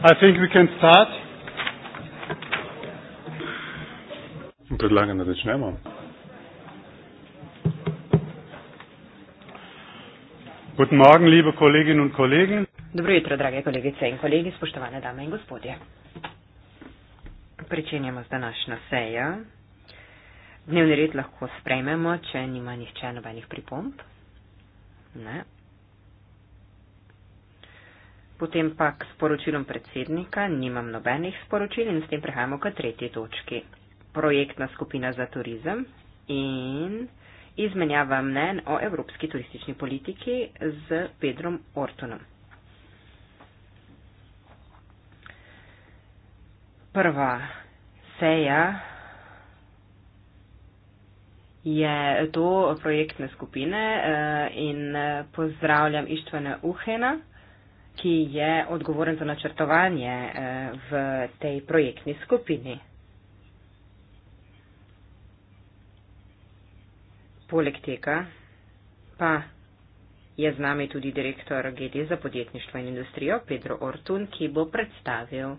I think we can start. Predlagam, da začnemo. Guten Morgen, liebe Kolleginnen und Kollegen. Dobro jutro, drage kolegice in kolegi, spoštovane dame in gospodje. Pričenjamo z današnjo sejo. Dnevni red lahko sprejmemo, če nima nihče nobenih pripomb. Ne, Potem pa k sporočilom predsednika nimam nobenih sporočil in s tem prehajamo k tretji točki. Projektna skupina za turizem in izmenjava mnen o evropski turistični politiki z Pedrom Ortonom. Prva seja je to projektne skupine eh, in eh, pozdravljam Ištvene Uhena ki je odgovoren za načrtovanje eh, v tej projektni skupini. Poleg tega pa je z nami tudi direktor GD za podjetništvo in industrijo Pedro Ortun, ki bo predstavil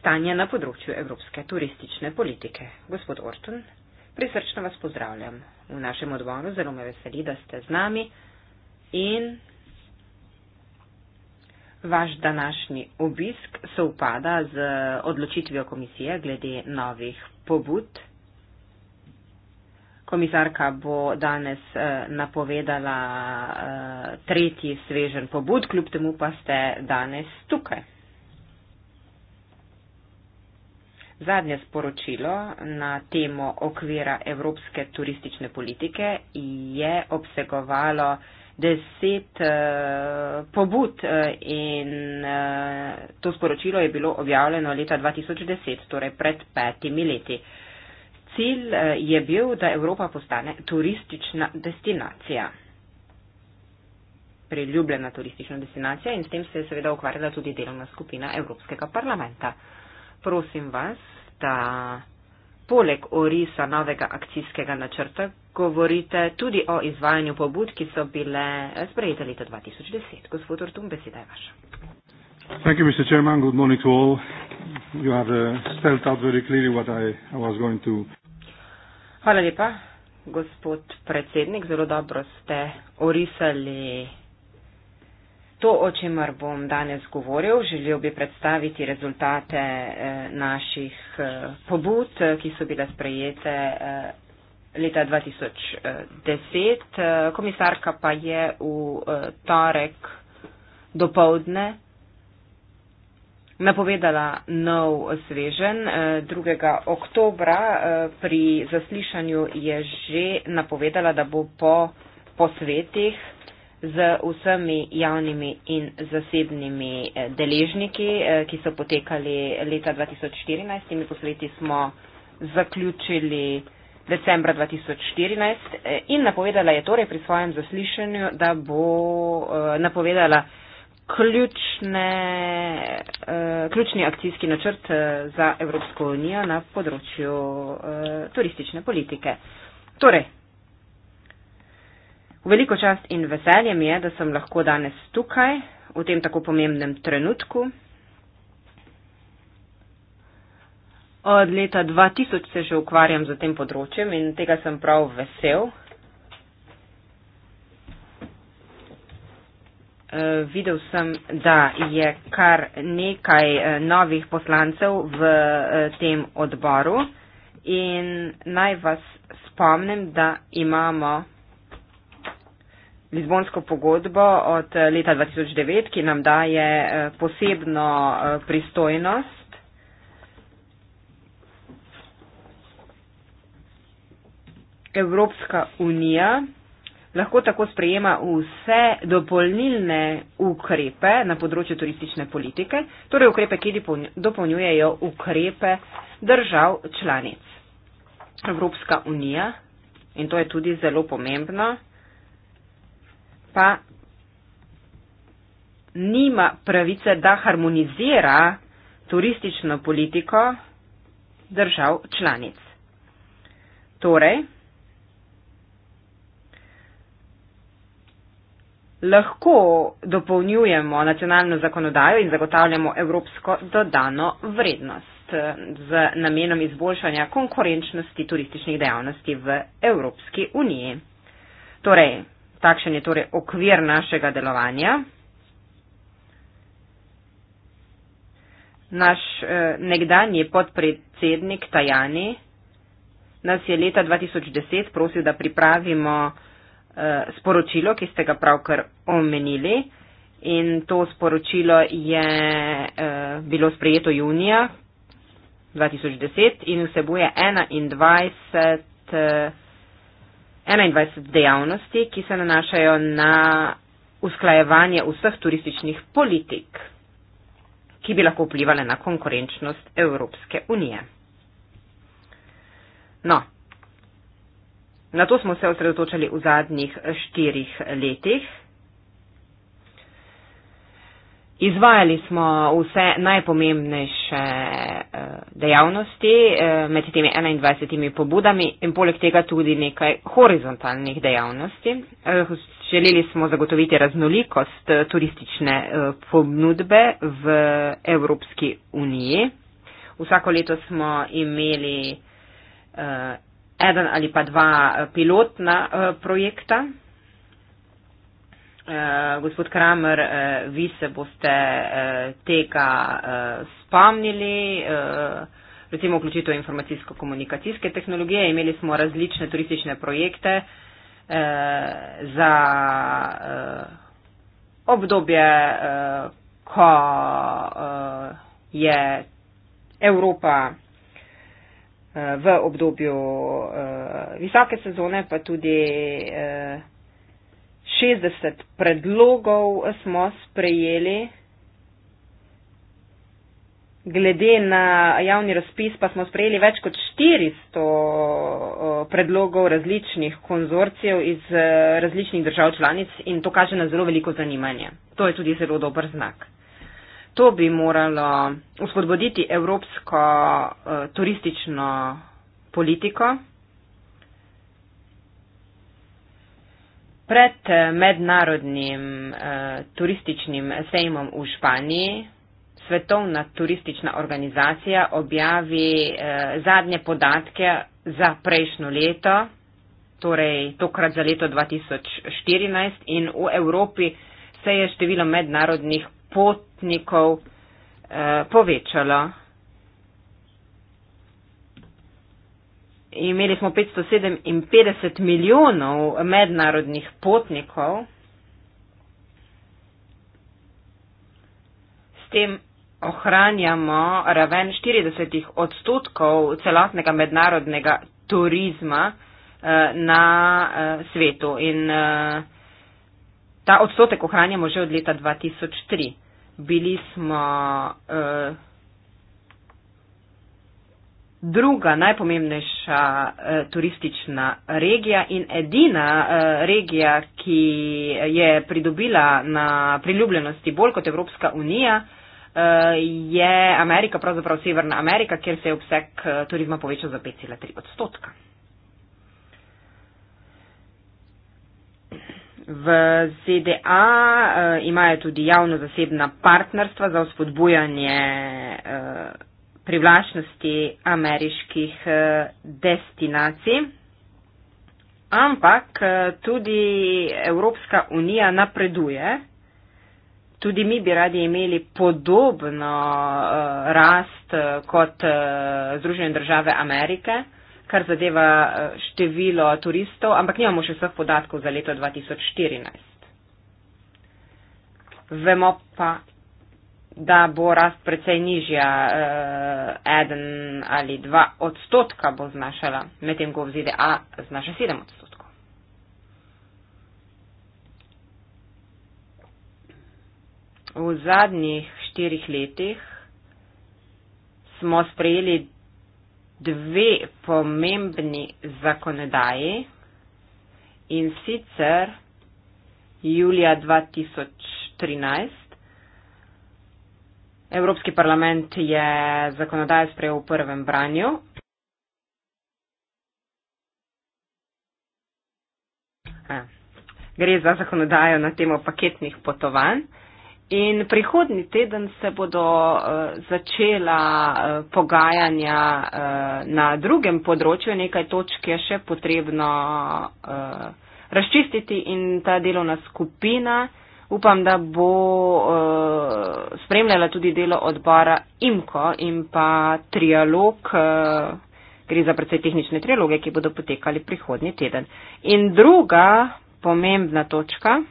stanje na področju evropske turistične politike. Gospod Ortun, prisrčno vas pozdravljam v našem odboru, zelo me veseli, da ste z nami in Vaš današnji obisk se upada z odločitvijo komisije glede novih pobud. Komisarka bo danes eh, napovedala eh, tretji svežen pobud, kljub temu pa ste danes tukaj. Zadnje sporočilo na temo okvira evropske turistične politike je obsegovalo deset uh, pobud eh, in uh, to sporočilo je bilo objavljeno leta 2010, torej pred petimi leti. Cilj uh, je bil, da Evropa postane turistična destinacija. Priljubljena turistična destinacija in s tem se je seveda ukvarjala tudi delovna skupina Evropskega parlamenta. Prosim vas, da poleg orisa novega akcijskega načrta, govorite tudi o izvajanju pobud, ki so bile sprejete leta 2010. Gospod Ortum, beseda je vaša. Thank you, Mr. Chairman. Good morning to all. You have uh, spelled out very clearly what I, I was going to. Hvala lepa, gospod predsednik. Zelo dobro ste orisali to, o čemer bom danes govoril. Želel bi predstaviti rezultate eh, naših eh, pobud, eh, ki so bile sprejete eh, leta 2010. Eh, komisarka pa je v eh, torek dopovdne napovedala nov svežen 2. Eh, oktobra. Pri zaslišanju je že napovedala, da bo po posvetih z vsemi javnimi in zasebnimi deležniki, ki so potekali leta 2014. Mi posveti smo zaključili decembra 2014 eh, in napovedala je torej pri svojem zaslišanju, da bo eh, napovedala ključne, eh, ključni akcijski načrt za Evropsko unijo na področju turistične politike. Torej, veliko čast in veselje mi je, da sem lahko danes tukaj, v tem tako pomembnem trenutku. Od leta 2000 se že ukvarjam z tem področjem in tega sem prav vesel. Eh, videl sem, da je kar nekaj eh, novih poslancev v eh, tem odboru in naj vas spomnim, da imamo Lizbonsko pogodbo od leta 2009, ki nam daje posebno pristojnost Evropska unija lahko tako sprejema vse dopolnilne ukrepe na področju turistične politike, torej ukrepe, ki dopolnjujejo ukrepe držav članic. Evropska unija, in to je tudi zelo pomembno, pa nima pravice, da harmonizira turistično politiko držav članic. Torej, lahko dopolnjujemo nacionalno zakonodajo in zagotavljamo evropsko dodano vrednost z namenom izboljšanja konkurenčnosti turističnih dejavnosti v Evropski uniji. Torej, takšen je torej okvir našega delovanja. Naš eh, nekdanji podpredsednik Tajani nas je leta 2010 prosil, da pripravimo Eh, sporočilo, ki ste ga pravkar omenili. In to sporočilo je uh, bilo sprejeto junija 2010 in vsebuje 21, uh, 21 dejavnosti, ki se nanašajo na usklajevanje vseh turističnih politik, ki bi lahko vplivali na konkurenčnost Evropske unije. No, Na to smo se osredotočali v zadnjih štirih letih. Izvajali smo vse najpomembnejše eh, dejavnosti eh, med temi 21 pobudami in poleg tega tudi nekaj horizontalnih dejavnosti. Eh, želeli smo zagotoviti raznolikost turistične ponudbe v Evropski uniji. Vsako leto smo imeli eden ali pa dva eh, pilotna eh, projekta. Eh, gospod Kramer, vi se boste tega spomnili, recimo vključitev informacijsko-komunikacijske tehnologije. Imeli smo različne turistične projekte za obdobje, ko je Evropa v obdobju eh, visoke sezone, pa tudi 60 eh, predlogov smo sprejeli. Glede na javni razpis pa smo sprejeli več kot 400 eh, predlogov različnih konzorcijev iz različnih držav članic in to kaže na zelo veliko zanimanje. To je tudi zelo dober znak to bi moralo uspodbuditi evropsko uh, turistično politiko. Pred mednarodnim uh, turističnim sejmom v Španiji svetovna turistična organizacija objavi uh, zadnje podatke za prejšnjo leto, torej tokrat za leto 2014 in v Evropi se je število mednarodnih potnikov eh, povečala. Imeli smo 557 milijonov mednarodnih potnikov. S tem ohranjamo raven 40 odstotkov celotnega mednarodnega turizma eh, na eh, svetu. In, eh, Ta odstotek ohranjamo že od leta 2003 bili smo uh, druga najpomembnejša uh, turistična regija in edina uh, regija, ki je pridobila na priljubljenosti bolj kot Evropska unija, uh, je Amerika, pravzaprav Severna Amerika, kjer se je obseg uh, turizma povečal za 5,3 odstotka. V ZDA uh, eh, imajo tudi javno-zasebna partnerstva za vzpodbujanje uh, privlačnosti ameriških uh, destinacij. Ampak tudi Evropska unija napreduje. Tudi mi bi radi imeli podobno uh, rast kot uh, Združene države Amerike kar zadeva eh, število turistov, ampak nimamo še vseh podatkov za leto 2014. Vemo pa, da bo rast precej nižja, eh, eden ali dva odstotka bo znašala, medtem ko v ZDA znaša sedem odstotkov. V zadnjih štirih letih smo sprejeli dve pomembni zakonodaji in sicer julija 2013. Evropski parlament je zakonodajo sprejel v prvem branju. Gre za zakonodajo na temo paketnih potovanj. In prihodni teden se bodo uh, začela uh, pogajanja uh, na drugem področju. Nekaj točk je še potrebno uh, razčistiti in ta delovna skupina upam, da bo uh, spremljala tudi delo odbora IMKO in pa trialog. Uh, gre za precej tehnične trialoge, ki bodo potekali prihodni teden. In druga pomembna točka.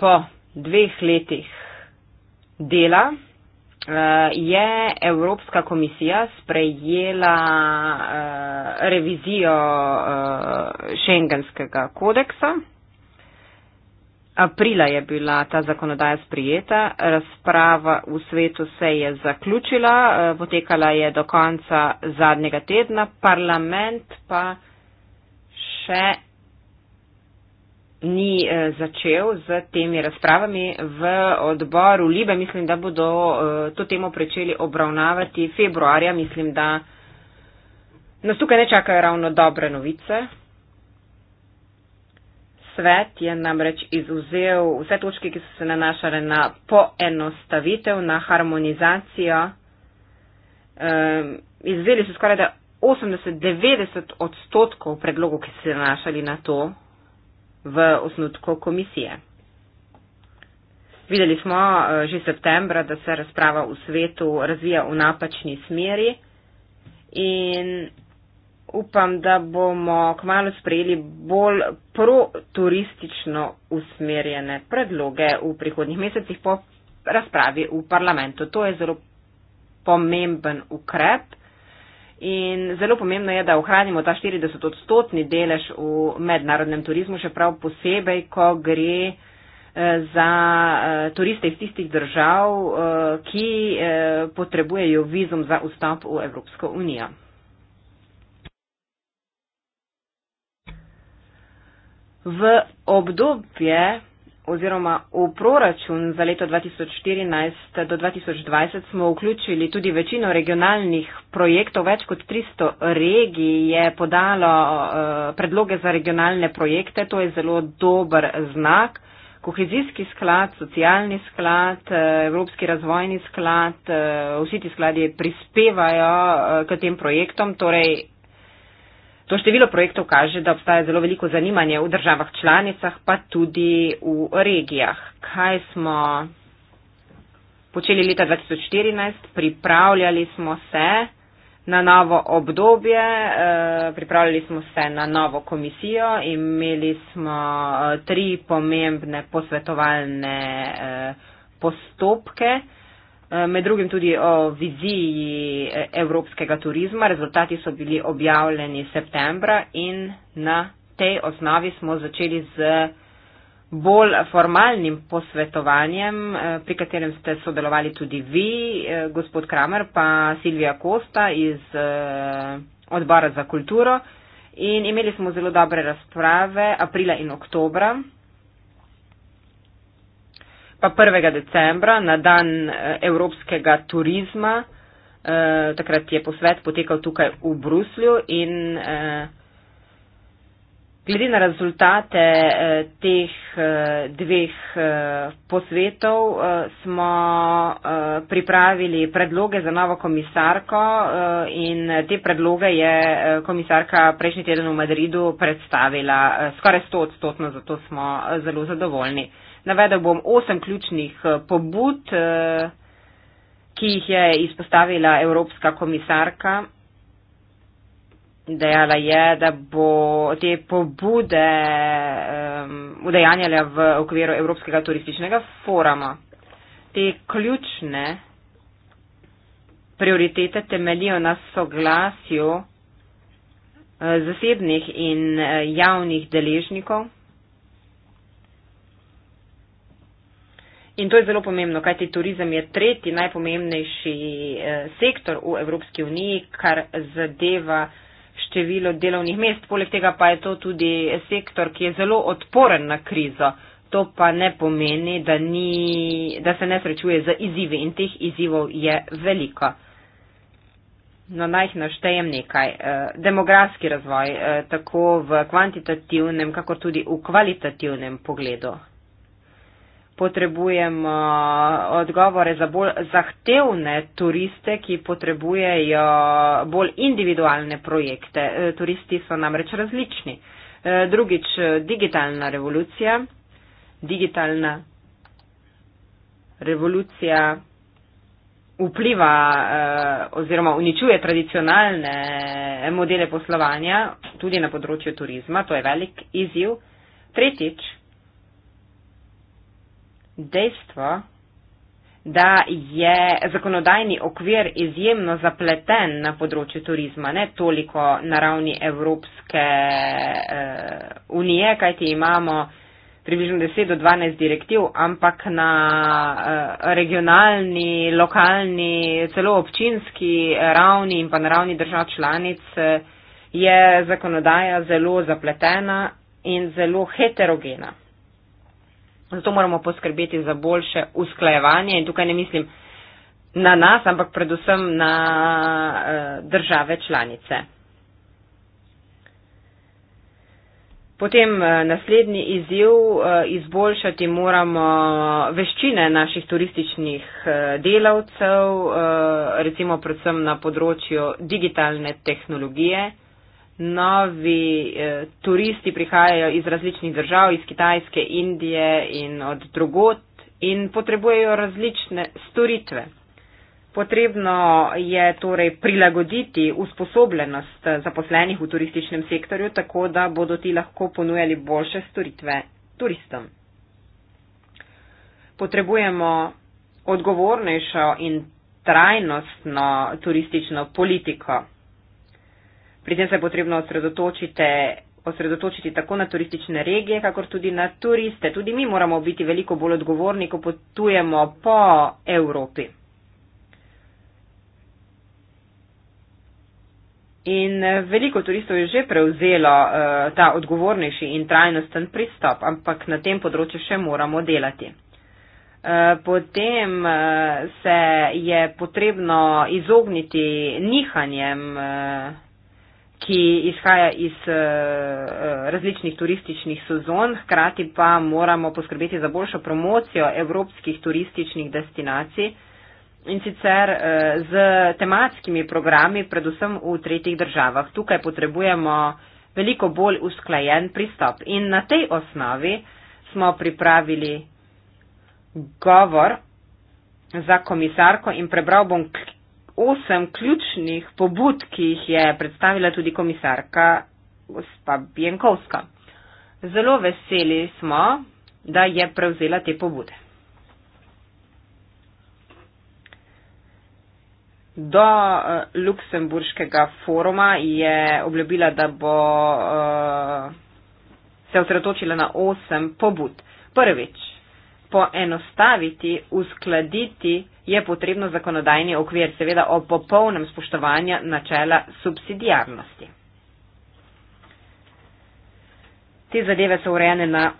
po dveh letih dela eh, je Evropska komisija sprejela eh, revizijo eh, šengenskega kodeksa. Aprila je bila ta zakonodaja sprijeta, razprava v svetu se je zaključila, potekala je do konca zadnjega tedna, parlament pa še ni eh, začel z temi razpravami v odboru Libe. Mislim, da bodo eh, to temo prečeli obravnavati februarja. Mislim, da nas tukaj ne čakajo ravno dobre novice. Svet je namreč izuzel vse točke, ki so se nanašale na poenostavitev, na harmonizacijo. Ehm, Izuzeli so skoraj 80-90 odstotkov predlogov, ki so se nanašali na to, v osnutku komisije. Videli smo eh, že septembra, da se razprava v svetu razvija v napačni smeri in upam, da bomo kmalo sprejeli bolj proturistično usmerjene predloge v prihodnih mesecih po razpravi v parlamentu. To je zelo pomemben ukrep In zelo pomembno je, da ohranimo ta 40 odstotni delež v mednarodnem turizmu, še prav posebej, ko gre eh, za eh, turiste iz tistih držav, eh, ki potrebujejo vizum za vstop v Evropsko unijo. V obdobje oziroma v proračun za leto 2014 do 2020 smo vključili tudi večino regionalnih projektov. Več kot 300 regij je podalo eh, predloge za regionalne projekte. To je zelo dober znak. Kohezijski sklad, socialni sklad, eh, Evropski razvojni sklad, eh, vsi ti skladi prispevajo k tem projektom, torej To število projektov kaže, da obstaja zelo veliko zanimanje v državah članicah, pa tudi v regijah. Kaj smo počeli leta 2014? Pripravljali smo se na novo obdobje, eh, pripravljali smo se na novo komisijo, imeli smo eh, tri pomembne posvetovalne eh, postopke. Eh, med drugim tudi o viziji eh, evropskega turizma. Rezultati so bili objavljeni septembra in na tej osnovi smo začeli z bolj formalnim posvetovanjem, eh, pri katerem ste sodelovali tudi vi, gospod Kramer, pa Silvija Kosta iz odbora za kulturo. In imeli smo zelo dobre razprave aprila in oktobra pa 1. decembra na dan eh, evropskega turizma. Eh, takrat je posvet potekal tukaj v Bruslju in eh, glede na rezultate eh, teh eh, dveh eh, posvetov eh, smo eh, pripravili predloge za novo komisarko eh, in te predloge je eh, komisarka prejšnji teden v Madridu predstavila eh, skoraj 100 odstotno, zato smo eh, zelo zadovoljni. Navedel bom osem ključnih eh, pobud, eh, ki jih je izpostavila Evropska komisarka. Dejala je, da bo te pobude udejanjala v okviru Evropskega turističnega foruma. Te ključne prioritete temelijo na soglasju eh, zasebnih in javnih deležnikov. In to je zelo pomembno, kajti turizem je tretji najpomembnejši eh, sektor v Evropski uniji, kar zadeva število delovnih mest. Poleg tega pa je to tudi sektor, ki je zelo odporen na krizo. To pa ne pomeni, da, ni, da se ne srečuje z izzivi in teh izzivov je veliko. No, naj jih naštejem nekaj. Eh, demografski razvoj, eh, tako v kvantitativnem, kako tudi v kvalitativnem pogledu potrebujem uh, odgovore za bolj zahtevne turiste, ki potrebujejo bolj individualne projekte. Uh, turisti so namreč različni. Uh, drugič, digitalna revolucija. Digitalna revolucija vpliva uh, oziroma uničuje tradicionalne modele poslovanja tudi na področju turizma. To je velik izziv. Tretjič, dejstvo, da je zakonodajni okvir izjemno zapleten na področju turizma, ne toliko na ravni Evropske eh, unije, kajti imamo približno 10 do 12 direktiv, ampak na eh, regionalni, lokalni, celo občinski eh, ravni in pa na ravni držav članic eh, je zakonodaja zelo zapletena in zelo heterogena. Zato moramo poskrbeti za boljše usklajevanje in tukaj ne mislim na nas, ampak predvsem na eh, države članice. Potem eh, naslednji izjiv, eh, izboljšati moramo veščine naših turističnih delavcev, recimo predvsem na področju digitalne tehnologije novi eh, turisti prihajajo iz različnih držav, iz Kitajske, Indije in od drugot in potrebujejo različne storitve. Potrebno je torej prilagoditi usposobljenost eh, zaposlenih v turističnem sektorju, tako da bodo ti lahko ponujali boljše storitve turistom. Potrebujemo odgovornejšo in trajnostno turistično politiko. Pri tem se je potrebno osredotočiti, osredotočiti tako na turistične regije, kakor tudi na turiste. Tudi mi moramo biti veliko bolj odgovorni, ko potujemo po Evropi. In eh, veliko turistov je že prevzelo uh, ta odgovornejši in trajnosten pristop, ampak na tem področju še moramo delati. Uh, potem uh, se je potrebno izogniti nihanjem. Uh, ki izhaja iz eh, eh, različnih turističnih sezon, hkrati pa moramo poskrbeti za boljšo promocijo evropskih turističnih destinacij in sicer eh, z tematskimi programi, predvsem v tretjih državah. Tukaj potrebujemo veliko bolj usklajen pristop in na tej osnovi smo pripravili govor za komisarko in prebral bom osem ključnih pobud, ki jih je predstavila tudi komisarka gospa Bjenkovska. Zelo veseli smo, da je prevzela te pobude. Do uh, Luksemburškega foruma je obljubila, da bo uh, se osredotočila na osem pobud. Prvič, poenostaviti, uskladiti je potrebno zakonodajni okvir, seveda o popolnem spoštovanju načela subsidijarnosti. Te zadeve so urejene na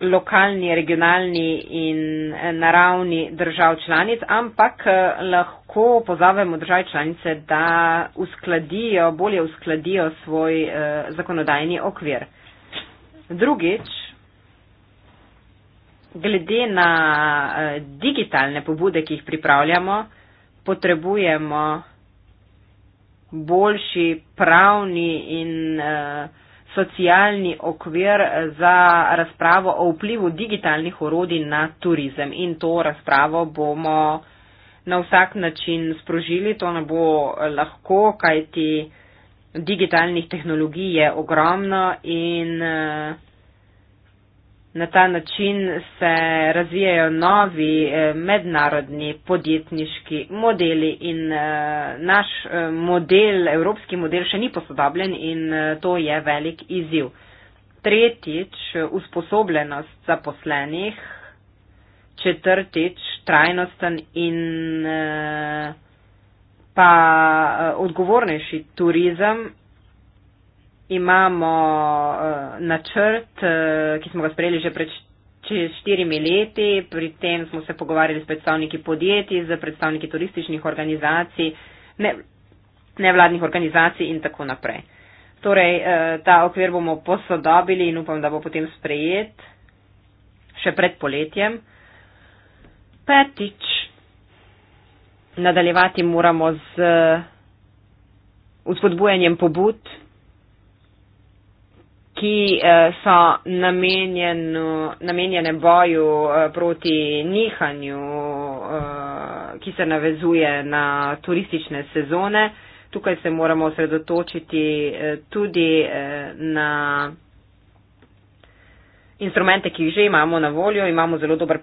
lokalni, regionalni in eh, naravni držav članic, ampak eh, lahko pozovemo držav članice, da uskladijo, bolje uskladijo svoj eh, zakonodajni okvir. Drugič, eh, glede na eh, digitalne pobude, ki jih pripravljamo, potrebujemo boljši pravni in eh, socialni okvir eh, za razpravo o vplivu digitalnih orodij na turizem. In to razpravo bomo na vsak način sprožili. To ne bo lahko, kajti digitalnih tehnologij je ogromno in uh, Na ta način se razvijajo novi eh, mednarodni podjetniški modeli in eh, naš eh, model, evropski model, še ni posodobljen in to je velik izziv. Tretjič, usposobljenost zaposlenih. Četrtič, trajnosten in pa odgovornejši turizem imamo uh, načrt, uh, ki smo ga sprejeli že pred čez štirimi leti. Pri tem smo se pogovarjali s predstavniki podjetij, z predstavniki turističnih organizacij, nevladnih ne organizacij in tako naprej. Torej, uh, ta okvir bomo posodobili in upam, da bo potem sprejet še pred poletjem. Petič, nadaljevati moramo z uh, vzpodbujanjem pobud ki eh, so namenjene boju eh, proti nihanju, eh, ki se navezuje na turistične sezone. Tukaj se moramo osredotočiti tudi na instrumente, ki jih že imamo na voljo. Imamo zelo dober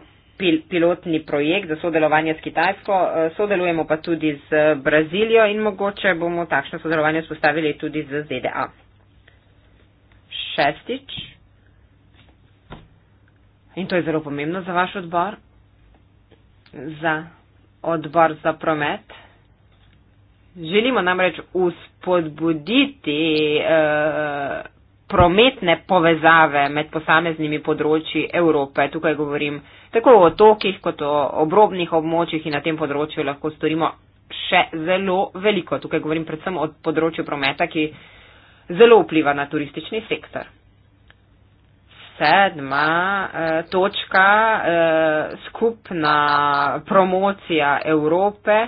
pilotni projekt za sodelovanje s Kitajsko, sodelujemo pa tudi z Brazilijo in mogoče bomo takšno sodelovanje spostavili tudi z ZDA šestič. In to je zelo pomembno za vaš odbor, za odbor za promet. Želimo namreč uspodbuditi eh, prometne povezave med posameznimi področji Evrope. Tukaj govorim tako o otokih, kot o obrobnih območjih in na tem področju lahko storimo še zelo veliko. Tukaj govorim predvsem o področju prometa, ki zelo vpliva na turistični sektor. Sedma eh, točka eh, skupna promocija Evrope.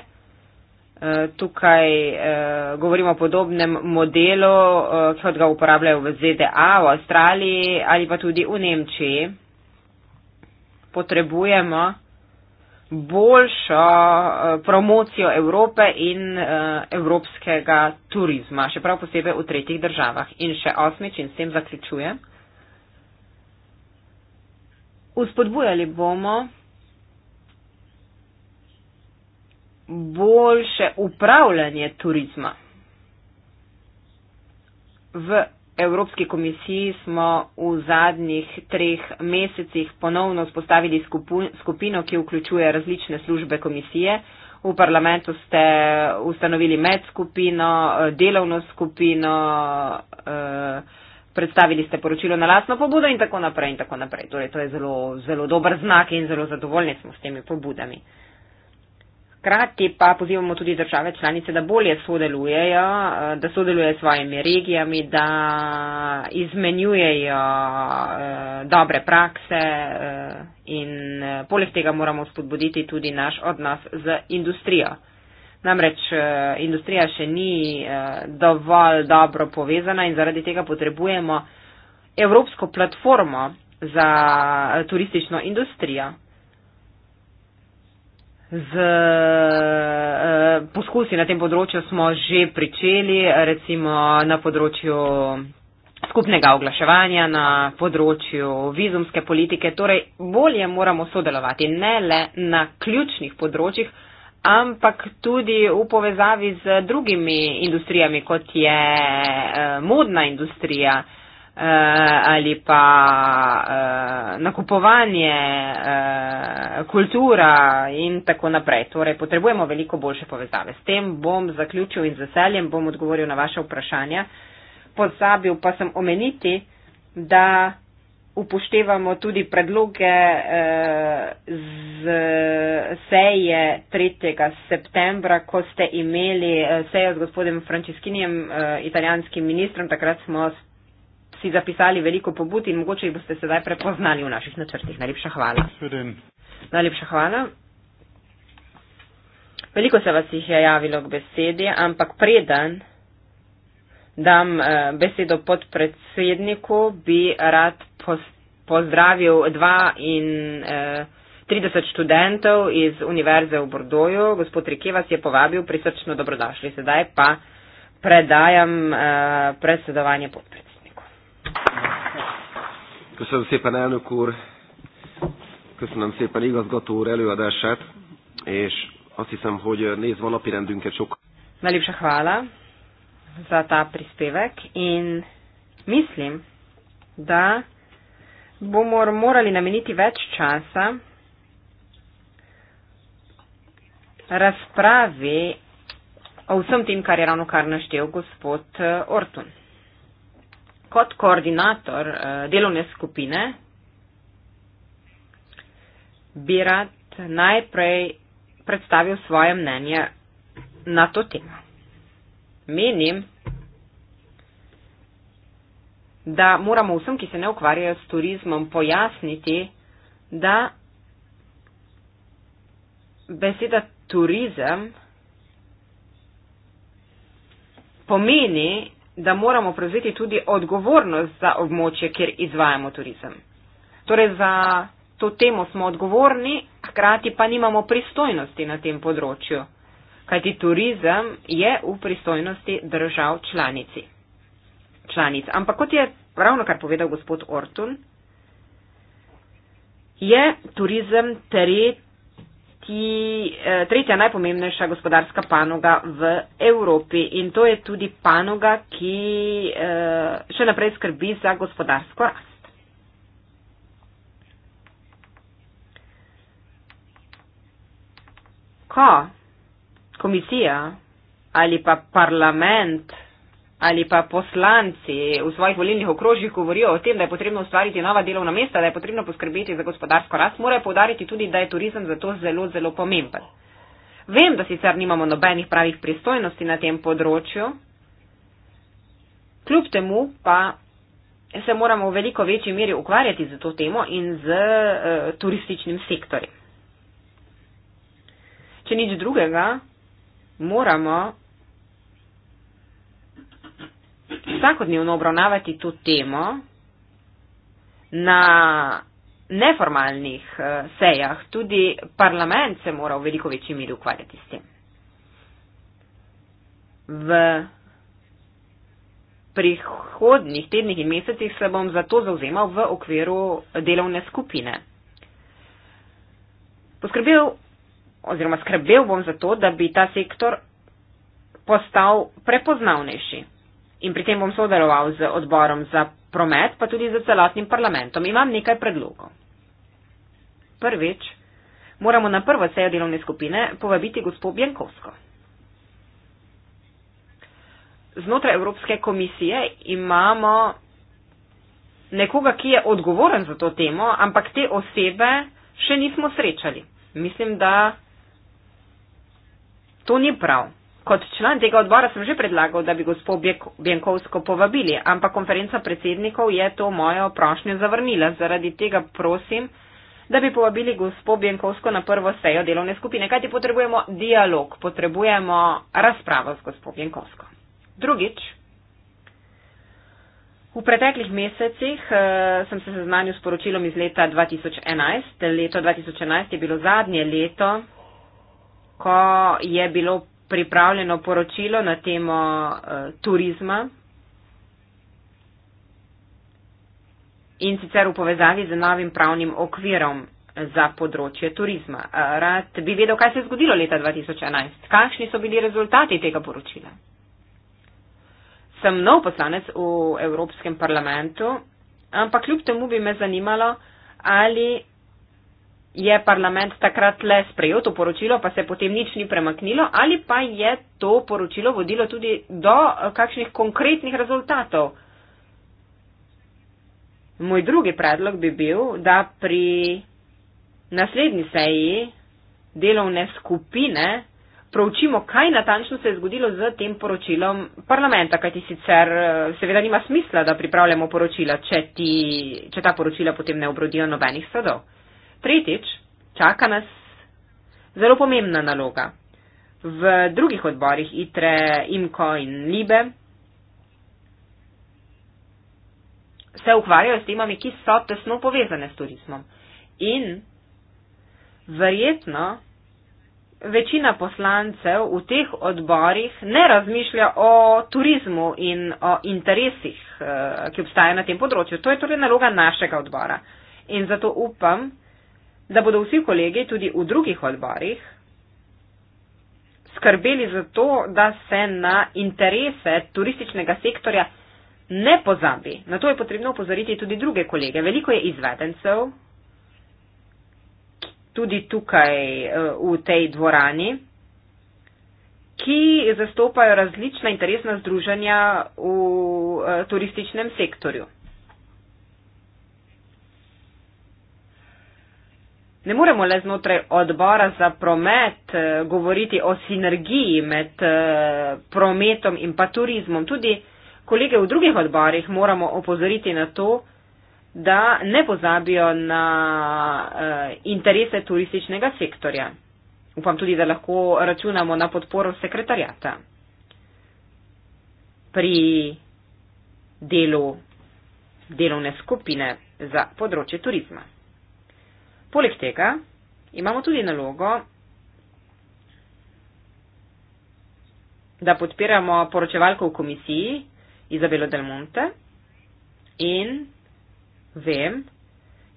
Eh, tukaj eh, govorimo o podobnem modelu, eh, kot ga uporabljajo v ZDA, v Avstraliji ali pa tudi v Nemčiji. Potrebujemo eh, boljšo eh, promocijo Evrope in eh, evropskega turizma, še prav posebej v tretjih državah. In še osmič in s tem zaključujem. Uspodbujali bomo boljše upravljanje turizma v Evropski komisiji smo v zadnjih treh mesecih ponovno spostavili skupino, ki vključuje različne službe komisije. V parlamentu ste ustanovili medskupino, eh, delovno skupino, eh, predstavili ste poročilo na lasno pobudo in tako naprej. In tako naprej. Torej, to je zelo, zelo dober znak in zelo zadovoljni smo s temi pobudami. Hkrati pa pozivamo tudi države članice, da bolje sodelujejo, da sodelujejo s svojimi regijami, da izmenjujejo eh, dobre prakse eh, in eh, poleg tega moramo spodbuditi tudi naš odnos z industrijo. Namreč industrija še ni dovolj dobro povezana in zaradi tega potrebujemo evropsko platformo za turistično industrijo. Z eh, poskusi na tem področju smo že pričeli, recimo na področju skupnega oglaševanja, na področju vizumske politike. Torej, bolje moramo sodelovati ne le na ključnih področjih, ampak tudi v povezavi z drugimi industrijami, kot je eh, modna industrija. Eh, Eh, ali pa uh, nakupovanje, uh, kultura in tako naprej. Torej, potrebujemo veliko boljše povezave. S tem bom zaključil in z veseljem bom odgovoril na vaše vprašanja. Pozabil pa sem omeniti, da upoštevamo tudi predloge uh, z seje 3. septembra, ko ste imeli sejo z gospodem Franciskinjem, uh, italijanskim ministrom, takrat smo si zapisali veliko pobud in mogoče jih boste sedaj prepoznali v naših načrtih. Najlepša hvala. Najlepša hvala. Veliko se vas jih je javilo k besedi, ampak preden dam eh, besedo podpredsedniku, bi rad pozdravil 32 eh, študentov iz Univerze v Bordoju. Gospod Rike vas je povabil, prisrčno dobrodošli. Sedaj pa predajam eh, predsedovanje podpredsedniku. Köszönöm szépen, elnök úr! Köszönöm szépen, igazgató úr, előadását, és azt hiszem, hogy nézve a napi rendünket sok... Melipsa hvála za ta prispevek in mislim, da bomo morali nameniti več časa razpravi o vsem tem, kar je ravno kar naštel gospod eh, Ortun kot koordinator eh, delovne skupine bi rad najprej predstavil svoje mnenje na to temo. Menim, da moramo vsem, ki se ne ukvarjajo s turizmom, pojasniti, da beseda turizem pomeni da moramo prevzeti tudi odgovornost za območje, kjer izvajamo turizem. Torej za to temo smo odgovorni, hkrati pa nimamo pristojnosti na tem področju, kajti turizem je v pristojnosti držav članici. članic. Ampak kot je ravno kar povedal gospod Ortun, je turizem tretji tretji, eh, tretja najpomembnejša gospodarska panoga v Evropi in to je tudi panoga, ki eh, še naprej skrbi za gospodarsko rast. Ko komisija ali pa parlament eh, ali pa poslanci v svojih volilnih okrožjih govorijo o tem, da je potrebno ustvariti nova delovna mesta, da je potrebno poskrbeti za gospodarsko rast, morajo povdariti tudi, da je turizem zato zelo, zelo pomemben. Vem, da sicer nimamo nobenih pravih pristojnosti na tem področju, kljub temu pa se moramo v veliko večji meri ukvarjati z to temo in z e, turističnim sektorjem. Če nič drugega, moramo vsakodnevno obravnavati to temo na neformalnih eh, sejah. Tudi parlament se mora v veliko večji meri ukvarjati s tem. V prihodnih tednih in mesecih se bom za to zauzemal v okviru delovne skupine. Poskrbel oziroma skrbel bom za to, da bi ta sektor postal prepoznavnejši in pri tem bom sodeloval z odborom za promet, pa tudi z celotnim parlamentom, imam nekaj predlogov. Prvič, moramo na prvo sejo delovne skupine povabiti gospo Bjankovsko. Znotraj Evropske komisije imamo nekoga, ki je odgovoren za to temo, ampak te osebe še nismo srečali. Mislim, da to ni prav. Kot član tega odbora sem že predlagal, da bi gospod Bjenkovsko povabili, ampak konferenca predsednikov je to mojo prošnjo zavrnila. Zaradi tega prosim, da bi povabili gospod Bjenkovsko na prvo sejo delovne skupine. Kaj ti potrebujemo? Dialog. Potrebujemo razpravo z gospod Bjenkovsko. Drugič. V preteklih mesecih uh, sem se seznanil s poročilom iz leta 2011. Leto 2011 je bilo zadnje leto, ko je bilo pripravljeno poročilo na temo uh, turizma in sicer v povezavi z novim pravnim okvirom za področje turizma. Eh, rad bi vedel, kaj se je zgodilo leta 2011. Kakšni so bili rezultati tega poročila? Sem nov poslanec v Evropskem parlamentu, ampak kljub temu bi me zanimalo, ali je parlament takrat le sprejel to poročilo, pa se potem nič ni premaknilo, ali pa je to poročilo vodilo tudi do eh, kakšnih konkretnih rezultatov. Moj drugi predlog bi bil, da pri naslednji seji delovne skupine Pravčimo, kaj natančno se je zgodilo z tem poročilom parlamenta, kajti sicer eh, seveda nima smisla, da pripravljamo poročila, če, ti, če ta poročila potem ne obrodijo nobenih sadov. Tretjič, čaka nas zelo pomembna naloga. V drugih odborih ITRE, IMKO in LIBE se ukvarjajo s temami, ki so tesno povezane s turizmom. In verjetno večina poslancev v teh odborih ne razmišlja o turizmu in o interesih, eh, ki obstajajo na tem področju. To je torej naloga našega odbora. In zato upam, da bodo vsi kolegi tudi v drugih odborih skrbeli za to, da se na interese turističnega sektorja ne pozabi. Na to je potrebno upozoriti tudi druge kolege. Veliko je izvedencev tudi tukaj eh, v tej dvorani, ki zastopajo različna interesna združenja v eh, turističnem sektorju. Ne moremo le znotraj odbora za promet eh, govoriti o sinergiji med eh, prometom in pa turizmom. Tudi kolege v drugih odborih moramo opozoriti na to, da ne pozabijo na eh, interese turističnega sektorja. Upam tudi, da lahko računamo na podporo sekretarjata pri delu delovne skupine za področje turizma. Poleg tega imamo tudi nalogo, da podpiramo poročevalko v komisiji Izabelo Del Monte in vem,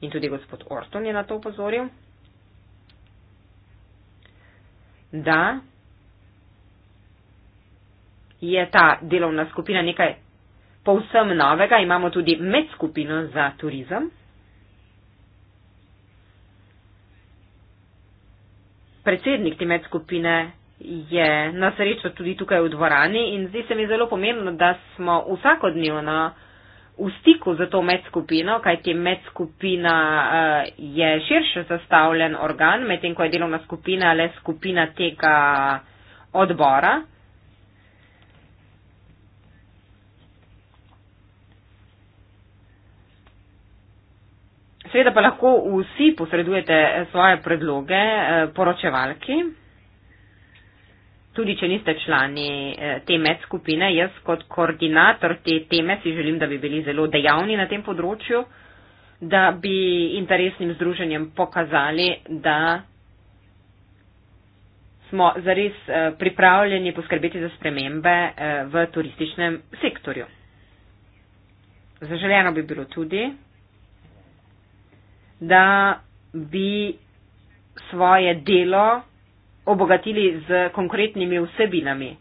in tudi gospod Orton je na to upozoril, da je ta delovna skupina nekaj povsem novega, imamo tudi medskupino za turizem. predsednik te medskupine je na srečo tudi tukaj v dvorani in zdi se mi zelo pomembno, da smo vsakodnevno v stiku za to medskupino, kajti medskupina eh, je širše zastavljen organ, medtem ko je delovna skupina le skupina tega odbora. seveda pa lahko vsi posredujete svoje predloge eh, poročevalki. Tudi, če niste člani eh, te med skupine, jaz kot koordinator te teme si želim, da bi bili zelo dejavni na tem področju, da bi interesnim združenjem pokazali, da smo zares eh, pripravljeni poskrbeti za spremembe v turističnem sektorju. Zaželeno bi bilo tudi, da bi svoje delo obogatili z konkretnimi vsebinami.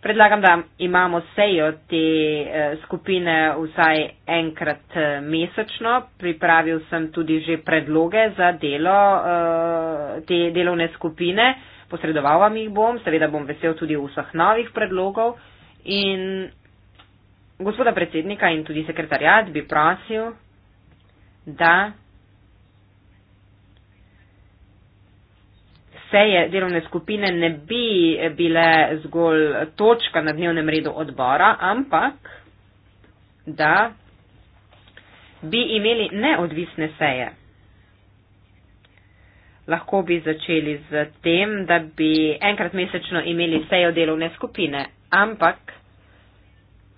Predlagam, da imamo sejo te eh, skupine vsaj enkrat eh, mesečno. Pripravil sem tudi že predloge za delo eh, te delovne skupine. Posredoval vam jih bom, seveda bom vesel tudi vseh novih predlogov. In gospoda predsednika in tudi sekretarjat bi prosil, da seje delovne skupine ne bi bile zgolj točka na dnevnem redu odbora, ampak da bi imeli neodvisne seje. Lahko bi začeli z tem, da bi enkrat mesečno imeli sejo delovne skupine, ampak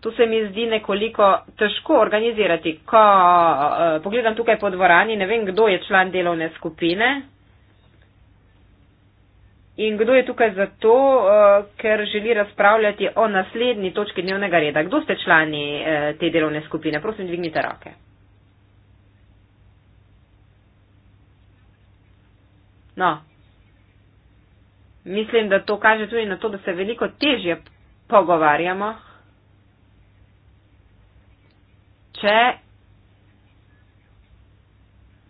To se mi zdi nekoliko težko organizirati. Ko uh, pogledam tukaj po dvorani, ne vem, kdo je član delovne skupine, In kdo je tukaj zato, eh, ker želi razpravljati o naslednji točki dnevnega reda? Kdo ste člani eh, te delovne skupine? Prosim, dvignite roke. No. Mislim, da to kaže tudi na to, da se veliko težje pogovarjamo. Če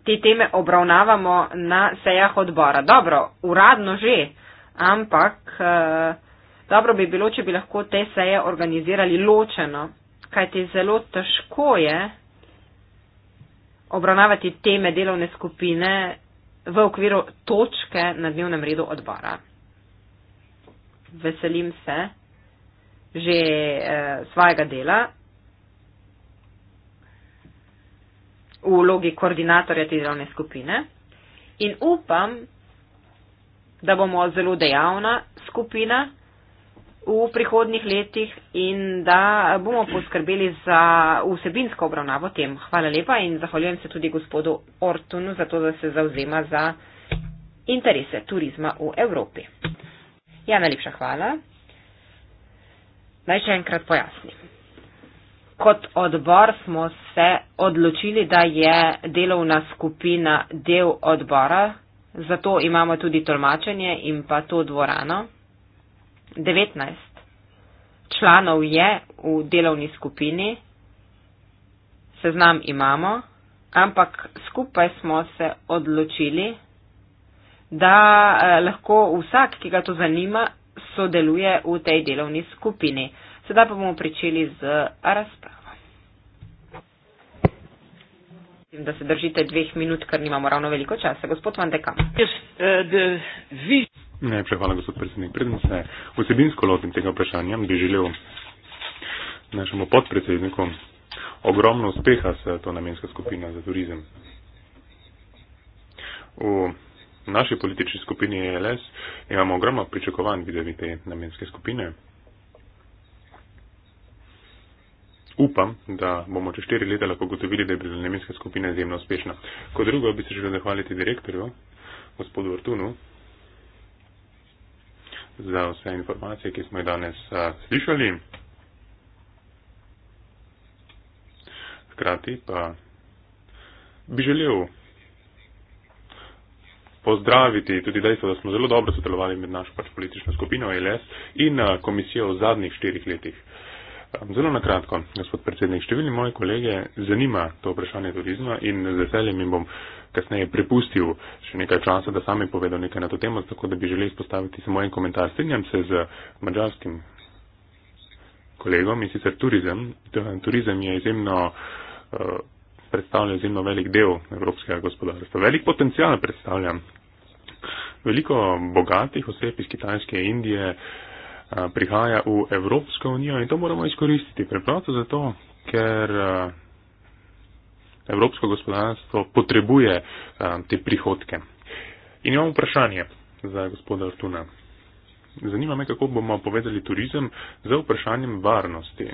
te teme obravnavamo na sejah odbora. Dobro, uradno že, ampak eh, dobro bi bilo, če bi lahko te seje organizirali ločeno, kajti zelo težko je obravnavati teme delovne skupine v okviru točke na dnevnem redu odbora. Veselim se že e, svojega dela. v vlogi koordinatorja te delovne skupine in upam, da bomo zelo dejavna skupina v prihodnih letih in da bomo poskrbeli za vsebinsko obravnavo tem. Hvala lepa in zahvaljujem se tudi gospodu Ortunu za to, da se zauzema za interese turizma v Evropi. Ja, najlepša hvala. Naj še enkrat pojasnim kot odbor smo se odločili, da je delovna skupina del odbora, zato imamo tudi tolmačenje in pa to dvorano. 19 članov je v delovni skupini, seznam imamo, ampak skupaj smo se odločili, da eh, lahko vsak, ki ga to zanima, sodeluje v tej delovni skupini. Sedaj pa bomo pričeli z razpravo. Mislim, da se držite dveh minut, ker nimamo ravno veliko časa. Gospod Vandekam. Eh, Najlepša hvala, gospod predsednik. Preden se vsebinsko lotim tega vprašanja, bi želel našemu podpredsedniku ogromno uspeha s to namenska skupina za turizem. V naši politični skupini ELS imamo ogromno pričakovanj, videti te namenske skupine. upam, da bomo čez štiri leta lahko gotovili, da je bila nemenska skupina izjemno uspešna. Kot drugo bi se želel zahvaliti direktorju, gospodu Vrtunu, za vse informacije, ki smo jih danes a, slišali. Hkrati pa bi želel pozdraviti tudi dejstvo, da smo zelo dobro sodelovali med našo pač politično skupino LS in komisijo v zadnjih štirih letih. Zelo na kratko, gospod predsednik, številni moji kolege zanima to vprašanje turizma in z veseljem jim bom kasneje prepustil še nekaj časa, da sami povedal nekaj na to temo, tako da bi želel izpostaviti samo en komentar. Strinjam se z mađarskim kolegom in sicer turizem. Turizem je izjemno eh, predstavlja izjemno velik del evropskega gospodarstva. Velik potencial predstavlja. Veliko bogatih oseb iz Kitajske in Indije uh, prihaja v Evropsko unijo in to moramo izkoristiti. Preprosto zato, ker Evropsko gospodarstvo potrebuje te prihodke. In imam vprašanje za gospoda Artuna. Zanima me, kako bomo povedali turizem za vprašanjem varnosti.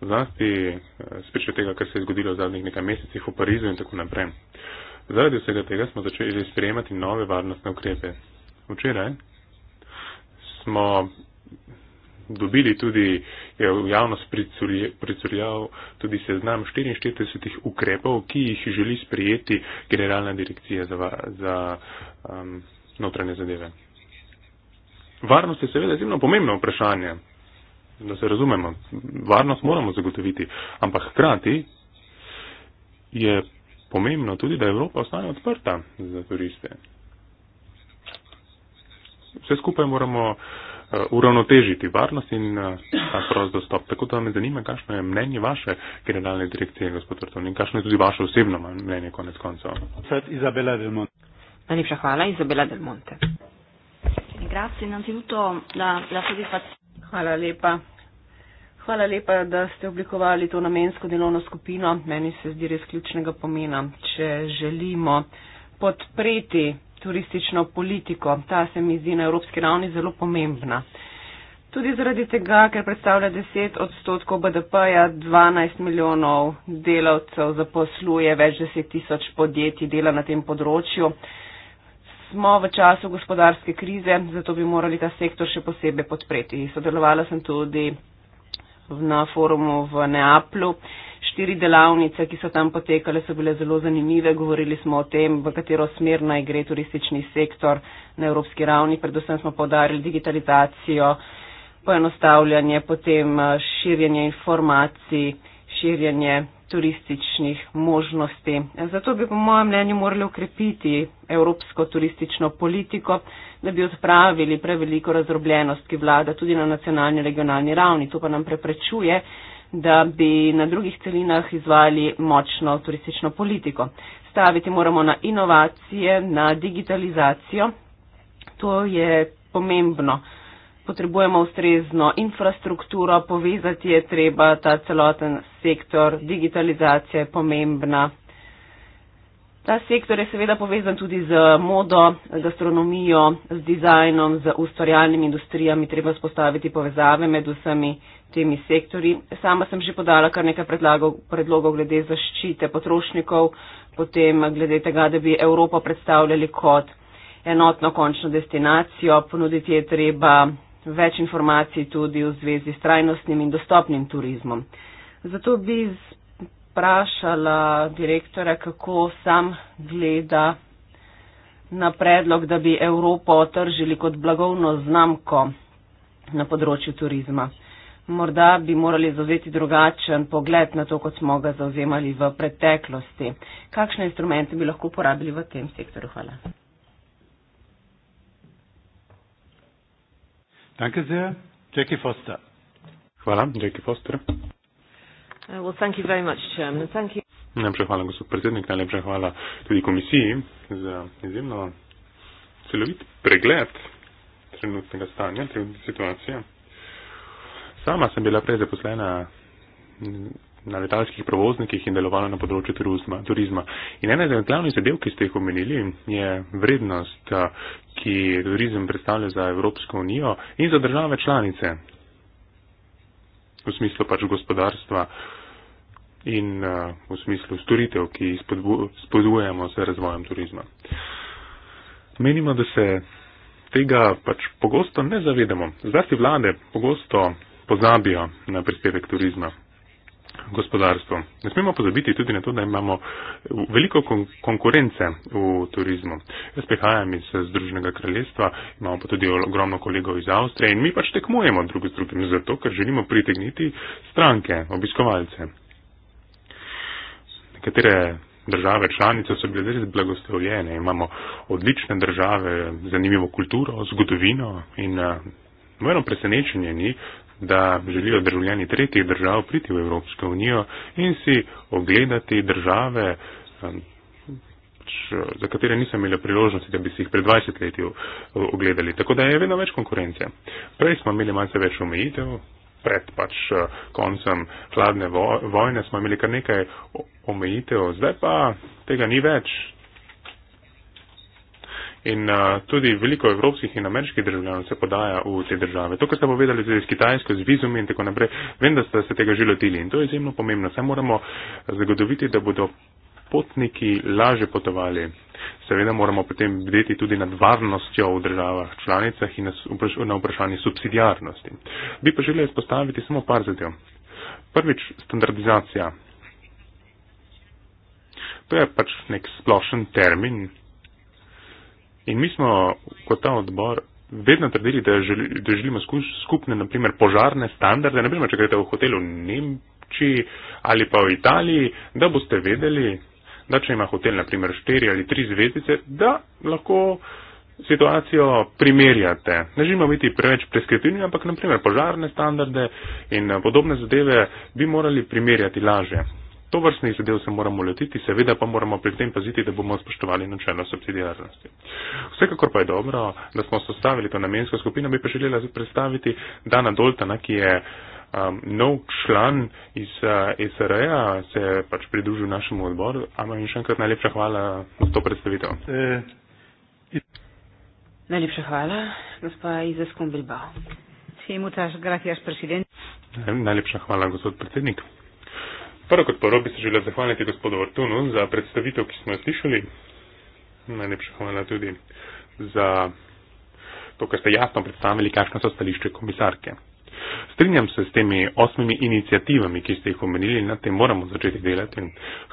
Zlasti spričo tega, kar se je zgodilo v zadnjih nekaj mesecih v Parizu in tako naprej. Zaradi vsega tega smo začeli sprejemati nove varnostne ukrepe. Včeraj smo dobili tudi, je v javnost pricurjal tudi seznam 44 ukrepov, ki jih želi sprijeti Generalna direkcija za, za um, notranje zadeve. Varnost je seveda izjemno pomembno vprašanje, da se razumemo. Varnost moramo zagotoviti, ampak hkrati je pomembno tudi, da Evropa ostane odprta za turiste vse skupaj moramo uh, uravnotežiti varnost in uh, ta prost dostop. Tako da me zanima, kakšno je mnenje vaše generalne direkcije, gospod Vrton, in kakšno je tudi vaše osebno mnenje konec koncev. Izabela Del Monte. Najlepša hvala, Izabela Del Monte. Hvala lepa. Hvala lepa, da ste oblikovali to namensko delovno skupino. Meni se zdi res ključnega pomena, če želimo podpreti turistično politiko. Ta se mi zdi na evropski ravni zelo pomembna. Tudi zaradi tega, ker predstavlja 10 odstotkov BDP-ja, 12 milijonov delavcev zaposluje, več deset tisoč podjetij dela na tem področju. Smo v času gospodarske krize, zato bi morali ta sektor še posebej podpreti. Sodelovala sem tudi na forumu v Neaplu Štiri delavnice, ki so tam potekale, so bile zelo zanimive. Govorili smo o tem, v katero smer naj gre turistični sektor na evropski ravni. Predvsem smo podarili digitalizacijo, poenostavljanje, potem eh, širjenje informacij, širjenje turističnih možnosti. Zato bi, po mojem mnenju, morali ukrepiti evropsko turistično politiko, da bi odpravili preveliko razdrobljenost, ki vlada tudi na nacionalni in regionalni ravni. To pa nam preprečuje da bi na drugih celinah izvali močno turistično politiko. Staviti moramo na inovacije, na digitalizacijo, to je pomembno. Potrebujemo ustrezno infrastrukturo, povezati je treba ta celoten sektor, digitalizacija je pomembna. Ta sektor je seveda povezan tudi z modo, z gastronomijo, z dizajnom, z ustvarjalnimi industrijami, treba spostaviti povezave med vsemi temi sektori. Sama sem že podala kar nekaj predlagov, predlogov glede zaščite potrošnikov, potem glede tega, da bi Evropo predstavljali kot enotno končno destinacijo. Ponuditi je treba več informacij tudi v zvezi s trajnostnim in dostopnim turizmom. Zato bi sprašala direktora, kako sam gleda na predlog, da bi Evropo otržili kot blagovno znamko na področju turizma morda bi morali zauzeti drugačen pogled na to, kot smo ga zauzemali v preteklosti. Kakšne instrumente bi lahko uporabili v tem sektoru? Hvala. Hvala, Jackie Foster. Uh, well, thank you very much, Chairman. Thank you. Najlepša hvala, gospod predsednik, najlepša hvala tudi komisiji za izjemno celovit pregled trenutnega stanja, trenutne situacije. Sama sem bila prej zaposlena na letalskih provoznikih in delovala na področju turizma. turizma. In ena izmed glavnih zadev, ki ste jih omenili, je vrednost, eh, ki turizem predstavlja za Evropsko unijo in za države članice. V smislu pač gospodarstva in uh, v smislu storitev, ki spodbujamo z razvojem turizma. Menimo, da se tega pač pogosto ne zavedamo. Zlasti vlade pogosto pozabijo na prispevek turizma gospodarstvu. Ne smemo pozabiti tudi na to, da imamo veliko kon konkurence v turizmu. Jaz prihajam iz Združenega kraljestva, imamo pa tudi ogromno kolegov iz Avstrije in mi pač tekmujemo drug z drugim, zato ker želimo pritegniti stranke, obiskovalce. Nekatere države članice so bile res blagoslovljene, imamo odlične države, zanimivo kulturo, zgodovino in Moje presenečenje ni, da želijo državljani tretjih držav priti v Evropsko unijo in si ogledati države, za katere nisem imela priložnosti, da bi si jih pred 20 leti ogledali. Tako da je vedno več konkurence. Prej smo imeli malce več omejitev, pred pač eh, koncem hladne vojne smo imeli kar nekaj omejitev, zdaj pa tega ni več, in uh, tudi veliko evropskih in ameriških državljanov se podaja v te države. To, kar ste povedali tudi s Kitajsko, z vizumi in tako naprej, vem, da ste se tega že lotili in to je izjemno pomembno. Saj moramo zagotoviti, da bodo potniki laže potovali. Seveda moramo potem bdeti tudi nad varnostjo v državah članicah in na vprašanje subsidijarnosti. Bi pa želeli izpostaviti samo par zadev. Prvič, standardizacija. To je pač nek splošen termin, In mi smo kot ta odbor vedno trdili, da, želi, da želimo skupne, naprimer, požarne standarde, naprimer, če greste v hotel v Nemčiji ali pa v Italiji, da boste vedeli, da če ima hotel, naprimer, štiri ali tri zvezdice, da lahko situacijo primerjate. Ne želimo biti preveč preskretivni, ampak, naprimer, požarne standarde in eh, podobne zadeve bi morali primerjati laže. To vrstnih zadev se moramo lotiti, seveda pa moramo pri tem paziti, da bomo spoštovali načelo subsidijarnosti. Vsekakor pa je dobro, da smo sestavili to namensko skupino, bi pa želela predstaviti Dana Doltana, ki je um, nov član iz uh, SRE-a, se je pač pridružil našemu odboru. Amen, še enkrat najlepša hvala za to predstavitev. Eh, najlepša hvala, gospod Izeskom Bilbao. Najlepša hvala, gospod predsednik. Prvo kot prvo bi se želel zahvaliti gospodu Ortunu za predstavitev, ki smo jo slišali. Najlepša hvala tudi za to, kar ste jasno predstavili, kakšno so stališče komisarke. Strinjam se s temi osmimi inicijativami, ki ste jih omenili, na tem moramo začeti delati.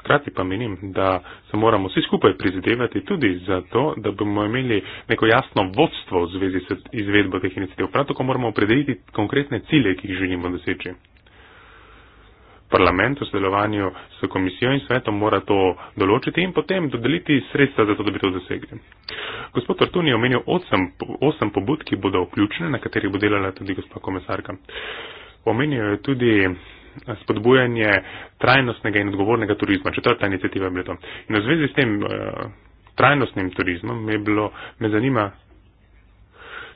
Hkrati pa menim, da se moramo vsi skupaj prizadevati tudi za to, da bomo imeli neko jasno vodstvo v zvezi s izvedbo teh inicijativ. Prav tako moramo opredeliti konkretne cilje, ki jih želimo doseči parlament v sodelovanju s komisijo in svetom mora to določiti in potem dodeliti sredstva za to, da bi to dosegli. Gospod Tartuni je omenil osem, osem pobud, ki bodo vključene, na katerih bo delala tudi gospod komisarka. Omenijo je tudi eh, spodbujanje trajnostnega in odgovornega turizma. Četrta inicijativa je bila to. In v zvezi s tem uh, trajnostnim turizmom me, bilo, me zanima,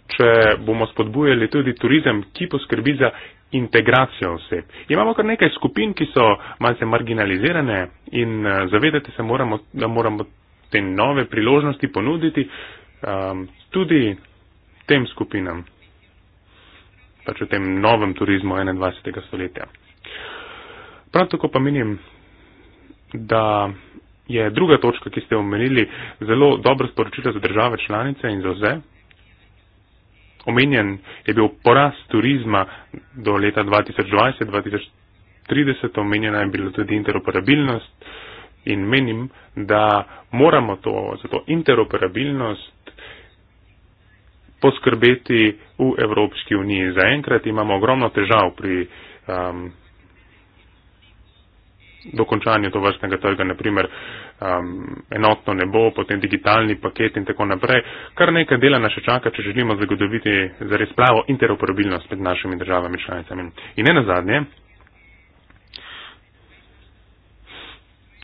če bomo spodbujali tudi turizem, ki poskrbi za integracijo oseb. Imamo kar nekaj skupin, ki so malce marginalizirane in uh, zavedati se moramo, da moramo te nove priložnosti ponuditi um, tudi tem skupinam, pač v tem novem turizmu 21. stoletja. Prav tako pa menim, da je druga točka, ki ste omenili, zelo dobro sporočilo za države članice in za vse, omenjen je bil porast turizma do leta 2020-2030, omenjena je bila tudi interoperabilnost in menim, da moramo to, za to interoperabilnost poskrbeti v Evropski uniji. Zaenkrat imamo ogromno težav pri um, dokončanju to vrstnega trga, naprimer um, enotno nebo, potem digitalni paket in tako naprej. Kar nekaj dela nas še čaka, če želimo zagotoviti zares pravo interoperabilnost med našimi državami članicami. In ne nazadnje,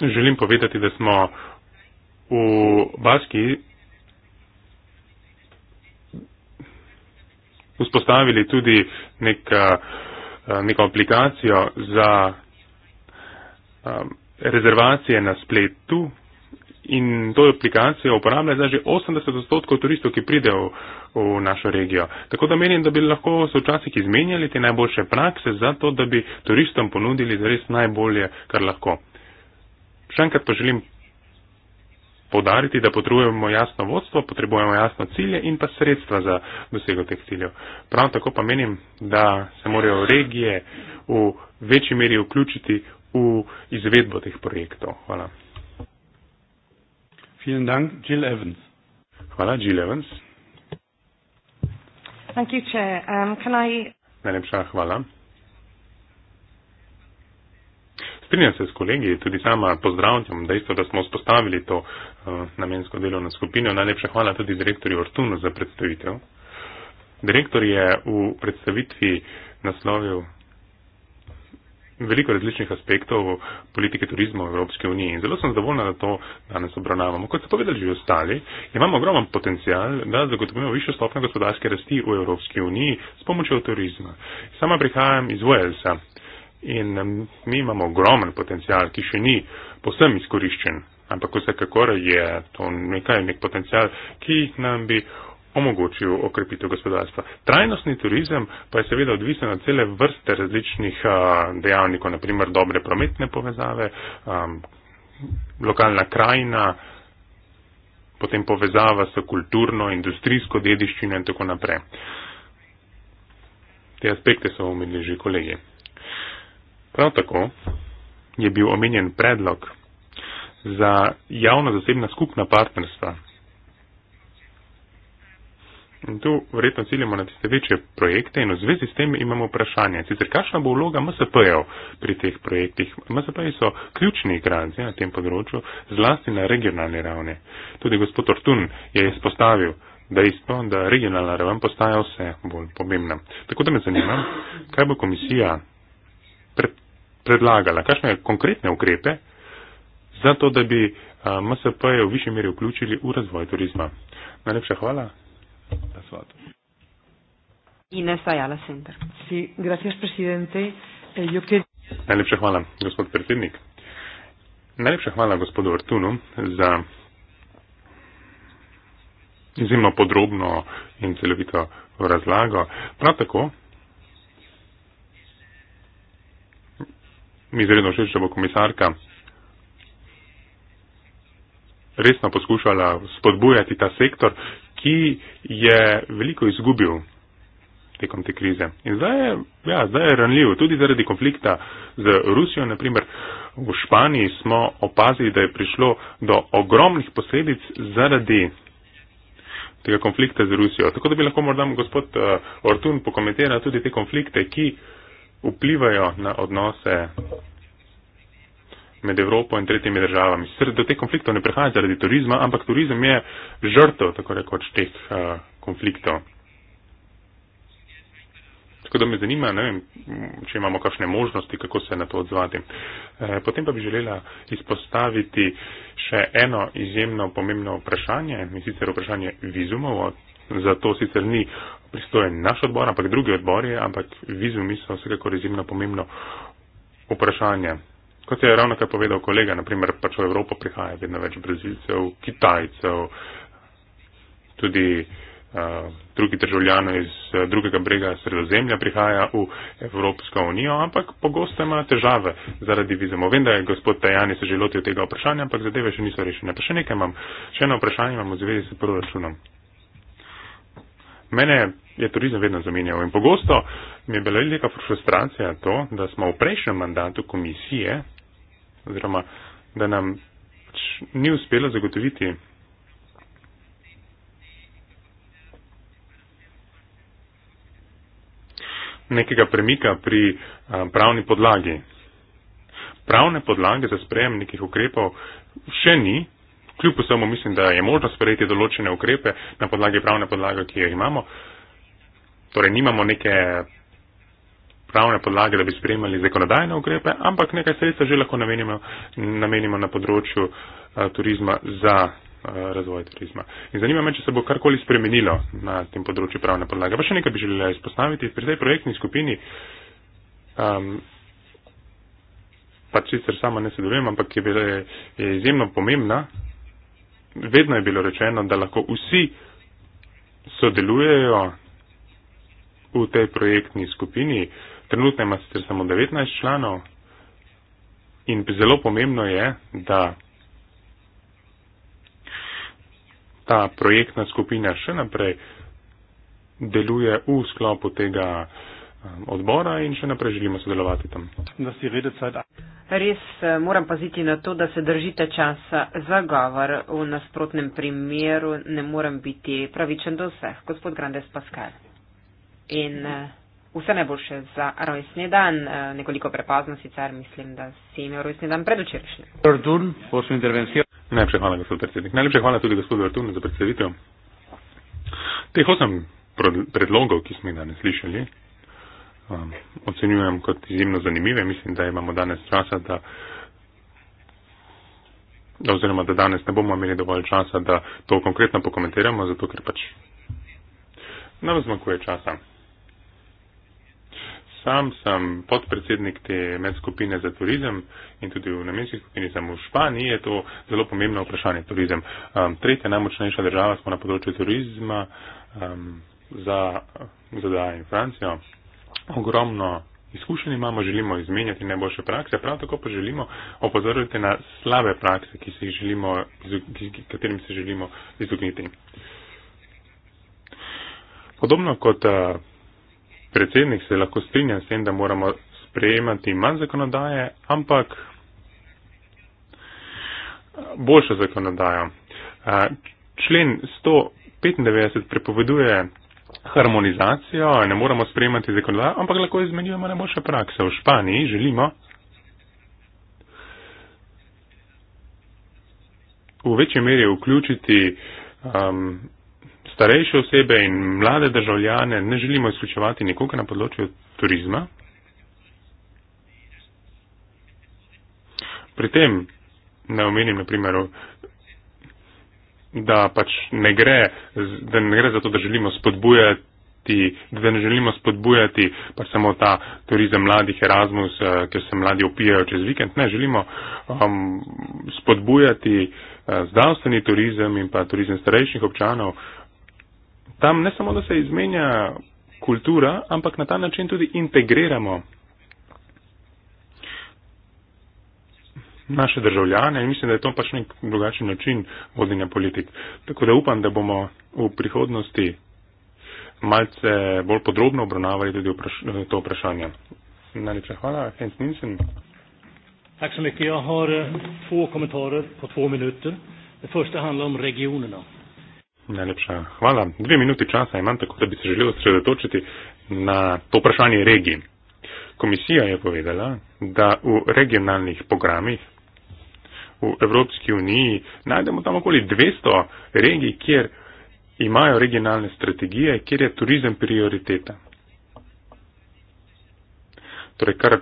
želim povedati, da smo v Baski vzpostavili tudi neka, uh, neko aplikacijo za um, rezervacije na spletu in to aplikacijo uporablja zdaj že 80 odstotkov turistov, ki pridejo v, v našo regijo. Tako da menim, da bi lahko se včasih izmenjali te najboljše prakse za to, da bi turistom ponudili res najbolje, kar lahko. Še enkrat pa želim podariti, da potrebujemo jasno vodstvo, potrebujemo jasno cilje in pa sredstva za dosego teh ciljev. Prav tako pa menim, da se morajo regije v večji meri vključiti v izvedbo teh projektov. Hvala. Dank, Jill Evans. Hvala, Jill Evans. Thank you, Chair. Um, can I... Najlepša hvala. Strinjam se s kolegi, tudi sama pozdravljam dejstvo, da smo vzpostavili to uh, namensko delovno skupino. Najlepša hvala tudi direktorju Ortunu za predstavitev. Direktor je v predstavitvi naslovil veliko različnih aspektov politike turizma v Evropske uniji in zelo sem zadovoljna, da to danes obravnavamo. Kot ste povedali že ostali, imamo ogromen potencial, da zagotovimo višjo stopnjo gospodarske rasti v Evropski uniji s pomočjo turizma. Sama prihajam iz Walesa in mi imamo ogromen potencial, ki še ni posem izkoriščen, ampak vsekakor je to nekaj, nek potencial, ki nam bi omogočil okrepitev gospodarstva. Trajnostni turizem pa je seveda odvisen od cele vrste različnih dejavnikov, naprimer dobre prometne povezave, lokalna krajina, potem povezava s kulturno, industrijsko dediščino in tako naprej. Te aspekte so omenili že kolegi. Prav tako je bil omenjen predlog za javno-zasebna skupna partnerstva, In tu verjetno ciljamo na tiste večje projekte in v zvezi s tem imamo vprašanje. Sicer, kakšna bo vloga MSP-jev pri teh projektih? MSP-ji so ključni igralci na tem področju, zlasti na regionalni ravni. Tudi gospod Ortun je izpostavil dejstvo, da regionalna raven postaja vse bolj pomembna. Tako da me zanima, kaj bo komisija predlagala, kakšne konkretne ukrepe za to, da bi eh, MSP-je v višji meri vključili v razvoj turizma. Najlepša hvala. La suato. Ines Ayala Center. Sí, gracias, presidente. Eh, yo que... Najlepša hvala, gospod predsednik. Najlepša hvala gospodu Artunu za izjemno podrobno in celovito razlago. Prav tako mi je zredno všeč, da bo komisarka resno poskušala spodbujati ta sektor, ki je veliko izgubil tekom te krize. In zdaj je, ja, zdaj je ranljiv, tudi zaradi konflikta z Rusijo. Naprimer, v Španiji smo opazili, da je prišlo do ogromnih posledic zaradi tega konflikta z Rusijo. Tako da bi lahko morda gospod eh, Ortun pokomentiral tudi te konflikte, ki vplivajo na odnose med Evropo in tretjimi državami. Sr, do teh konfliktov ne prihaja zaradi turizma, ampak turizem je žrtev, tako rekoč, teh uh, konfliktov. Tako da me zanima, ne vem, če imamo kakšne možnosti, kako se na to odzvati. E, potem pa bi želela izpostaviti še eno izjemno pomembno vprašanje, in sicer vprašanje vizumov. Za to sicer ni pristojen naš odbor, ampak drugi odbor je, ampak vizumi so vsekakor izjemno pomembno vprašanje kot je ravno kar povedal kolega, naprimer pač v Evropo prihaja vedno več brazilcev, kitajcev, tudi uh, drugi državljani iz eh, drugega brega sredozemlja prihaja v Evropsko unijo, ampak pogosto ima težave zaradi vizumov. Vem, da je gospod Tajani se že lotil tega vprašanja, ampak zadeve še niso rešene. Pa še nekaj imam, še eno vprašanje imam v zvezi s proračunom. Mene je turizem vedno zamenjal in pogosto mi je bila velika frustracija to, da smo v prejšnjem mandatu komisije oziroma da nam pač ni uspelo zagotoviti nekega premika pri pravni podlagi. Pravne podlage za sprejem nekih ukrepov še ni. Kljub vsemu mislim, da je možno sprejeti določene ukrepe na podlagi pravne podlage, ki jo imamo. Torej, nimamo neke pravne podlage, da bi sprejemali zakonodajne ukrepe, ampak nekaj sredstva že lahko namenimo, namenimo na področju a, eh, turizma za a, eh, razvoj turizma. In zanima me, če se bo karkoli spremenilo na tem področju pravne podlage. Pa še nekaj bi želela izpostaviti. Pri tej projektni skupini, um, pa čistr sama ne sedujem, ampak je, bila, je, je izjemno pomembna, vedno je bilo rečeno, da lahko vsi sodelujejo v tej projektni skupini. Uh, Trenutno ima sicer samo 19 članov in zelo pomembno je, da ta projektna skupina še naprej deluje v sklopu tega um, odbora in še naprej želimo sodelovati tam. Res eh, moram paziti na to, da se držite časa za govor. V nasprotnem primeru ne morem biti pravičen do vseh. Gospod Grandes Pascal. In, uh, vse najboljše za rojstni dan, e, nekoliko prepozno sicer mislim, da si imel rojstni dan predvčerajšnjim. Najlepša hvala, gospod predsednik. Najlepša hvala tudi gospodu Artunu za predstavitev. Teh osem predlogov, ki smo jih danes slišali, um, ocenjujem kot izjemno zanimive. Mislim, da imamo danes časa, da, da oziroma da danes ne bomo imeli dovolj časa, da to konkretno pokomentiramo, zato ker pač nam zmanjkuje časa sam sem podpredsednik te medskupine za turizem in tudi v namenski skupini sem v Španiji, je to zelo pomembno vprašanje turizem. Um, tretja najmočnejša država smo na področju turizma um, za ZDA in Francijo. Ogromno izkušenj imamo, želimo izmenjati najboljše prakse, prav tako pa želimo opozoriti na slabe prakse, ki želimo, katerim se želimo izogniti. Podobno kot uh, predsednik se lahko strinja s tem, da moramo sprejemati manj zakonodaje, ampak boljšo zakonodajo. Eh, člen 195 prepoveduje harmonizacijo, ne moramo sprejemati zakonodaje, ampak lahko izmenjujemo najboljše prakse. V Španiji želimo v večji meri vključiti um, starejše osebe in mlade državljane, ne želimo izključevati nikoga na področju turizma. Pri tem ne omenim, naprimer, da pač ne gre, da ne gre za to, da želimo spodbujati da ne želimo spodbujati pa samo ta turizem mladih Erasmus, eh, ker se mladi opijajo čez vikend. Ne, želimo um, spodbujati eh, zdravstveni turizem in pa turizem starejših občanov, uh, tam ne samo, da se izmenja kultura, ampak na ta način tudi integriramo naše državljane in mislim, da je to pač nek drugačen način vodenja politik. Tako da upam, da bomo v prihodnosti malce bolj podrobno obravnavali tudi vpraš to vprašanje. Najlepša hvala, Hans Nielsen. Tak so mi, ki jo hore, eh, dva komentarja po dva minuta. Prvi handla o regijonih. Najlepša hvala. Dve minuti časa imam, tako da bi se želel sredotočiti na to vprašanje regij. Komisija je povedala, da v regionalnih programih v Evropski uniji najdemo tam okoli 200 regij, kjer imajo regionalne strategije, kjer je turizem prioriteta. Torej, kar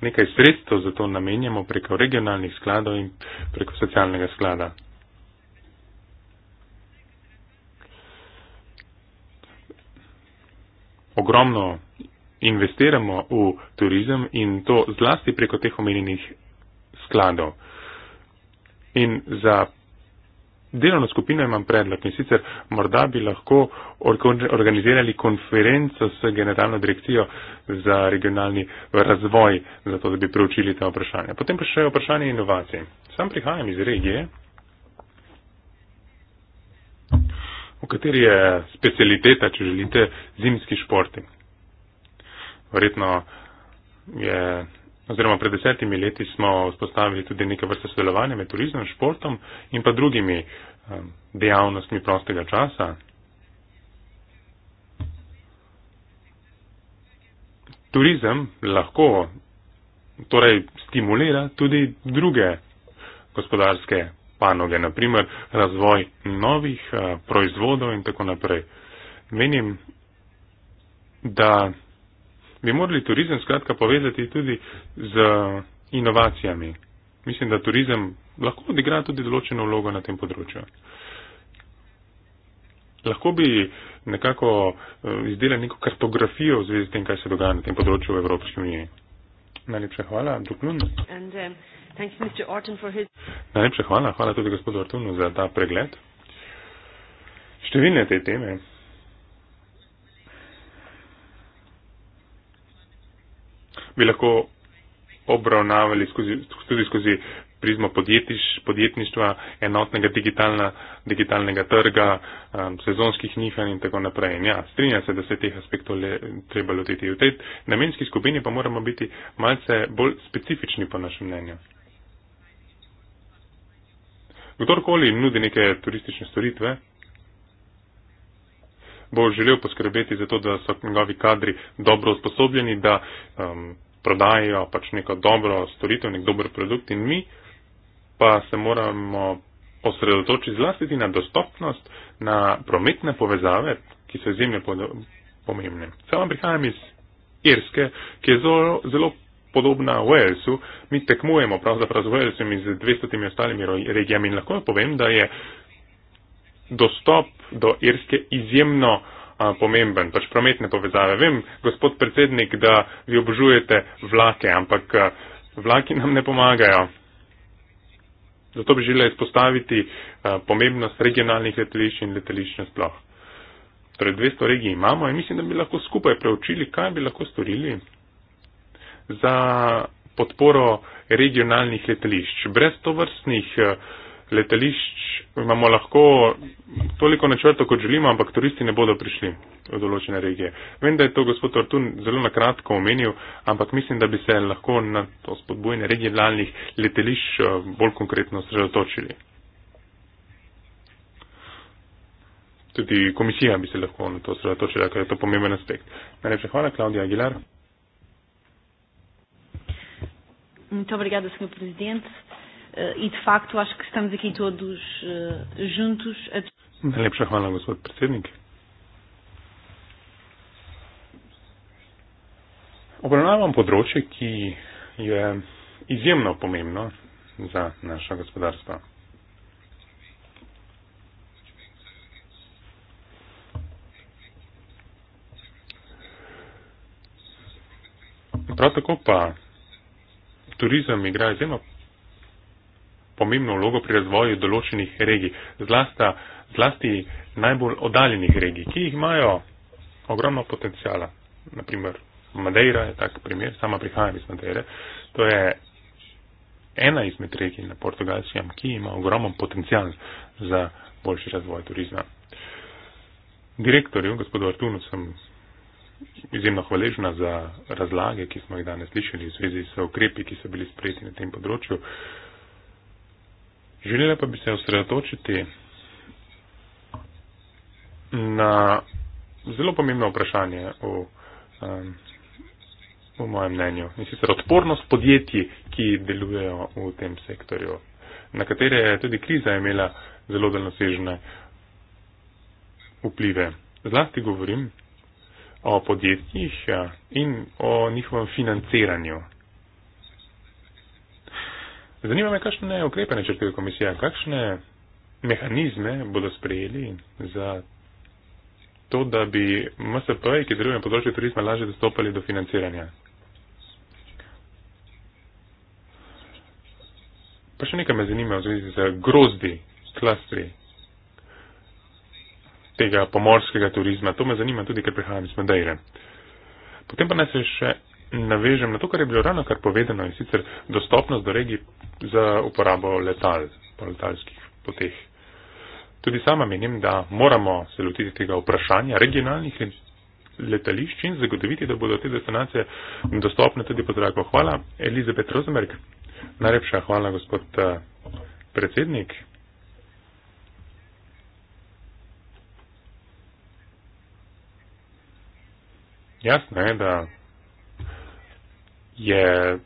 nekaj sredstev za to namenjamo preko regionalnih skladov in preko socialnega sklada. ogromno investiramo v turizem in to zlasti preko teh omenjenih skladov. In za delovno skupino imam predlog in sicer morda bi lahko organizirali konferenco s generalno direkcijo za regionalni razvoj, zato da bi preučili ta vprašanja. Potem pa še vprašanje inovacij. Sam prihajam iz regije, v kateri je specialiteta, če želite, zimski športi. Verjetno je, oziroma pred desetimi leti smo vzpostavili tudi neke vrste sodelovanja med turizmom, športom in pa drugimi um, dejavnostmi prostega časa. Turizem lahko torej stimulira tudi druge gospodarske panoge, naprimer razvoj novih a, eh, proizvodov in tako naprej. Menim, da bi morali turizem skratka povezati tudi z inovacijami. Mislim, da turizem lahko odigra tudi določeno vlogo na tem področju. Lahko bi nekako eh, izdelali neko kartografijo v zvezi s tem, kaj se dogaja na tem področju v Evropski uniji. Najlepša hvala, Duklun. And, um... Najlepša hvala. Hvala tudi gospodu Artunu za ta pregled. Številne te teme. bi lahko obravnavali skozi, tudi skozi prizmo podjetiš, podjetništva, enotnega digitalna, digitalnega trga, um, sezonskih nihanj in tako naprej. In ja, strinja se, da se teh aspektov le, treba loteti. V tej namenski skupini pa moramo biti malce bolj specifični po našem mnenju. Kdorkoli nudi neke turistične storitve, bo želel poskrbeti za to, da so njegovi kadri dobro usposobljeni, da um, prodajajo pač neko dobro storitev, nek dober produkt in mi pa se moramo osredotočiti zlasti na dostopnost, na prometne povezave, ki so izjemno pomembne. Sama prihajam iz Irske, ki je zelo, zelo podobna Walesu. Mi tekmujemo pravzaprav z Walesom in z 200 ostalimi regijami in lahko povem, da je dostop do Irske izjemno a, pomemben, pač prometne povezave. Vem, gospod predsednik, da vi obožujete vlake, ampak a, vlaki nam ne pomagajo. Zato bi želela izpostaviti a, pomembnost regionalnih letališč in letališč nasploh. Torej 200 regij imamo in mislim, da bi lahko skupaj preučili, kaj bi lahko storili za podporo regionalnih letališč. Brez tovrstnih eh, letališč imamo lahko toliko načrtov, kot želimo, ampak turisti ne bodo prišli v določene regije. Vem, da je to gospod Artun zelo nakratko omenil, ampak mislim, da bi se lahko na to spodbujanje regionalnih letališč eh, bolj konkretno sredotočili. Tudi komisija bi se lahko na to sredotočila, ker je to pomemben aspekt. Najlepša hvala, Klaudija Aguilar. muito obrigada, Sr. Presidente. Uh, e, de facto, acho que estamos aqui todos uh, juntos. A... Najlepša hvala, gospod predsednik. Obravnavam področje, ki je izjemno pomembno za naša gospodarstva. Prav tako pa turizem igra izjemno pomembno vlogo pri razvoju določenih regij, zlasta, zlasti najbolj oddaljenih regij, ki jih imajo ogromno potencijala. Naprimer, Madeira je tak primer, sama prihajam iz Madeire. To je ena izmed regij na Portugalskem, ki ima ogromen potencijal za boljši razvoj turizma. Direktorju, gospodu Artunu, sem izjemno hvaležna za razlage, ki smo jih danes slišali v zvezi s ukrepi, ki so bili sprejeti na tem področju. Želela pa bi se osredotočiti na zelo pomembno vprašanje v, um, v mojem mnenju in sicer odpornost podjetij, ki delujejo v tem sektorju, na katere je tudi kriza imela zelo daljnosežne vplive. Zlasti govorim o podjetjih ja, in o njihovem financiranju. Zanima me, kakšne ukrepe načrtuje komisija, kakšne mehanizme bodo sprejeli za to, da bi MSP, ki deluje na področju turizma, lažje dostopali do financiranja. Pa še nekaj me zanima v zvezi z grozdi, klastri, tega pomorskega turizma. To me zanima tudi, ker prihajam iz Madeire. Potem pa naj se še navežem na to, kar je bilo ravno kar povedano in sicer dostopnost do regij za uporabo letal po letalskih poteh. Tudi sama menim, da moramo se lotiti tega vprašanja regionalnih letališč in zagotoviti, da bodo te destinacije dostopne tudi po zraku. Hvala, Elizabet Rosenberg. Najlepša hvala, gospod eh, predsednik. Jasno je, da je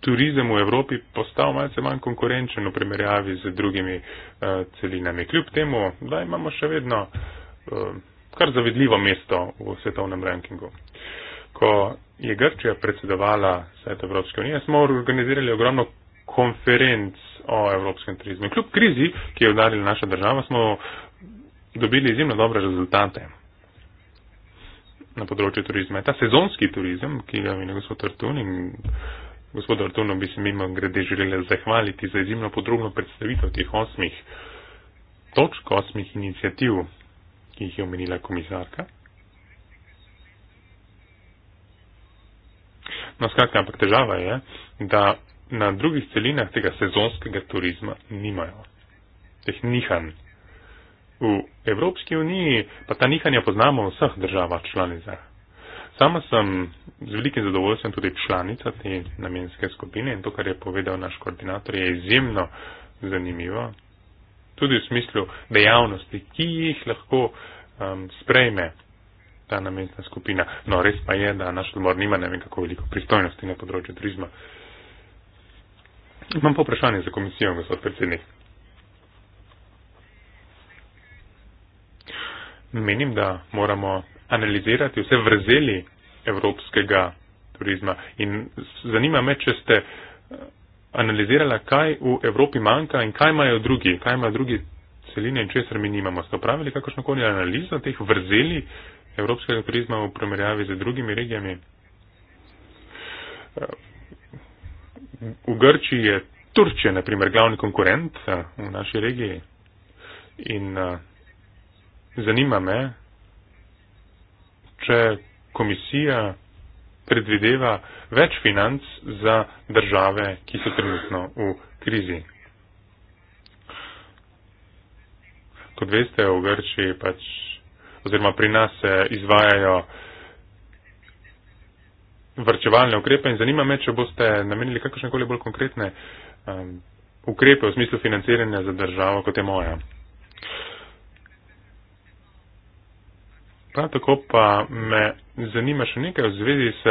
turizem v Evropi postal malce manj konkurenčen v primerjavi z drugimi uh, celinami. Kljub temu, da imamo še vedno uh, kar zavidljivo mesto v svetovnem rankingu. Ko je Grčija predsedovala Svet Evropske unije, smo organizirali ogromno konferenc o evropskem turizmu. Kljub krizi, ki je udarila naša država, smo dobili izjemno dobre rezultate na področju turizma. Ta sezonski turizem, ki ga vina gospod Artun in gospod Artun bi se mimo grede želeli zahvaliti za izjemno podrobno predstavitev teh osmih točk, osmih inicijativ, ki jih je omenila komisarka. No, skratka, ampak težava je, da na drugih celinah tega sezonskega turizma nimajo. Teh nihanj V Evropski uniji pa ta nihanja poznamo v vseh državah članicah. Sama sem z velikim zadovoljstvom tudi članica te namenske skupine in to, kar je povedal naš koordinator, je izjemno zanimivo. Tudi v smislu dejavnosti, ki jih lahko um, sprejme ta namenska skupina. No, res pa je, da naš odmor nima ne vem kako veliko pristojnosti na področju turizma. Imam pa vprašanje za komisijo, gospod predsednik. menim, da moramo analizirati vse vrzeli evropskega turizma. In zanima me, če ste eh, analizirala, kaj v Evropi manjka in kaj imajo drugi, kaj imajo drugi celine in česar mi nimamo. Ste opravili kakršnokoli analizo teh vrzeli evropskega turizma v primerjavi z drugimi regijami? Eh, v Grčiji je Turčija, na primer, glavni konkurent eh, v naši regiji. In Zanima me, če komisija predvideva več financ za države, ki so trenutno v krizi. Kot veste, v Grčiji pač, oziroma pri nas se izvajajo vrčevalne ukrepe in zanima me, če boste namenili kakršne koli bolj konkretne um, ukrepe v smislu financiranja za državo, kot je moja. Prav tako pa me zanima še nekaj v zvezi s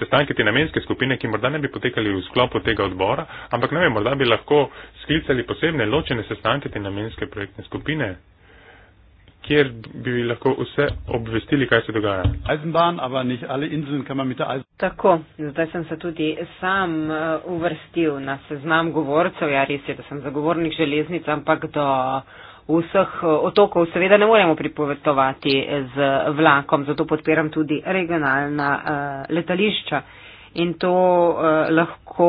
sestanki te namenske skupine, ki morda ne bi potekali v sklopu tega odbora, ampak ne vem, morda bi lahko sklicali posebne ločene sestanke te namenske projektne skupine, kjer bi lahko vse obvestili, kaj se dogaja. Tako, zdaj sem se tudi sam eh, uvrstil na seznam govorcev. Ja, res je, da sem zagovornik železnic, ampak do vseh eh, otokov seveda ne moremo pripovetovati eh, z vlakom, zato podpiram tudi regionalna eh, letališča. In to lahko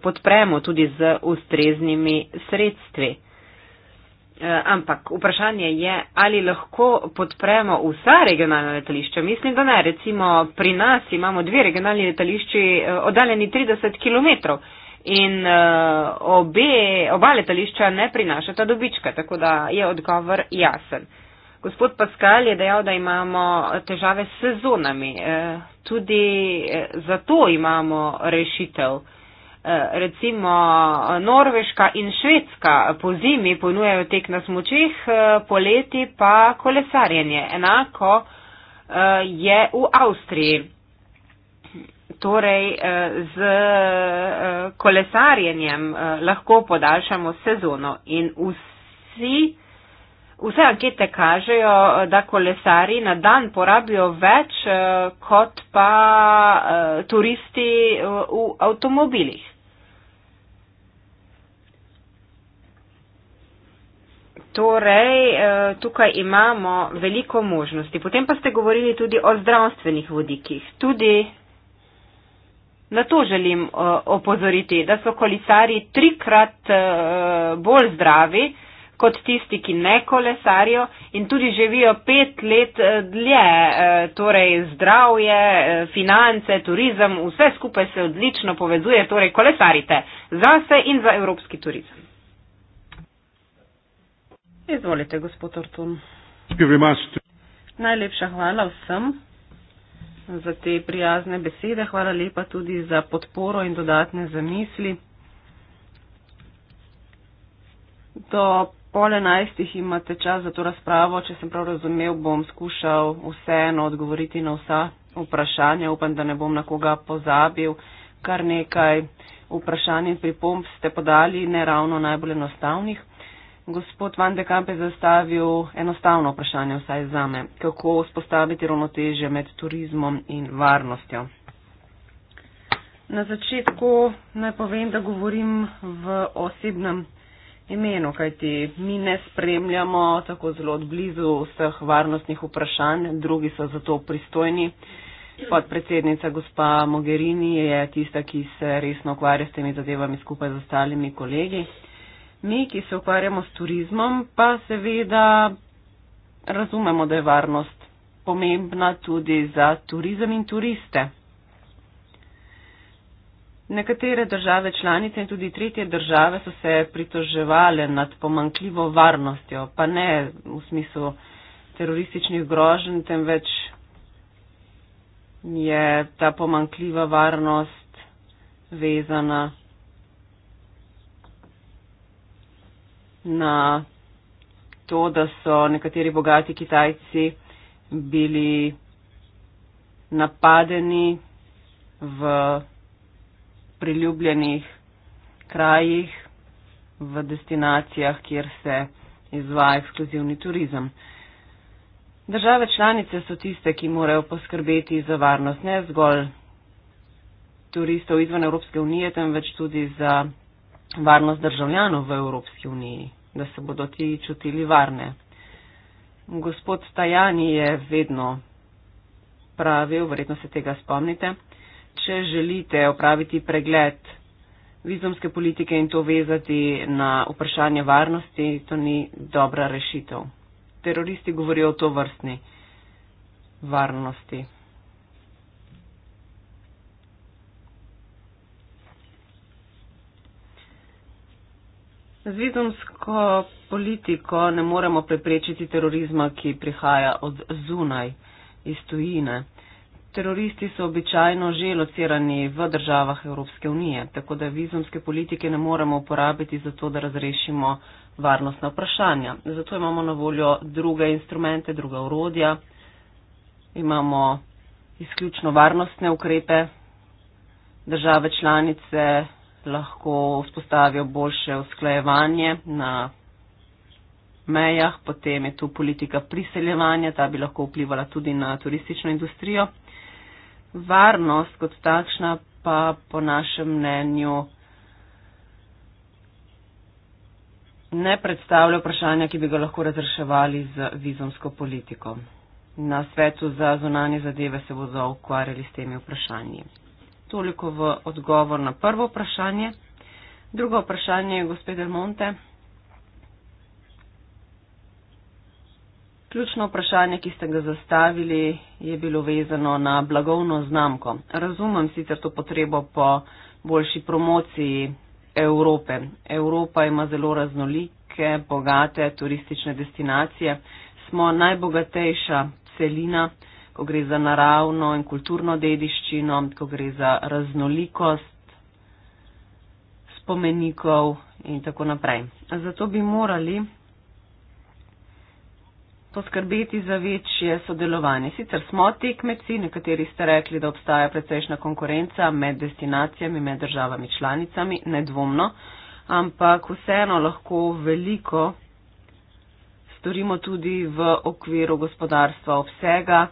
podpremo tudi z ustreznimi sredstvi. Ampak vprašanje je, ali lahko podpremo vsa regionalna letališča. Mislim, da ne. Recimo pri nas imamo dve regionalni letališči oddaljeni 30 km in uh, obe, oba letališča ne prinašata dobička, tako da je odgovor jasen. Gospod Paskal je dejal, da imamo težave s sezonami. Eh, tudi eh, zato imamo rešitev. Recimo Norveška in Švedska po zimi ponujajo tek na smočih, po leti pa kolesarjenje. Enako je v Avstriji torej eh, z eh, kolesarjenjem eh, lahko podaljšamo sezono in vsi, vse ankete kažejo, da kolesari na dan porabijo več kot pa turisti v avtomobilih. Torej, tukaj imamo veliko možnosti. Potem pa ste govorili tudi o zdravstvenih vodikih. Tudi Na to želim uh, opozoriti, da so kolesari trikrat uh, bolj zdravi kot tisti, ki ne kolesarijo in tudi živijo pet let eh, dlje. Torej zdravje, finance, turizem, vse skupaj se odlično povezuje. Torej kolesarite za se in za evropski turizem. Izvolite, gospod Ortun. Najlepša hvala vsem za te prijazne besede, hvala lepa tudi za podporo in dodatne zamisli. Do pol enajstih imate čas za to razpravo, če sem prav razumel, bom skušal vseeno odgovoriti na vsa vprašanja, upam, da ne bom na koga pozabil, kar nekaj vprašanj in pripomb ste podali, ne ravno najbolj enostavnih gospod Van de Kamp je zastavil enostavno vprašanje, vsaj za me, kako vzpostaviti ravnoteže med turizmom in varnostjo. Na začetku naj povem, da govorim v osebnem imenu, kajti mi ne spremljamo tako zelo odblizu vseh varnostnih vprašanj, drugi so za to pristojni. Podpredsednica gospa Mogherini je tista, ki se resno ukvarja s temi zadevami skupaj z ostalimi kolegi. Mi, ki se ukvarjamo s turizmom, pa seveda razumemo, da je varnost pomembna tudi za turizem in turiste. Nekatere države članice in tudi tretje države so se pritoževale nad pomankljivo varnostjo, pa ne v smislu terorističnih groženj, temveč je ta pomankljiva varnost vezana na to, da so nekateri bogati Kitajci bili napadeni v priljubljenih krajih, v destinacijah, kjer se izvaja ekskluzivni turizem. Države članice so tiste, ki morajo poskrbeti za varnost ne zgolj turistov izven Evropske unije, temveč tudi za varnost državljanov v Evropski uniji, da se bodo ti čutili varne. Gospod Tajani je vedno pravil, verjetno se tega spomnite, če želite opraviti pregled vizumske politike in to vezati na vprašanje varnosti, to ni dobra rešitev. Teroristi govorijo o to vrstni varnosti. Z vizumsko politiko ne moremo preprečiti terorizma, ki prihaja od zunaj, iz tujine. Teroristi so običajno že locirani v državah Evropske unije, tako da vizumske politike ne moremo uporabiti za to, da razrešimo varnostna vprašanja. Zato imamo na voljo druge instrumente, druga urodja, imamo izključno varnostne ukrepe, države članice lahko vzpostavijo boljše usklajevanje na mejah, potem je tu politika priseljevanja, ta bi lahko vplivala tudi na turistično industrijo. Varnost kot takšna pa po našem mnenju ne predstavlja vprašanja, ki bi ga lahko razreševali z vizumsko politiko. Na svetu za zunanje zadeve se bodo ukvarjali s temi vprašanji. Toliko v odgovor na prvo vprašanje. Drugo vprašanje je gospod Del Monte. Ključno vprašanje, ki ste ga zastavili, je bilo vezano na blagovno znamko. Razumem sicer to potrebo po boljši promociji Evrope. Evropa ima zelo raznolike, bogate turistične destinacije. Smo najbogatejša celina ko gre za naravno in kulturno dediščino, ko gre za raznolikost spomenikov in tako naprej. Zato bi morali poskrbeti za večje sodelovanje. Sicer smo tekmeci, nekateri ste rekli, da obstaja precejšna konkurenca med destinacijami, med državami članicami, nedvomno, ampak vseeno lahko veliko storimo tudi v okviru gospodarstva obsega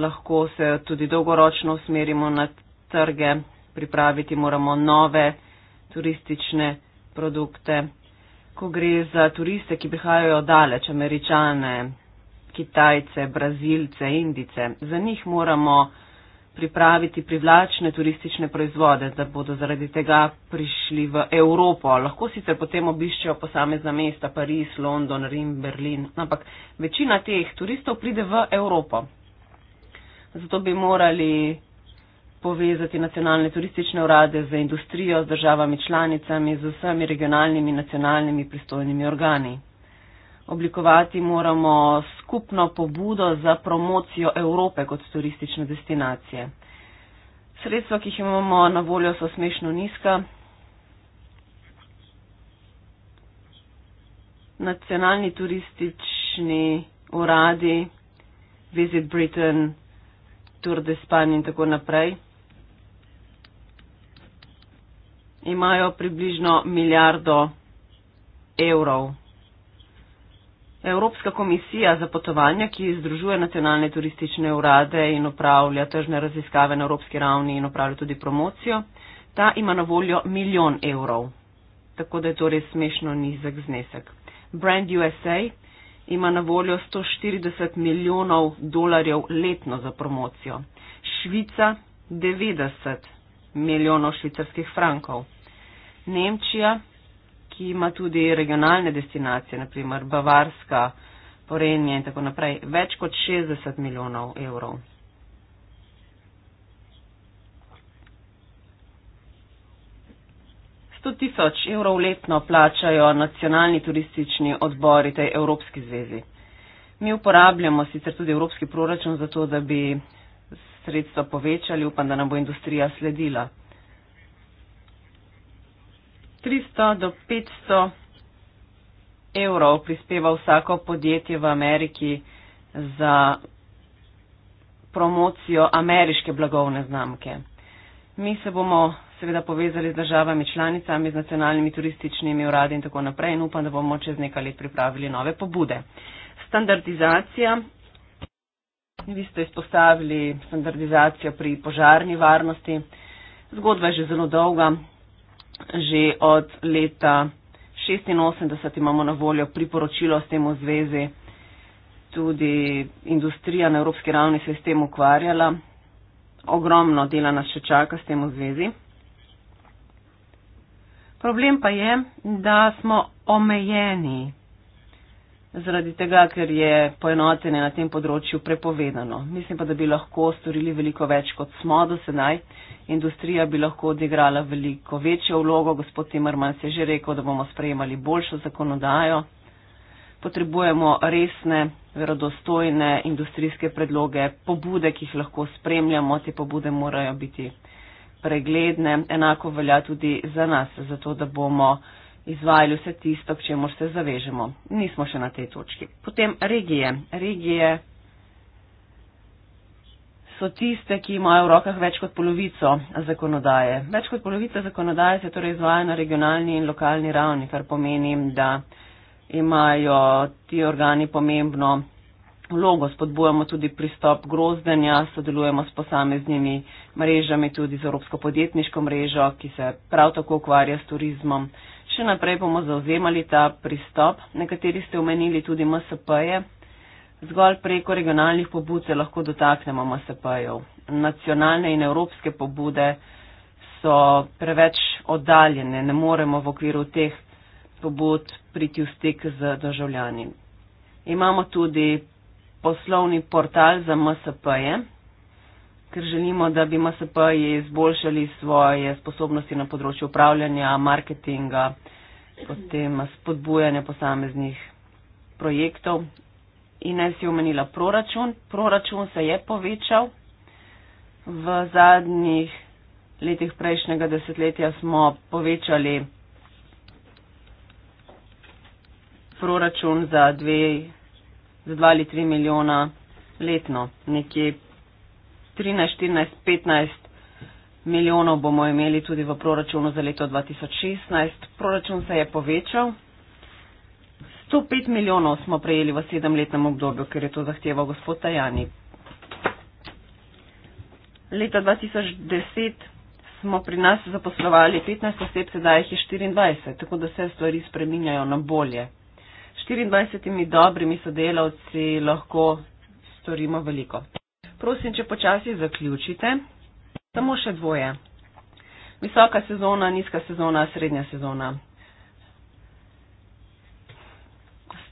lahko se tudi dolgoročno usmerimo na trge, pripraviti moramo nove turistične produkte. Ko gre za turiste, ki prihajajo daleč, američane, kitajce, brazilce, indice, za njih moramo pripraviti privlačne turistične proizvode, da bodo zaradi tega prišli v Evropo. Lahko sicer potem obiščejo posamezna mesta, Pariz, London, Rim, Berlin, ampak večina teh turistov pride v Evropo. Zato bi morali povezati nacionalne turistične urade z industrijo, z državami članicami, z vsemi regionalnimi, nacionalnimi pristojnimi organi. Oblikovati moramo skupno pobudo za promocijo Evrope kot turistične destinacije. Sredstva, ki jih imamo na voljo, so smešno nizka. Nacionalni turistični uradi Visit Britain Tour de Spanje in tako naprej. Imajo približno milijardo evrov. Evropska komisija za potovanja, ki združuje nacionalne turistične urade in upravlja tržne raziskave na evropski ravni in upravlja tudi promocijo, ta ima na voljo milijon evrov. Tako da je to res smešno nizek znesek. Brand USA ima na voljo 140 milijonov dolarjev letno za promocijo. Švica 90 milijonov švicarskih frankov. Nemčija, ki ima tudi regionalne destinacije, naprimer Bavarska, Porenje in tako naprej, več kot 60 milijonov evrov. 100 tisoč evrov letno plačajo nacionalni turistični odbori tej Evropski zvezi. Mi uporabljamo sicer tudi Evropski proračun za to, da bi sredstva povečali, upam, da nam bo industrija sledila. 300 do 500 evrov prispeva vsako podjetje v Ameriki za promocijo ameriške blagovne znamke. Mi se bomo seveda povezali z državami članicami, z nacionalnimi turističnimi uradi in tako naprej in upam, da bomo čez nekaj let pripravili nove pobude. Standardizacija. Vi ste izpostavili standardizacijo pri požarni varnosti. Zgodba je že zelo dolga. Že od leta 1986 imamo na voljo priporočilo s tem v zvezi. Tudi industrija na evropski ravni se je s tem ukvarjala ogromno dela nas še čaka s tem v zvezi. Problem pa je, da smo omejeni zaradi tega, ker je poenotenje na tem področju prepovedano. Mislim pa, da bi lahko storili veliko več, kot smo do sedaj. Industrija bi lahko odigrala veliko večjo vlogo. Gospod Timerman se je že rekel, da bomo sprejemali boljšo zakonodajo. Potrebujemo resne verodostojne industrijske predloge, pobude, ki jih lahko spremljamo, te pobude morajo biti pregledne. Enako velja tudi za nas, zato da bomo izvajali vse tisto, k čemu se zavežemo. Nismo še na tej točki. Potem regije. Regije so tiste, ki imajo v rokah več kot polovico zakonodaje. Več kot polovica zakonodaje se torej izvaja na regionalni in lokalni ravni, kar pomeni, da imajo ti organi pomembno vlogo. Spodbujamo tudi pristop grozdenja, sodelujemo s posameznimi mrežami, tudi z Evropsko podjetniško mrežo, ki se prav tako ukvarja s turizmom. Še naprej bomo zauzemali ta pristop. Nekateri ste omenili tudi MSP-je. Zgolj preko regionalnih pobud se lahko dotaknemo MSP-jev. Nacionalne in evropske pobude so preveč oddaljene, ne moremo v okviru teh pobud priti v stik z državljani. Imamo tudi poslovni portal za MSP-je, ker želimo, da bi MSP-ji izboljšali svoje sposobnosti na področju upravljanja, marketinga, potem spodbujanja posameznih projektov. In naj si omenila proračun. Proračun se je povečal. V zadnjih letih prejšnjega desetletja smo povečali proračun za dve, za dva ali tri milijona letno. Nekje 13, 14, 15 milijonov bomo imeli tudi v proračunu za leto 2016. Proračun se je povečal. 105 milijonov smo prejeli v sedemletnem obdobju, ker je to zahteval gospod Tajani. Leta 2010 smo pri nas zaposlovali 15 oseb, sedaj jih je 24, tako da se stvari spreminjajo na bolje. 24 dobrimi sodelavci lahko storimo veliko. Prosim, če počasi zaključite. Samo še dvoje. Visoka sezona, nizka sezona, srednja sezona.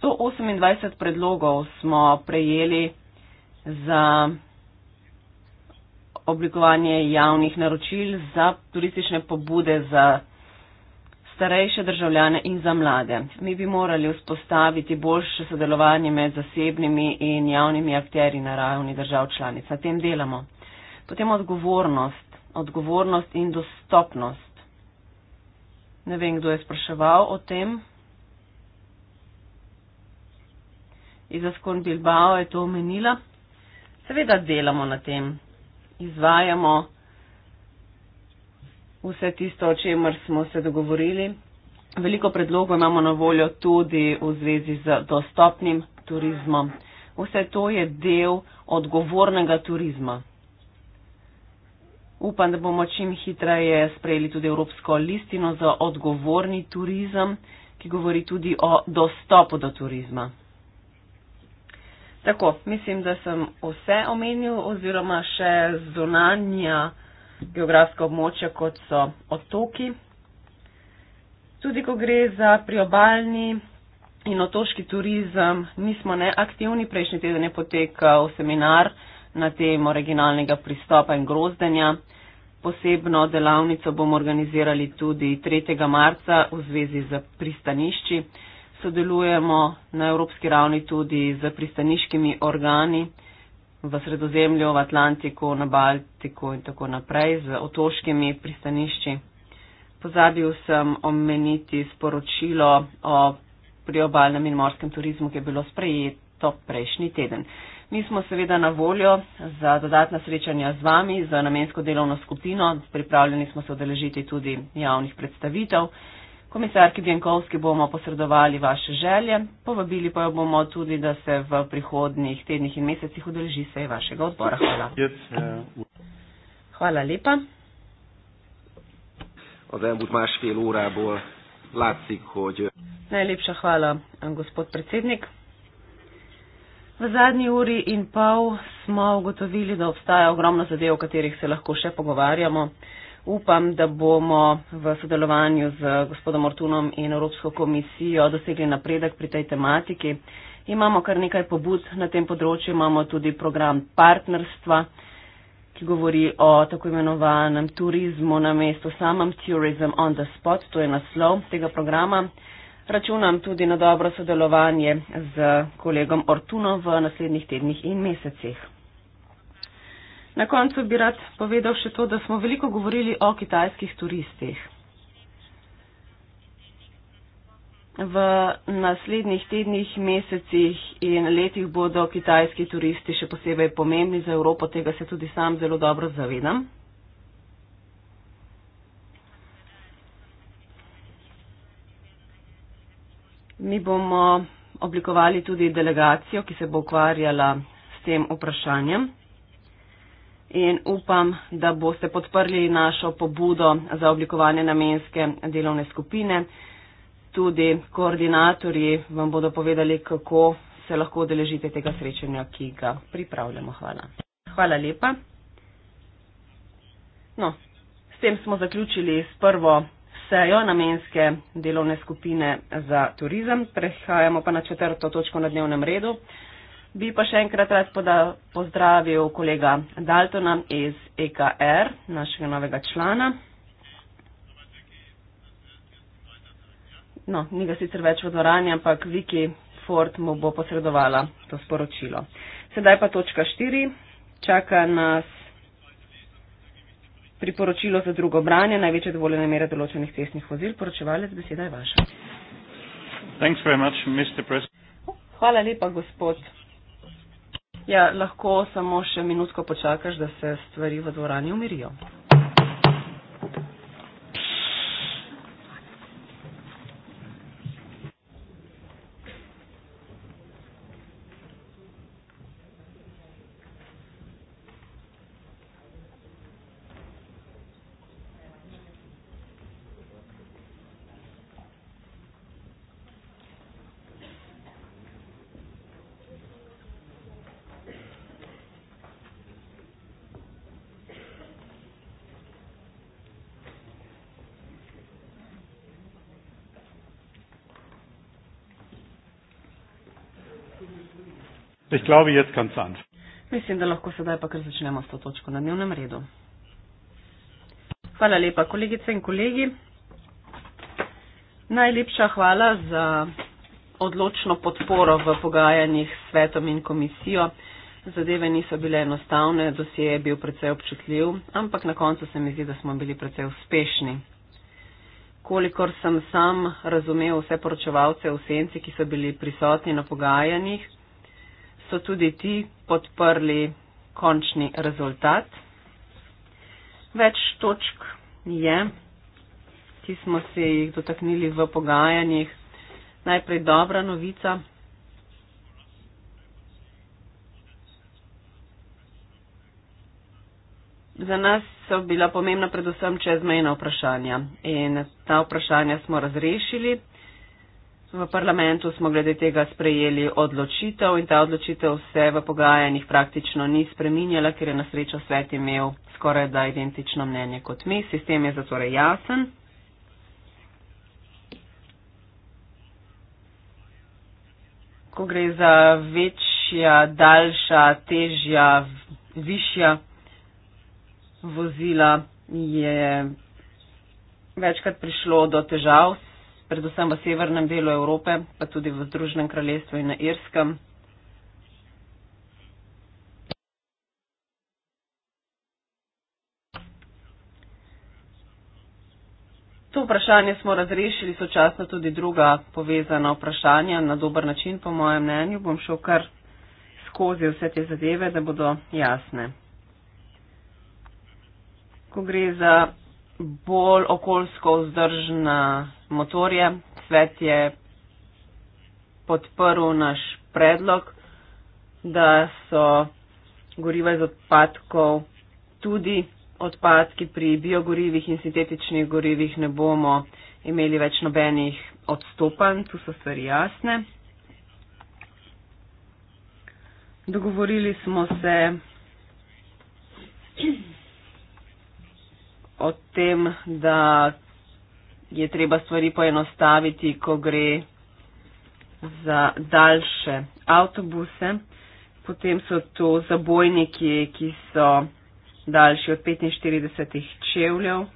128 predlogov smo prejeli za oblikovanje javnih naročil, za turistične pobude, za starejše državljane in za mlade. Mi bi morali vzpostaviti boljše sodelovanje med zasebnimi in javnimi akteri na ravni držav članic. Na tem delamo. Potem odgovornost. Odgovornost in dostopnost. Ne vem, kdo je spraševal o tem. Izaskon Bilbao je to omenila. Seveda delamo na tem. Izvajamo vse tisto, o čemer smo se dogovorili. Veliko predlogov imamo na voljo tudi v zvezi z dostopnim turizmom. Vse to je del odgovornega turizma. Upam, da bomo čim hitreje sprejeli tudi Evropsko listino za odgovorni turizem, ki govori tudi o dostopu do turizma. Tako, mislim, da sem vse omenil oziroma še zunanja geografska območja, kot so otoki. Tudi ko gre za priobalni in otoški turizem, nismo neaktivni. Prejšnji teden je potekal seminar na temo regionalnega pristopa in grozdenja. Posebno delavnico bomo organizirali tudi 3. marca v zvezi z pristanišči. Sodelujemo na evropski ravni tudi z pristaniškimi organi v Sredozemlju, v Atlantiku, na Baltiku in tako naprej z otoškimi pristanišči. Pozabil sem omeniti sporočilo o priobalnem in morskem turizmu, ki je bilo sprejeto prejšnji teden. Mi smo seveda na voljo za dodatna srečanja z vami, za namensko delovno skupino. Pripravljeni smo se odeležiti tudi javnih predstavitev. Komisarki Bjankovski bomo posredovali vaše želje, povabili pa jo bomo tudi, da se v prihodnjih tednih in mesecih udeleži sej vašega odbora. Hvala. Eh, hvala lepa. Az elmúlt másfél órából látszik, hogy... Eh, Najlepša hvala, gospod predsednik. V zadnji uri in pol smo ugotovili, da obstaja ogromno zadev, o katerih se lahko še pogovarjamo upam, da bomo v sodelovanju z gospodom Ortunom in Evropsko komisijo dosegli napredek pri tej tematiki. Imamo kar nekaj pobud na tem področju, imamo tudi program partnerstva, ki govori o tako imenovanem turizmu na mestu samem, Tourism on the Spot, to je naslov tega programa. Računam tudi na dobro sodelovanje z kolegom Ortunom v naslednjih tednih in mesecih. Na koncu bi rad povedal še to, da smo veliko govorili o kitajskih turistih. V naslednjih tednih, mesecih in letih bodo kitajski turisti še posebej pomembni za Evropo, tega se tudi sam zelo dobro zavedam. Mi bomo oblikovali tudi delegacijo, ki se bo ukvarjala s tem vprašanjem in upam, da boste podprli našo pobudo za oblikovanje namenske delovne skupine. Tudi koordinatorji vam bodo povedali, kako se lahko odeležite tega srečanja, ki ga pripravljamo. Hvala. Hvala lepa. No, s tem smo zaključili s prvo sejo namenske delovne skupine za turizem. Prehajamo pa na četrto točko na dnevnem redu. Bi pa še enkrat rad pozdravil kolega Daltona iz EKR, našega novega člana. No, ni ga sicer več v dvorani, ampak Viki Ford mu bo posredovala to sporočilo. Sedaj pa točka štiri. Čaka nas priporočilo za drugo branje, največje dovoljene mere določenih cestnih vozil. Poročevalec, beseda je vaša. Much, Hvala lepa, gospod Ja, lahko samo še minutko počakaš, da se stvari v dvorani umirijo. Ich glaube, jetzt kann es anfangen. Mislim, da lahko sedaj pa kar začnemo s to točko na dnevnem redu. Hvala lepa, kolegice in kolegi. Najlepša hvala za odločno podporo v pogajanjih s svetom in komisijo. Zadeve niso bile enostavne, dosje je bil precej občutljiv, ampak na koncu se mi zdi, da smo bili precej uspešni. Kolikor sem sam razumel vse poročevalce v senci, ki so bili prisotni na pogajanjih, so tudi ti podprli končni rezultat. Več točk je, ki smo se jih dotaknili v pogajanjih. Najprej dobra novica. Za nas so bila pomembna predvsem čezmejna vprašanja in ta vprašanja smo razrešili, V parlamentu smo glede tega sprejeli odločitev in ta odločitev se v pogajanjih praktično ni spreminjala, ker je na srečo svet imel skoraj da identično mnenje kot mi. Sistem je zatorej jasen. Ko gre za večja, daljša, težja, višja vozila, je večkrat prišlo do težav s predvsem v severnem delu Evrope, pa tudi v Združenem kraljestvu in na Irskem. To vprašanje smo razrešili, sočasno tudi druga povezana vprašanja na dober način, po mojem mnenju. Bom šel kar skozi vse te zadeve, da bodo jasne. Ko gre za bolj okoljsko vzdržne motorje. Svet je podprl naš predlog, da so goriva iz odpadkov tudi odpadki pri biogorivih in sintetičnih gorivih ne bomo imeli več nobenih odstopanj, tu so stvari jasne. Dogovorili smo se o tem, da je treba stvari poenostaviti, ko gre za daljše avtobuse. Potem so to zabojniki, ki so daljši od 45 čevljev.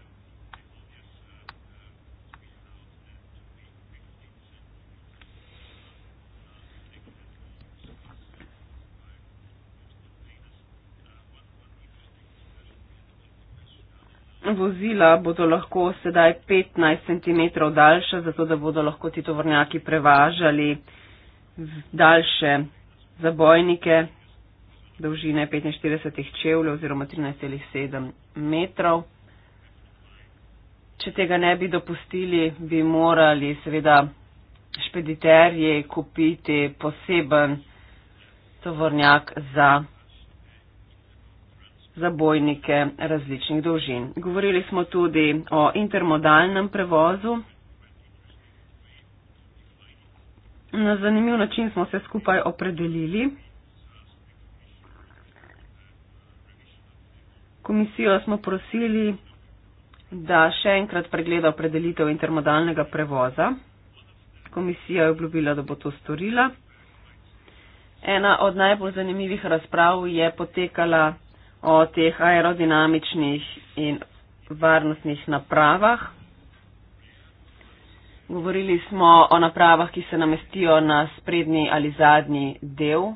vozila bodo lahko sedaj 15 cm daljša, zato da bodo lahko ti tovornjaki prevažali daljše zabojnike dolžine 45 čevlje oziroma 13,7 metrov. Če tega ne bi dopustili, bi morali seveda špediterji kupiti poseben tovornjak za za bojnike različnih dolžin. Govorili smo tudi o intermodalnem prevozu. Na zanimiv način smo se skupaj opredelili. Komisijo smo prosili, da še enkrat pregleda opredelitev intermodalnega prevoza. Komisija je obljubila, da bo to storila. Ena od najbolj zanimivih razprav je potekala o teh aerodinamičnih in varnostnih napravah. Govorili smo o napravah, ki se namestijo na sprednji ali zadnji del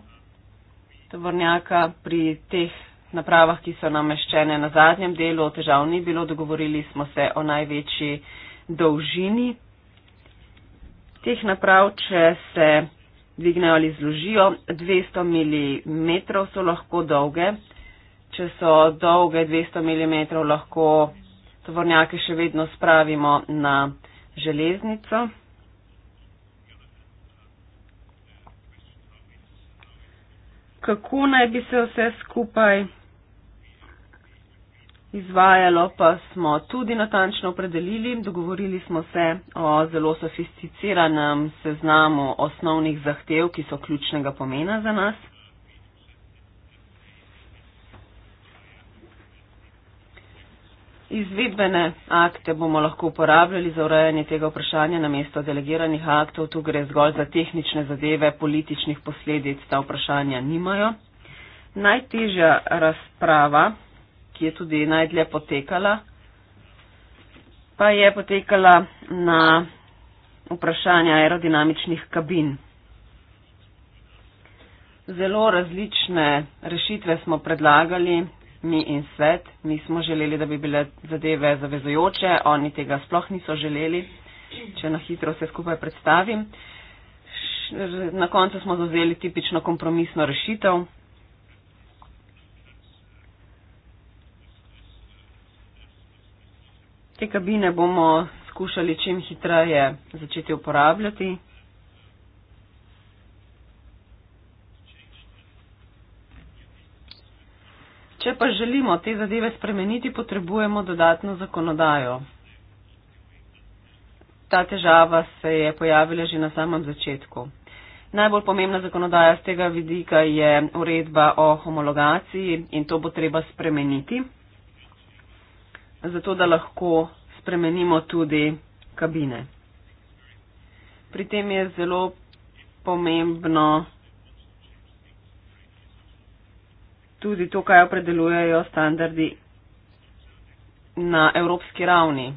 tovornjaka. Pri teh napravah, ki so nameščene na zadnjem delu, težav ni bilo. Dogovorili smo se o največji dolžini teh naprav, če se dvignejo ali zložijo. 200 mm so lahko dolge če so dolge 200 mm, lahko tovornjake še vedno spravimo na železnico. Kako naj bi se vse skupaj izvajalo, pa smo tudi natančno opredelili. Dogovorili smo se o zelo sofisticiranem seznamu osnovnih zahtev, ki so ključnega pomena za nas. Izvedbene akte bomo lahko uporabljali za urejanje tega vprašanja na mesto delegiranih aktov. Tu gre zgolj za tehnične zadeve, političnih posledic ta vprašanja nimajo. Najtežja razprava, ki je tudi najdlje potekala, pa je potekala na vprašanje aerodinamičnih kabin. Zelo različne rešitve smo predlagali, mi in svet, mi smo želeli, da bi bile zadeve zavezojoče, oni tega sploh niso želeli, če na hitro vse skupaj predstavim. Na koncu smo zauzeli tipično kompromisno rešitev. Te kabine bomo skušali čim hitreje začeti uporabljati. Če pa želimo te zadeve spremeniti, potrebujemo dodatno zakonodajo. Ta težava se je pojavila že na samem začetku. Najbolj pomembna zakonodaja z tega vidika je uredba o homologaciji in to bo treba spremeniti, zato da lahko spremenimo tudi kabine. Pri tem je zelo pomembno tudi to, kaj opredelujejo standardi na evropski ravni.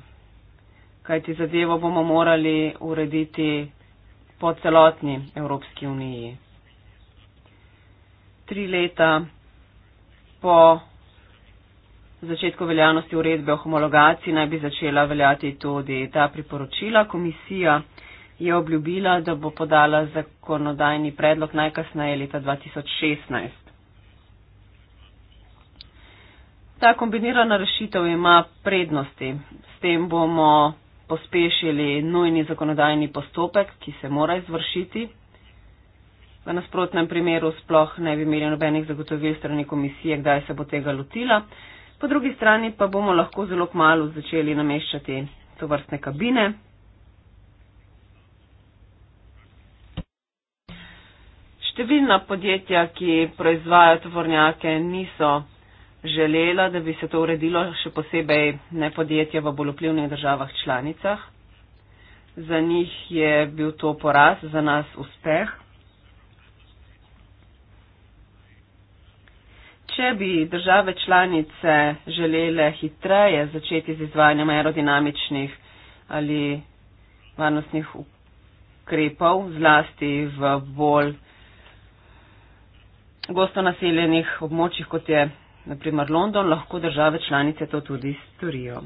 Kajti zadevo bomo morali urediti po celotni Evropski uniji. Tri leta po začetku veljavnosti uredbe o homologaciji naj bi začela veljati tudi ta priporočila. Komisija je obljubila, da bo podala zakonodajni predlog najkasneje leta 2016. Ta kombinirana rešitev ima prednosti. S tem bomo pospešili nujni zakonodajni postopek, ki se mora izvršiti. V nasprotnem primeru sploh ne bi imeli nobenih zagotovil strani komisije, kdaj se bo tega lotila. Po drugi strani pa bomo lahko zelo kmalo začeli nameščati to vrstne kabine. Številna podjetja, ki proizvajajo tovornjake, niso želela, da bi se to uredilo še posebej ne podjetja v bolj vplivnih državah članicah. Za njih je bil to poraz, za nas uspeh. Če bi države članice želele hitreje začeti z izvajanjem aerodinamičnih ali varnostnih ukrepov, zlasti v bolj gosto naseljenih območjih, kot je naprimer London, lahko države članice to tudi storijo.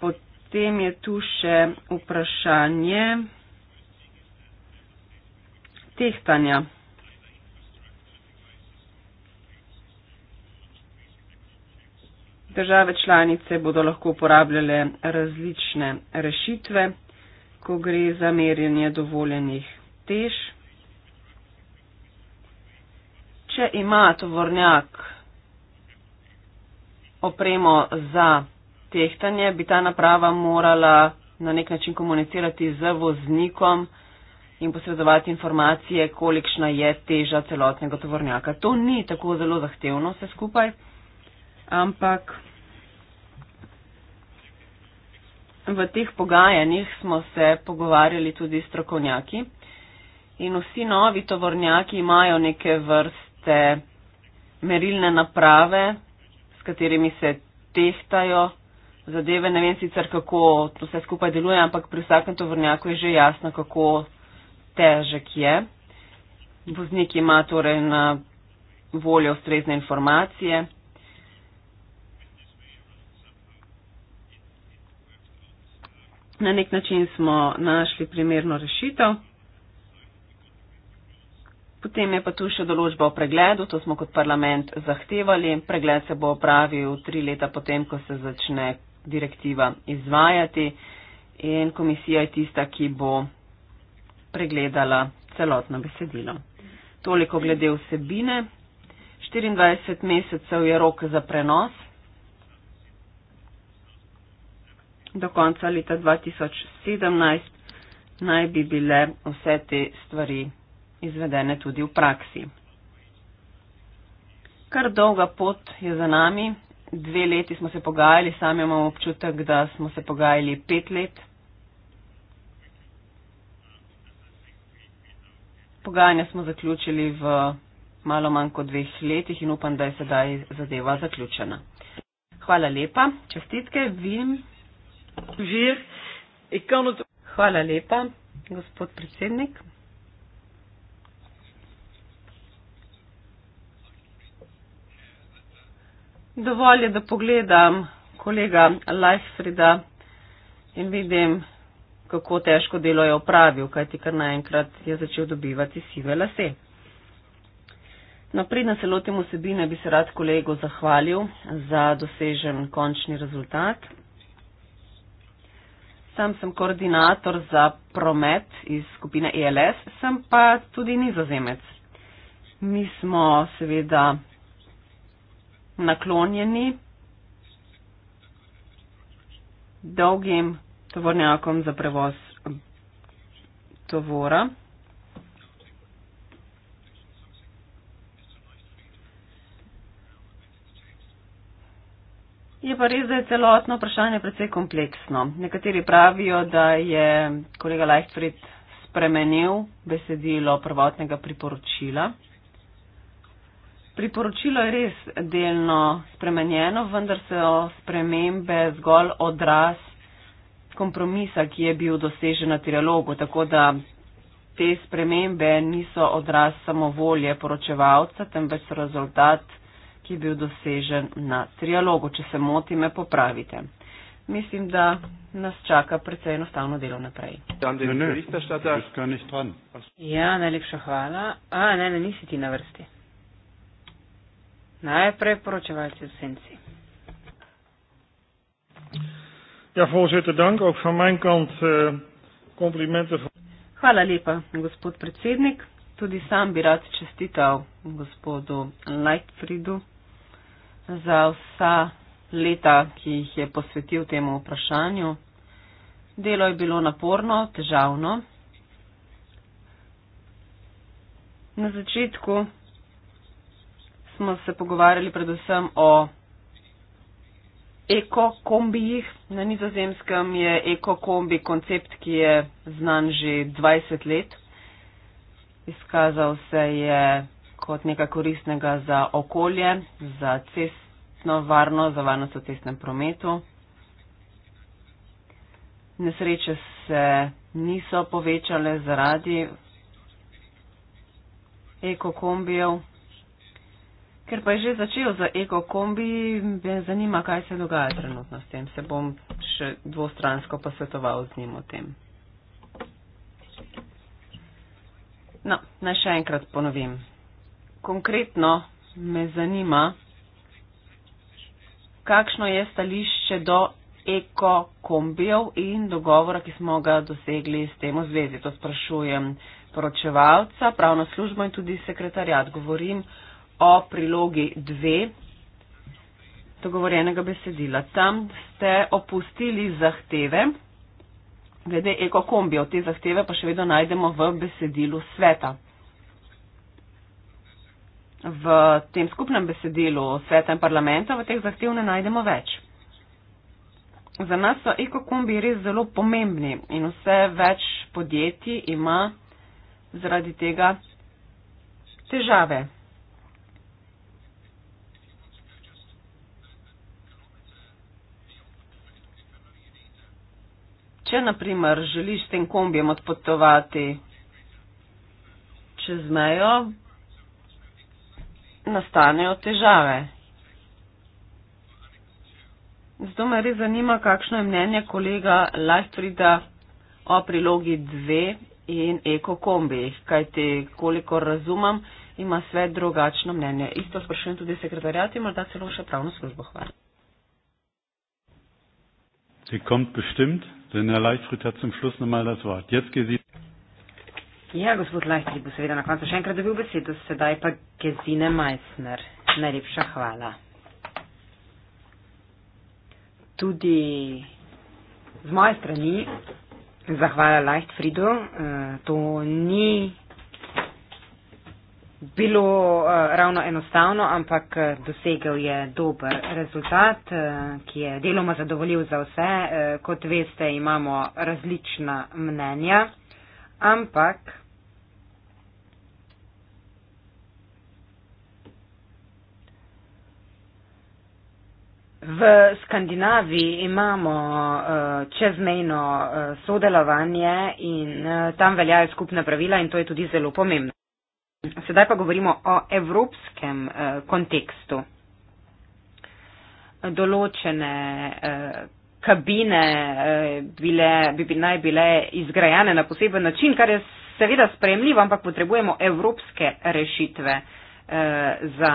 Potem je tu še vprašanje tehtanja. Države članice bodo lahko uporabljale različne rešitve, ko gre za merjenje dovoljenih tež. Če ima tovornjak opremo za tehtanje, bi ta naprava morala na nek način komunicirati z voznikom in posredovati informacije, kolikšna je teža celotnega tovornjaka. To ni tako zelo zahtevno vse skupaj, ampak v teh pogajanjih smo se pogovarjali tudi s trokovnjaki in vsi novi tovornjaki imajo neke vrste merilne naprave, katerimi se tehtajo zadeve. Ne vem sicer, kako to vse skupaj deluje, ampak pri vsakem tovornjaku je že jasno, kako težek je. Voznik ima torej na voljo ustrezne informacije. Na nek način smo našli primerno rešitev. Potem je pa tu še določba o pregledu, to smo kot parlament zahtevali. Pregled se bo opravil tri leta potem, ko se začne direktiva izvajati in komisija je tista, ki bo pregledala celotno besedilo. Toliko glede vsebine. 24 mesecev je rok za prenos do konca leta 2017. Naj bi bile vse te stvari izvedene tudi v praksi. Kar dolga pot je za nami. Dve leti smo se pogajali, sami imamo občutek, da smo se pogajali pet let. Pogajanja smo zaključili v malo manj kot dveh letih in upam, da je sedaj zadeva zaključena. Hvala lepa. Čestitke, Vim. Hvala lepa, gospod predsednik. Dovolj je, da pogledam kolega Leifrida in vidim, kako težko delo je opravil, kajti kar naenkrat je začel dobivati sive lase. Naprej, no, da se lotim osebine, bi se rad kolegu zahvalil za dosežen končni rezultat. Sam sem koordinator za promet iz skupine ELS, sem pa tudi nizozemec. Mi smo seveda naklonjeni dolgim tovornjakom za prevoz tovora. Je pa res, da je celotno vprašanje precej kompleksno. Nekateri pravijo, da je kolega Lechtfried spremenil besedilo prvotnega priporočila. Priporočilo je res delno spremenjeno, vendar se o spremembe zgolj odraz kompromisa, ki je bil dosežen na trialogu, tako da te spremembe niso odraz samovolje poročevalca, temveč so rezultat, ki je bil dosežen na trialogu. Če se motim, me popravite. Mislim, da nas čaka precej enostavno delo naprej. Ja, najlepša hvala. A, ne, ne, nisi ti na vrsti. Najprej poročevalci v senci. Ja, voorzitter, dank. Ook van mijn kant uh, complimenten. Hvala lepa, gospod predsednik. Tudi sam bi rad čestital gospodu Lightfridu za vsa leta, ki jih je posvetil temu vprašanju. Delo je bilo naporno, težavno. Na začetku smo se pogovarjali predvsem o ekokombijih. Na nizozemskem je ekokombi koncept, ki je znan že 20 let. Izkazal se je kot nekaj koristnega za okolje, za cestno varnost, za varnost v cestnem prometu. Nesreče se niso povečale zaradi ekokombijev, Ker pa je že začel za eko kombi, me zanima, kaj se dogaja trenutno s tem. Se bom še dvostransko posvetoval z njim o tem. No, naj še enkrat ponovim. Konkretno me zanima, kakšno je stališče do eko kombijev in dogovora, ki smo ga dosegli s tem v zvezi. To sprašujem poročevalca, pravno službo in tudi sekretarjat. Govorim o prilogi 2 dogovorjenega besedila. Tam ste opustili zahteve, glede ekokombijo. Te zahteve pa še vedno najdemo v besedilu sveta. V tem skupnem besedilu sveta in parlamenta v teh zahtev ne najdemo več. Za nas so ekokombi res zelo pomembni in vse več podjetij ima zaradi tega težave Če, na primer, želiš s tem kombijem odpotovati čez mejo, nastanejo težave. Zato me res zanima, kakšno je mnenje kolega Lajstrida o prilogi 2 in eko kombijih, kajti kolikor razumem, ima svet drugačno mnenje. Isto sprašujem tudi sekretarjat in morda celo še pravno službo. Hvala. Sie kommt bestimmt. Denn Herr Leichtfried hat zum Schluss nochmal das Wort. Jetzt gesiht. Ja, gospod Leichtfried, bo seveda na koncu še enkrat dobil besedo, sedaj pa Gesine Meissner. Najlepša hvala. Tudi z moje strani zahvala Leichtfriedu. Eh, to ni bilo uh, ravno enostavno, ampak eh, dosegel je dober rezultat, uh, ki je deloma zadovoljiv za vse. Uh, kot veste, imamo različna mnenja, ampak. V Skandinaviji imamo čezmejno sodelovanje in tam veljajo skupna pravila in to je tudi zelo pomembno. Sedaj pa govorimo o evropskem eh, kontekstu. Določene eh, kabine eh, bile, bi, bi naj bile izgrajene na poseben način, kar je seveda spremljivo, ampak potrebujemo evropske rešitve. Eh, Eh, za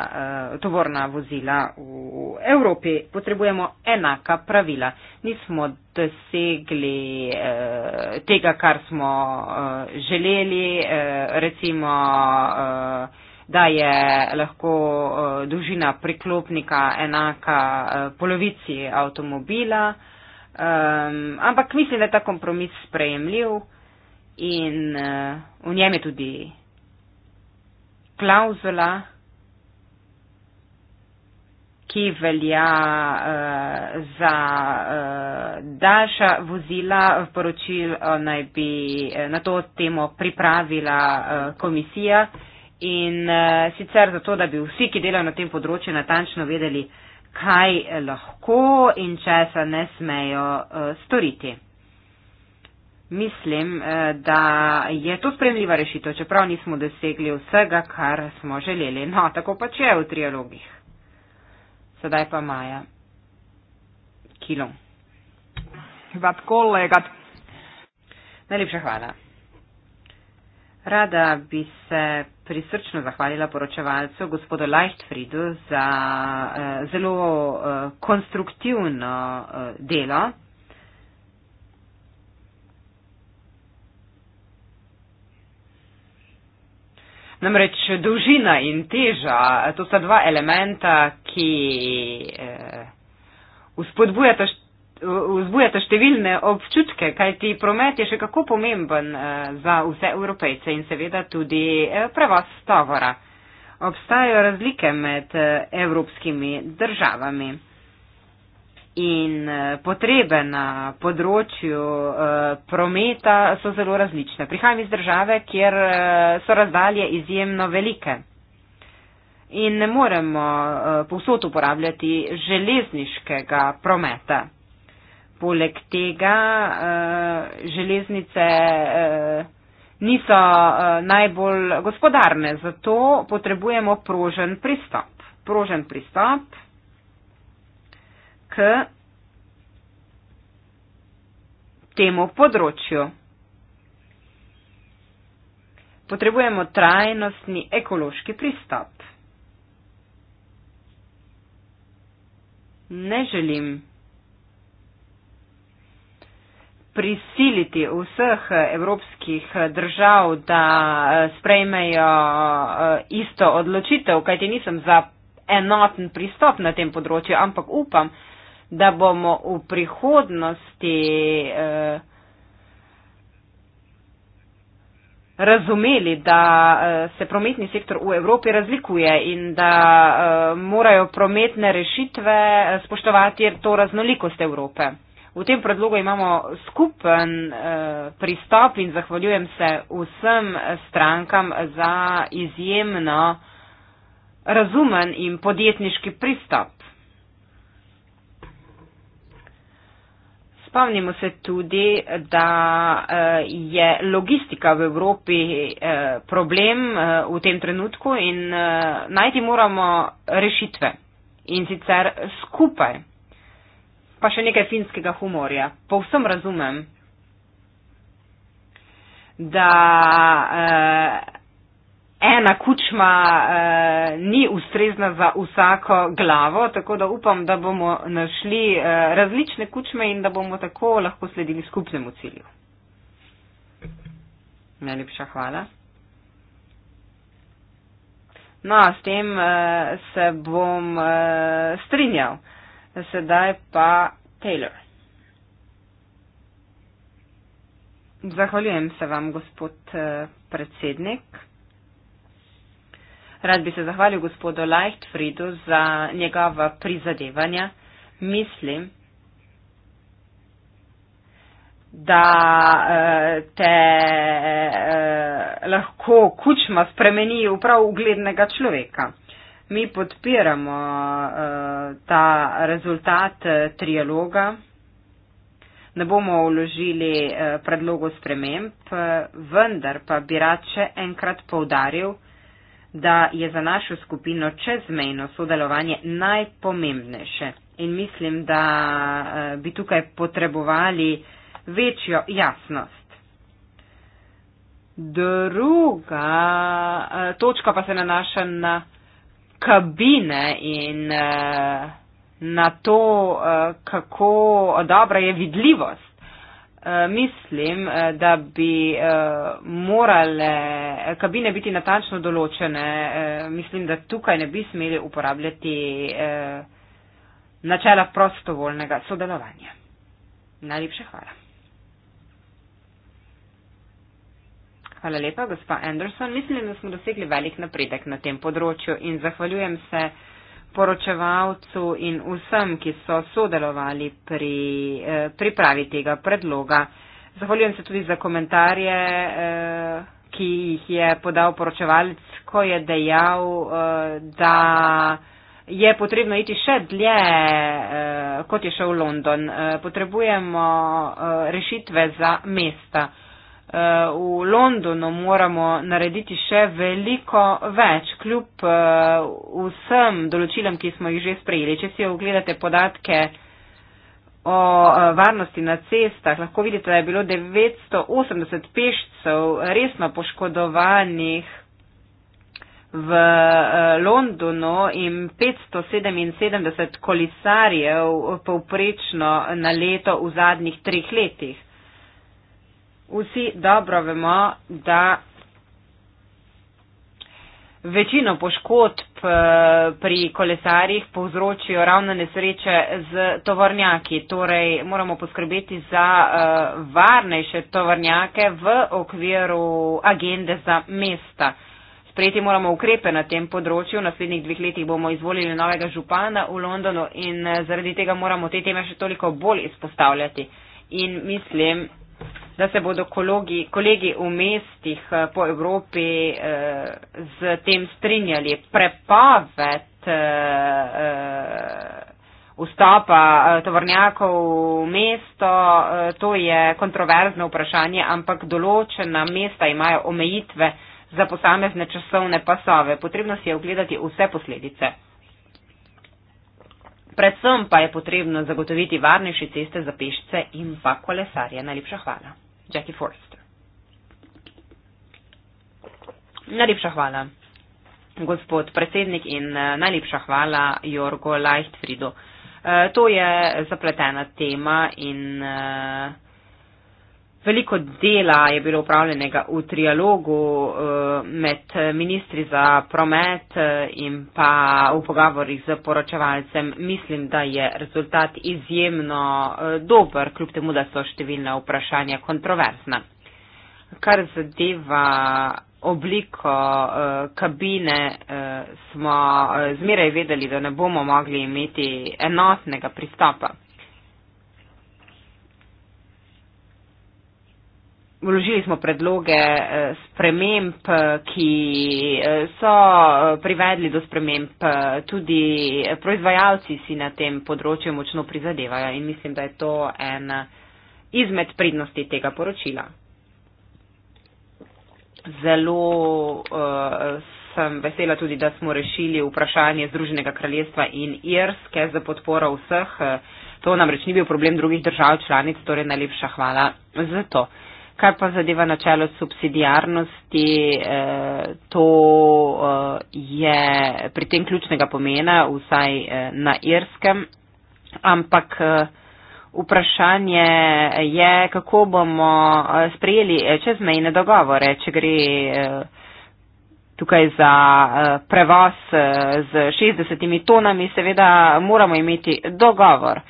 uh, tovorna vozila v Evropi potrebujemo enaka pravila. Nismo dosegli uh, tega, kar smo uh, želeli, uh, recimo, uh, da je lahko uh, dolžina priklopnika enaka uh, polovici avtomobila, um, ampak mislim, da je ta kompromis sprejemljiv in uh, v njem je tudi klauzula, ki velja uh, za uh, daljša vozila, poročil eh, naj bi na to temo pripravila uh, komisija in uh, sicer zato, da bi vsi, ki delajo na tem področju, natančno vedeli, kaj lahko in česa ne smejo uh, storiti. Mislim, eh, da je to spremljiva rešitev, čeprav nismo dosegli vsega, kar smo želeli. No, tako pač je v trialogih. Sedaj pa Maja. Kilo. Vat kolegat. Najlepša hvala. Rada bi se prisrčno zahvalila poročevalcu gospodu Leichtfriedu za eh, zelo eh, konstruktivno eh, delo. Namreč dolžina in teža, to sta dva elementa, ki uspodbujata eh, vzbujata številne občutke, kajti promet je še kako pomemben eh, za vse evropejce in seveda tudi eh, prevoz tovora. Obstajajo razlike med evropskimi državami in eh, potrebe na področju eh, prometa so zelo različne. Prihajam iz države, kjer eh, so razdalje izjemno velike in ne moremo povsod uporabljati železniškega prometa. Poleg tega železnice niso najbolj gospodarne, zato potrebujemo prožen pristop. Prožen pristop k temu področju. Potrebujemo trajnostni ekološki pristop. Ne želim prisiliti vseh evropskih držav, da eh, sprejmejo eh, isto odločitev, kajti nisem za enoten pristop na tem področju, ampak upam, da bomo v prihodnosti eh, razumeli, da eh, se prometni sektor v Evropi razlikuje in da eh, morajo prometne rešitve spoštovati to raznolikost Evrope. V tem predlogu imamo skupen pristop in zahvaljujem se vsem strankam za izjemno razumen in podjetniški pristop. spomnimo se tudi, da eh, je logistika v Evropi eh, problem eh, v tem trenutku in najti moramo rešitve in sicer skupaj. Pa še nekaj finskega humorja. Povsem razumem, da. Eh, ena kučma eh, ni ustrezna za vsako glavo, tako da upam, da bomo našli eh, različne kučme in da bomo tako lahko sledili skupnemu cilju. Najlepša hvala. No, s tem eh, se bom eh, strinjal. Sedaj pa Taylor. Zahvaljujem se vam, gospod eh, predsednik. Rad bi se zahvalil gospodu Leichtfriedu za njegova prizadevanja. Mislim, da eh, te eh, lahko kučma spremeni v prav uglednega človeka. Mi podpiramo eh, ta rezultat trialoga. Ne bomo uložili predlogov sprememb, vendar pa bi rad še enkrat povdaril, da je za našo skupino čezmejno sodelovanje najpomembnejše. In mislim, da eh, bi tukaj potrebovali večjo jasnost. Druga eh, točka pa se nanaša na kabine in eh, na to, kako dobra je vidljivost. Eh, mislim, eh, da bi uh, morale kabine biti natančno določene. Uh, mislim, da tukaj ne bi smeli uporabljati uh, načela prostovoljnega sodelovanja. Najlepša hvala. Hvala lepa, gospa Anderson. Mislim, da smo dosegli velik napredek na tem področju in zahvaljujem se poročevalcu in vsem, ki so sodelovali pri eh, pripravi tega predloga. Zahvaljujem se tudi za komentarje, eh, ki jih je podal poročevalec, ko je dejal, eh, da je potrebno iti še dlje, kot je šel v London. Potrebujemo rešitve za mesta. Eh, v Londonu moramo narediti še veliko več, kljub eh, vsem določilem, ki smo jih že sprejeli. Če si ogledate podatke o eh, varnosti na cestah, lahko vidite, da je bilo 980 pešcev resno poškodovanih v Londonu in 577 kolisarjev povprečno na leto v zadnjih treh letih vsi dobro vemo, da večino poškodb eh, pri kolesarjih povzročijo ravno nesreče z tovornjaki. Torej moramo poskrbeti za eh, varnejše tovornjake v okviru agende za mesta. Sprejeti moramo ukrepe na tem področju. V naslednjih dveh letih bomo izvolili novega župana v Londonu in eh, zaradi tega moramo te teme še toliko bolj izpostavljati. In mislim, da se bodo kolegi, kolegi v mestih eh, po Evropi z eh, tem strinjali. Prepaved eh, vstopa tovornjakov v mesto, to je kontroverzno vprašanje, ampak določena mesta imajo omejitve za posamezne časovne pasove. Potrebno si je ogledati vse posledice. Predvsem pa je potrebno zagotoviti varnejše ceste za pešce in pa kolesarje. Najlepša hvala. Jackie Forrester. Najlepša hvala, gospod predsednik in eh, najlepša hvala, Jorgo Leichtfriedu. Eh, to je zapletena tema in. Eh, Veliko dela je bilo upravljenega v trialogu eh, med ministri za promet eh, in pa v pogovorih z poročevalcem. Mislim, da je rezultat izjemno eh, dober, kljub temu, da so številna vprašanja kontroverzna. Kar zadeva obliko kabine, smo zmeraj vedeli, da ne bomo mogli imeti enotnega pristopa. vložili smo predloge eh, sprememb, eh, ki eh, so privedli do sprememb. Tudi proizvajalci si na tem področju močno prizadevajo in mislim, da je to ena izmed pridnosti tega poročila. Zelo uh, sem vesela tudi, da smo rešili vprašanje Združenega kraljestva in Irske za podporo vseh. To namreč ni bil problem drugih držav članic, torej najlepša hvala za to. Kar pa zadeva načelo subsidijarnosti, eh, to eh, je pri tem ključnega pomena, vsaj eh, na irskem. Ampak vprašanje je, kako bomo sprejeli čezmejne dogovore, če gre tukaj za prevoz z 60 tonami, seveda moramo imeti dogovor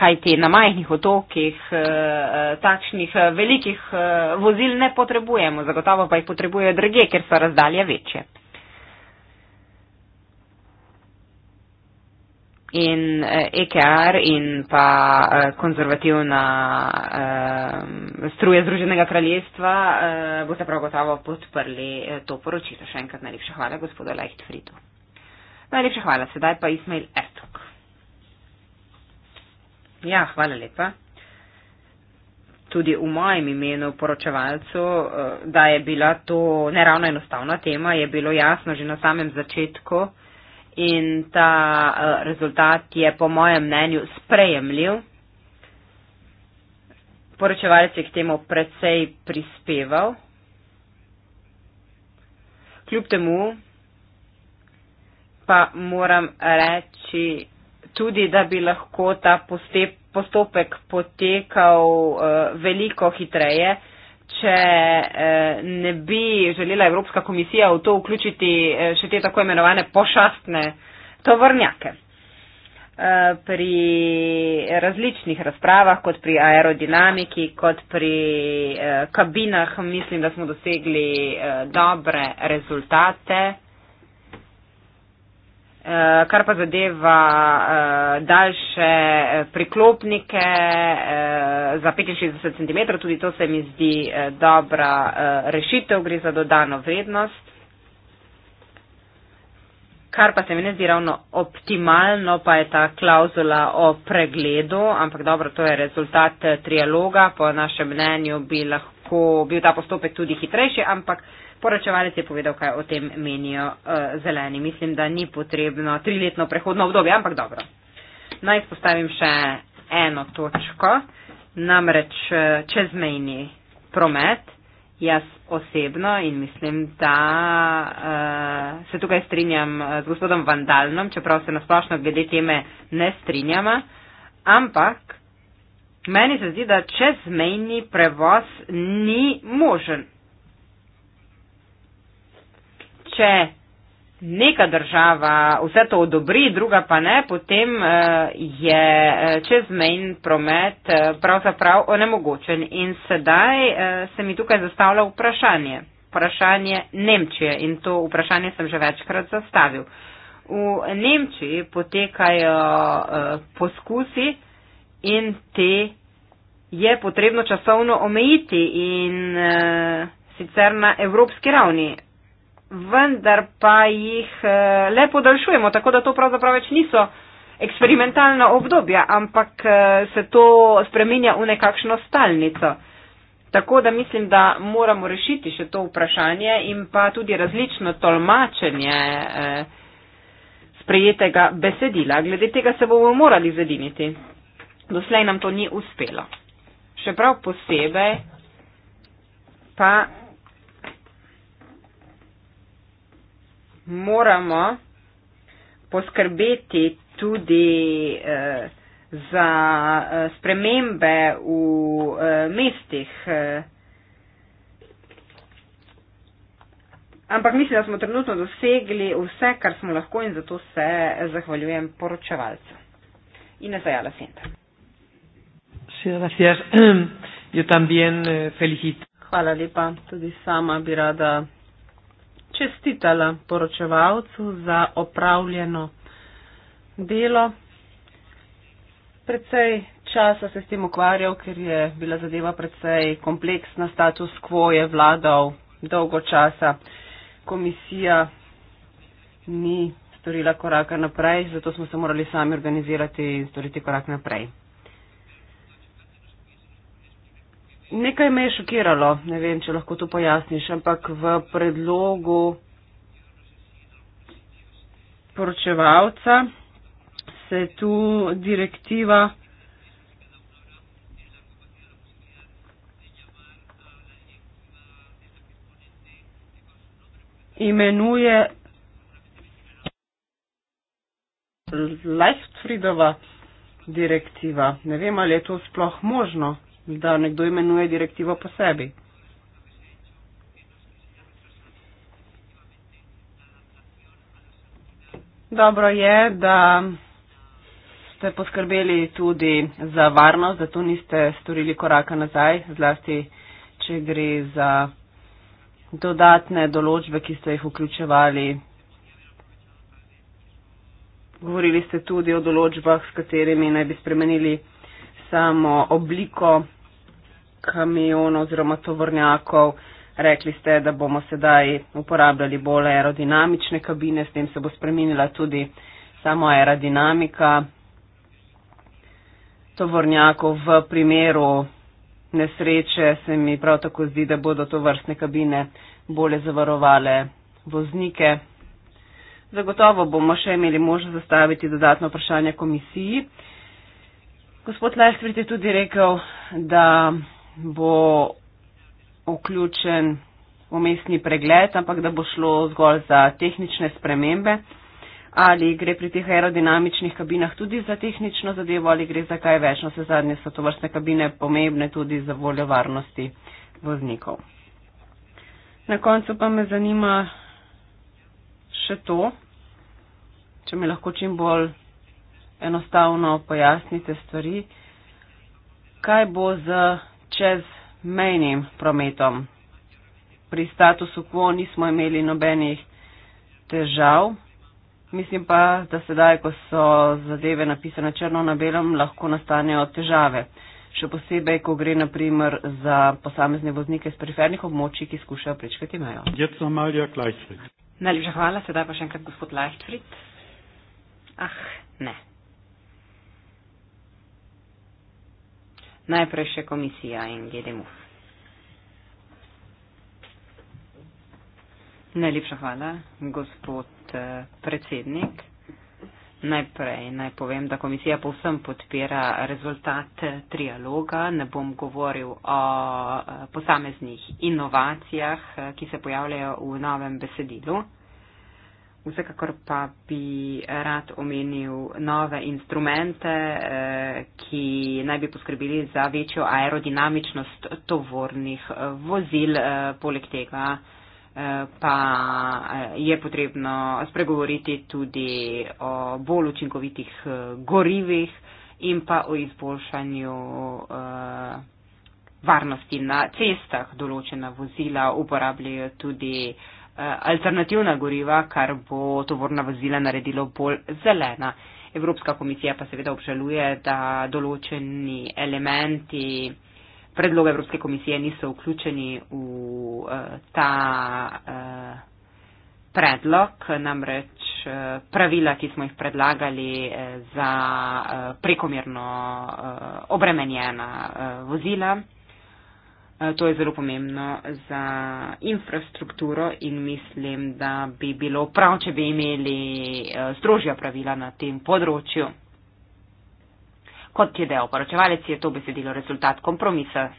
kajti na majhnih otokih eh, takšnih eh, velikih eh, vozil ne potrebujemo, zagotovo pa jih potrebujejo druge, ker so razdalje večje. In EKR e in pa konzervativna struja Združenega kraljestva boste prav gotovo podprli to poročilo. Še enkrat najlepša hvala gospodu Leichtfriedu. Najlepša hvala, sedaj pa Ismail Ertug. Ja, hvala lepa. Tudi v mojem imenu poročevalcu, eh, da je bila to neravno enostavna tema, je bilo jasno že na samem začetku in ta eh, rezultat je po mojem mnenju sprejemljiv. Poročevalec je k temu precej prispeval. Kljub temu pa moram reči, tudi, da bi lahko ta postopek potekal eh, veliko hitreje, če eh, ne bi želela Evropska komisija v to vključiti eh, še te tako imenovane pošastne tovrnjake. Pri različnih razpravah, kot pri aerodinamiki, kot pri kabinah, mislim, da smo dosegli dobre rezultate. Eh, kar pa zadeva eh, daljše eh, priklopnike za 65 cm, tudi to se mi zdi dobra rešitev, gre za dodano vrednost. Kar pa se mi ne zdi ravno optimalno, pa je ta klauzula o pregledu, ampak dobro, to je rezultat trialoga. Po našem mnenju bi lahko bil ta postopek tudi hitrejši, ampak. Poročevalec je povedal, kaj o tem menijo uh, zeleni. Mislim, da ni potrebno triletno prehodno obdobje, ampak dobro. Naj izpostavim še eno točko, namreč eh, čezmejni promet. Jaz osebno in mislim, da uh, se tukaj strinjam z gospodom Vandalnom, čeprav se nasplošno glede teme ne strinjamo, ampak meni se zdi, da čezmejni prevoz ni možen če neka država vse to odobri, druga pa ne, potem eh, je eh, čezmejn promet eh, pravzaprav onemogočen. In sedaj se mi tukaj zastavlja vprašanje. Vprašanje Nemčije in to vprašanje sem že večkrat zastavil. V Nemčiji potekajo poskusi in te je potrebno časovno omejiti in sicer na evropski ravni vendar pa jih eh, le podaljšujemo, tako da to pravzaprav več niso eksperimentalna obdobja, ampak eh, se to spreminja v nekakšno stalnico. Tako da mislim, da moramo rešiti še to vprašanje in pa tudi različno tolmačenje eh, sprejetega besedila. Glede tega se bomo morali zediniti. Doslej nam to ni uspelo. Še prav posebej pa moramo poskrbeti tudi eh, za eh, spremembe v eh, mestih. Eh. Ampak mislim, da smo trenutno dosegli vse, kar smo lahko in zato se zahvaljujem poročevalcu. In nazajala Senta. Hvala lepa, tudi sama bi rada čestitala poročevalcu za opravljeno delo. Predvsej časa se s tem ukvarjal, ker je bila zadeva predvsej kompleksna, status quo je vladal dolgo časa. Komisija ni storila koraka naprej, zato smo se morali sami organizirati in storiti korak naprej. Nekaj me je šokiralo, ne vem, če lahko to pojasniš, ampak v predlogu poročevalca se tu direktiva imenuje Leichtfriedova direktiva. Ne vem, ali je to sploh možno da nekdo imenuje direktivo po sebi. Dobro je, da ste poskrbeli tudi za varnost, da tu niste storili koraka nazaj, zlasti, če gre za dodatne določbe, ki ste jih vključevali. Govorili ste tudi o določbah, s katerimi naj bi spremenili samo obliko kamionov oziroma tovornjakov. Rekli ste, da bomo sedaj uporabljali bolj aerodinamične kabine, s tem se bo spremenila tudi samo aerodinamika tovornjakov. V primeru nesreče se mi prav tako zdi, da bodo to vrstne kabine bolje zavarovale voznike. Zagotovo bomo še imeli možnost zastaviti dodatno vprašanje komisiji. Gospod Lajstrit je tudi rekel, da bo vključen umestni pregled, ampak da bo šlo zgolj za tehnične spremembe. Ali gre pri teh aerodinamičnih kabinah tudi za tehnično zadevo ali gre za kaj več, no se zadnje so to vrste kabine pomembne tudi za voljo varnosti voznikov. Na koncu pa me zanima še to, če mi lahko čim bolj enostavno pojasnite stvari, kaj bo z čez mejnim prometom. Pri statusu quo nismo imeli nobenih težav. Mislim pa, da sedaj, ko so zadeve napisane črno na belem, lahko nastanejo težave. Še posebej, ko gre naprimer za posamezne voznike z perifernih območij, ki skušajo prečkati mejo. Najlepša hvala, sedaj pa še enkrat gospod Lajčfrit. Ah, ne. najprej še komisija in GDMU. Najlepša hvala, gospod eh, predsednik. Najprej naj povem, da komisija povsem podpira rezultat eh, trialoga. Ne bom govoril o eh, posameznih inovacijah, ki se pojavljajo v novem besedilu. Vsekakor pa bi rad omenil nove instrumente, eh, ki naj bi poskrbeli za večjo aerodinamičnost tovornih eh, vozil. Eh, poleg tega pa je potrebno spregovoriti tudi o bolj učinkovitih gorivih in pa o izboljšanju varnosti na cestah. Določena vozila uporabljajo tudi Eh, alternativna goriva, kar bo tovorna vozila naredilo bolj zelena. Evropska komisija pa seveda obžaluje, da določeni elementi predloga Evropske komisije niso vključeni v eh, ta eh, predlog, namreč pravila, ki smo jih predlagali za prekomerno obremenjena vozila. Eh, to je zelo pomembno za infrastrukturo in mislim, da bi bilo prav, če bi imeli eh, strožja pravila na tem področju. Kot je dejal poročevalec, je to besedilo rezultat kompromisa.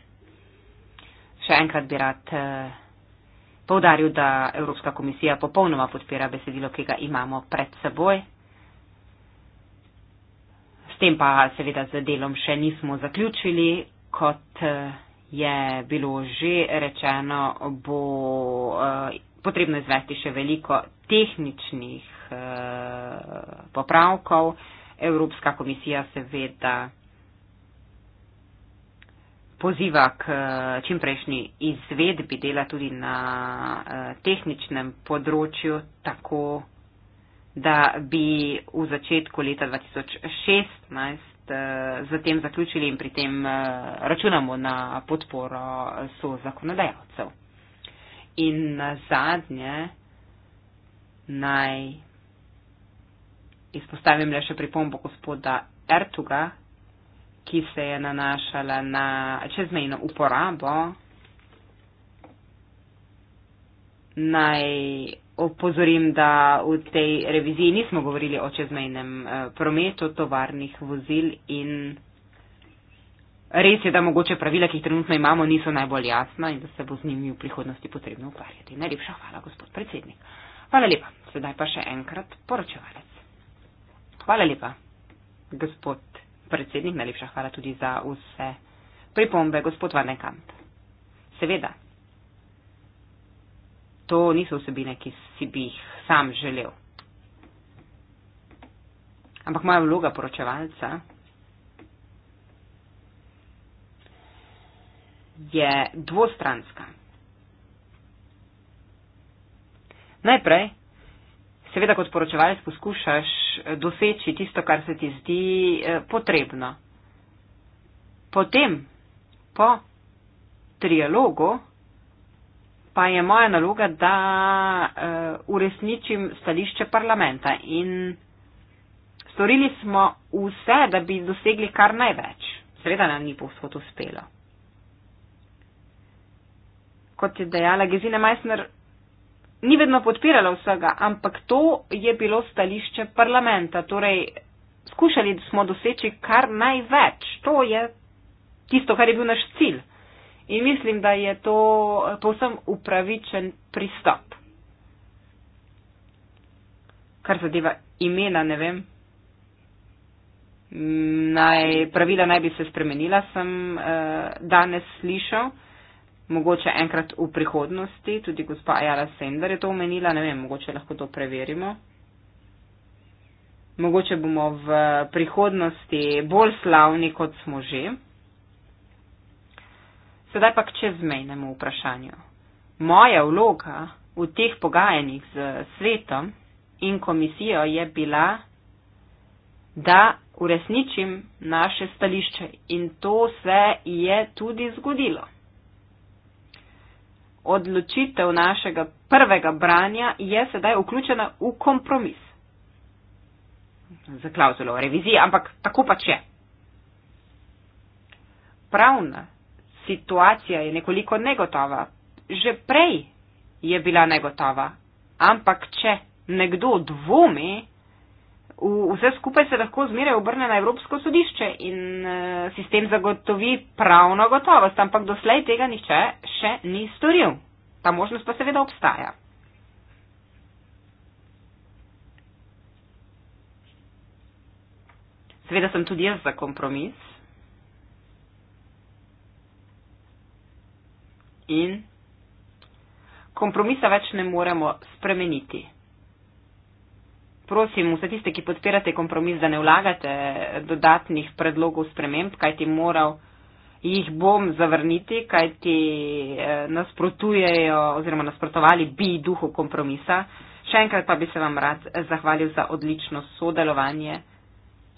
Še enkrat bi rad eh, povdaril, da Evropska komisija popolnoma podpira besedilo, ki ga imamo pred seboj. S tem pa seveda z delom še nismo zaključili kot je bilo že rečeno, bo eh, potrebno izvesti še veliko tehničnih eh, popravkov. Evropska komisija seveda poziva k eh, čimprejšnji izvedbi dela tudi na tehničnem področju, tako da bi v začetku leta 2016 z eh, tem zaključili in pri tem eh, računamo na podporo eh, so zakonodajalcev. In zadnje naj izpostavim le še pripombo gospoda Ertuga, ki se je nanašala na čezmejno uporabo. Naj opozorim, da v tej reviziji nismo govorili o čezmejnem eh, prometu tovarnih vozil in res je, da mogoče pravila, ki jih trenutno imamo, niso najbolj jasna in da se bo z njimi v prihodnosti potrebno ukvarjati. Najlepša hvala, gospod predsednik. Hvala lepa. Sedaj pa še enkrat poročevalec. Hvala lepa, gospod predsednik. Najlepša hvala tudi za vse pripombe, gospod Vanekamp. Seveda to niso vsebine, ki si bi jih sam želel. Ampak moja vloga poročevalca je dvostranska. Najprej, seveda kot poročevalec poskušaš doseči tisto, kar se ti zdi eh, potrebno. Potem, po trialogu, pa je moja naloga, da uh, uresničim stališče parlamenta. In storili smo vse, da bi dosegli kar največ. Seveda nam ni povsod uspelo. Kot je dejala Gezina Meissner, ni vedno podpirala vsega, ampak to je bilo stališče parlamenta. Torej, skušali smo doseči kar največ. To je tisto, kar je bil naš cilj. In mislim, da je to povsem upravičen pristop. Kar zadeva imena, ne vem. Naj, pravila naj bi se spremenila, sem eh, danes slišal, mogoče enkrat v prihodnosti, tudi gospa Ajala Sender je to omenila, ne vem, mogoče lahko to preverimo. Mogoče bomo v prihodnosti bolj slavni, kot smo že. Sedaj pa k čezmejnemu vprašanju. Moja vloga v teh pogajanjih z svetom in komisijo je bila, da uresničim naše stališče in to se je tudi zgodilo. Odločitev našega prvega branja je sedaj vključena v kompromis. Za klauzulo revizije, ampak tako pač je. Pravna situacija je nekoliko negotova. Že prej je bila negotova. Ampak, če nekdo dvomi, vse skupaj se lahko zmeraj obrne na Evropsko sodišče in eh, sistem zagotovi pravno gotovost. Ampak doslej tega nihče še ni storil. Ta možnost pa seveda obstaja. Seveda sem tudi jaz za kompromis. in kompromisa več ne moremo spremeniti. Prosim vse tiste, ki podpirate kompromis, da ne vlagate dodatnih predlogov sprememb, kajti moral jih bom zavrniti, kajti eh, nasprotujejo oziroma nasprotovali bi duhu kompromisa. Še enkrat pa bi se vam rad zahvalil za odlično sodelovanje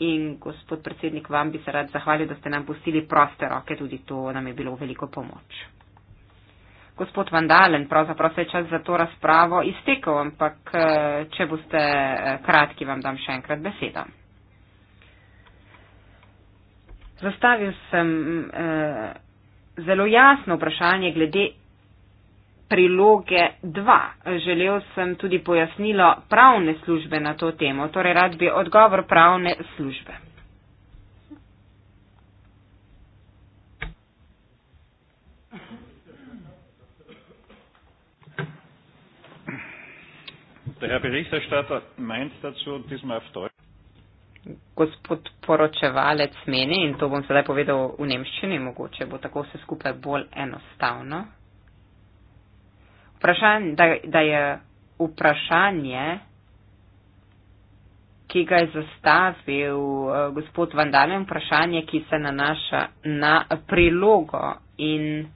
in gospod predsednik, vam bi se rad zahvalil, da ste nam pustili proste roke, tudi to nam je bilo veliko pomoč gospod Vandalen, pravzaprav se je čas za to razpravo iztekel, ampak eh, če boste eh, kratki, vam dam še enkrat besedo. Zastavil sem eh, zelo jasno vprašanje glede priloge 2. Želel sem tudi pojasnilo pravne službe na to temo, torej rad bi odgovor pravne službe. Der Herr Berichterstatter meint dazu und diesmal auf Deutsch. Gospod poročevalec meni, in to bom sedaj povedal v nemščini, mogoče bo tako vse skupaj bolj enostavno. Vprašanje, da, da je vprašanje, ki ga je zastavil eh, gospod Vandalen, vprašanje, ki se nanaša na prilogo in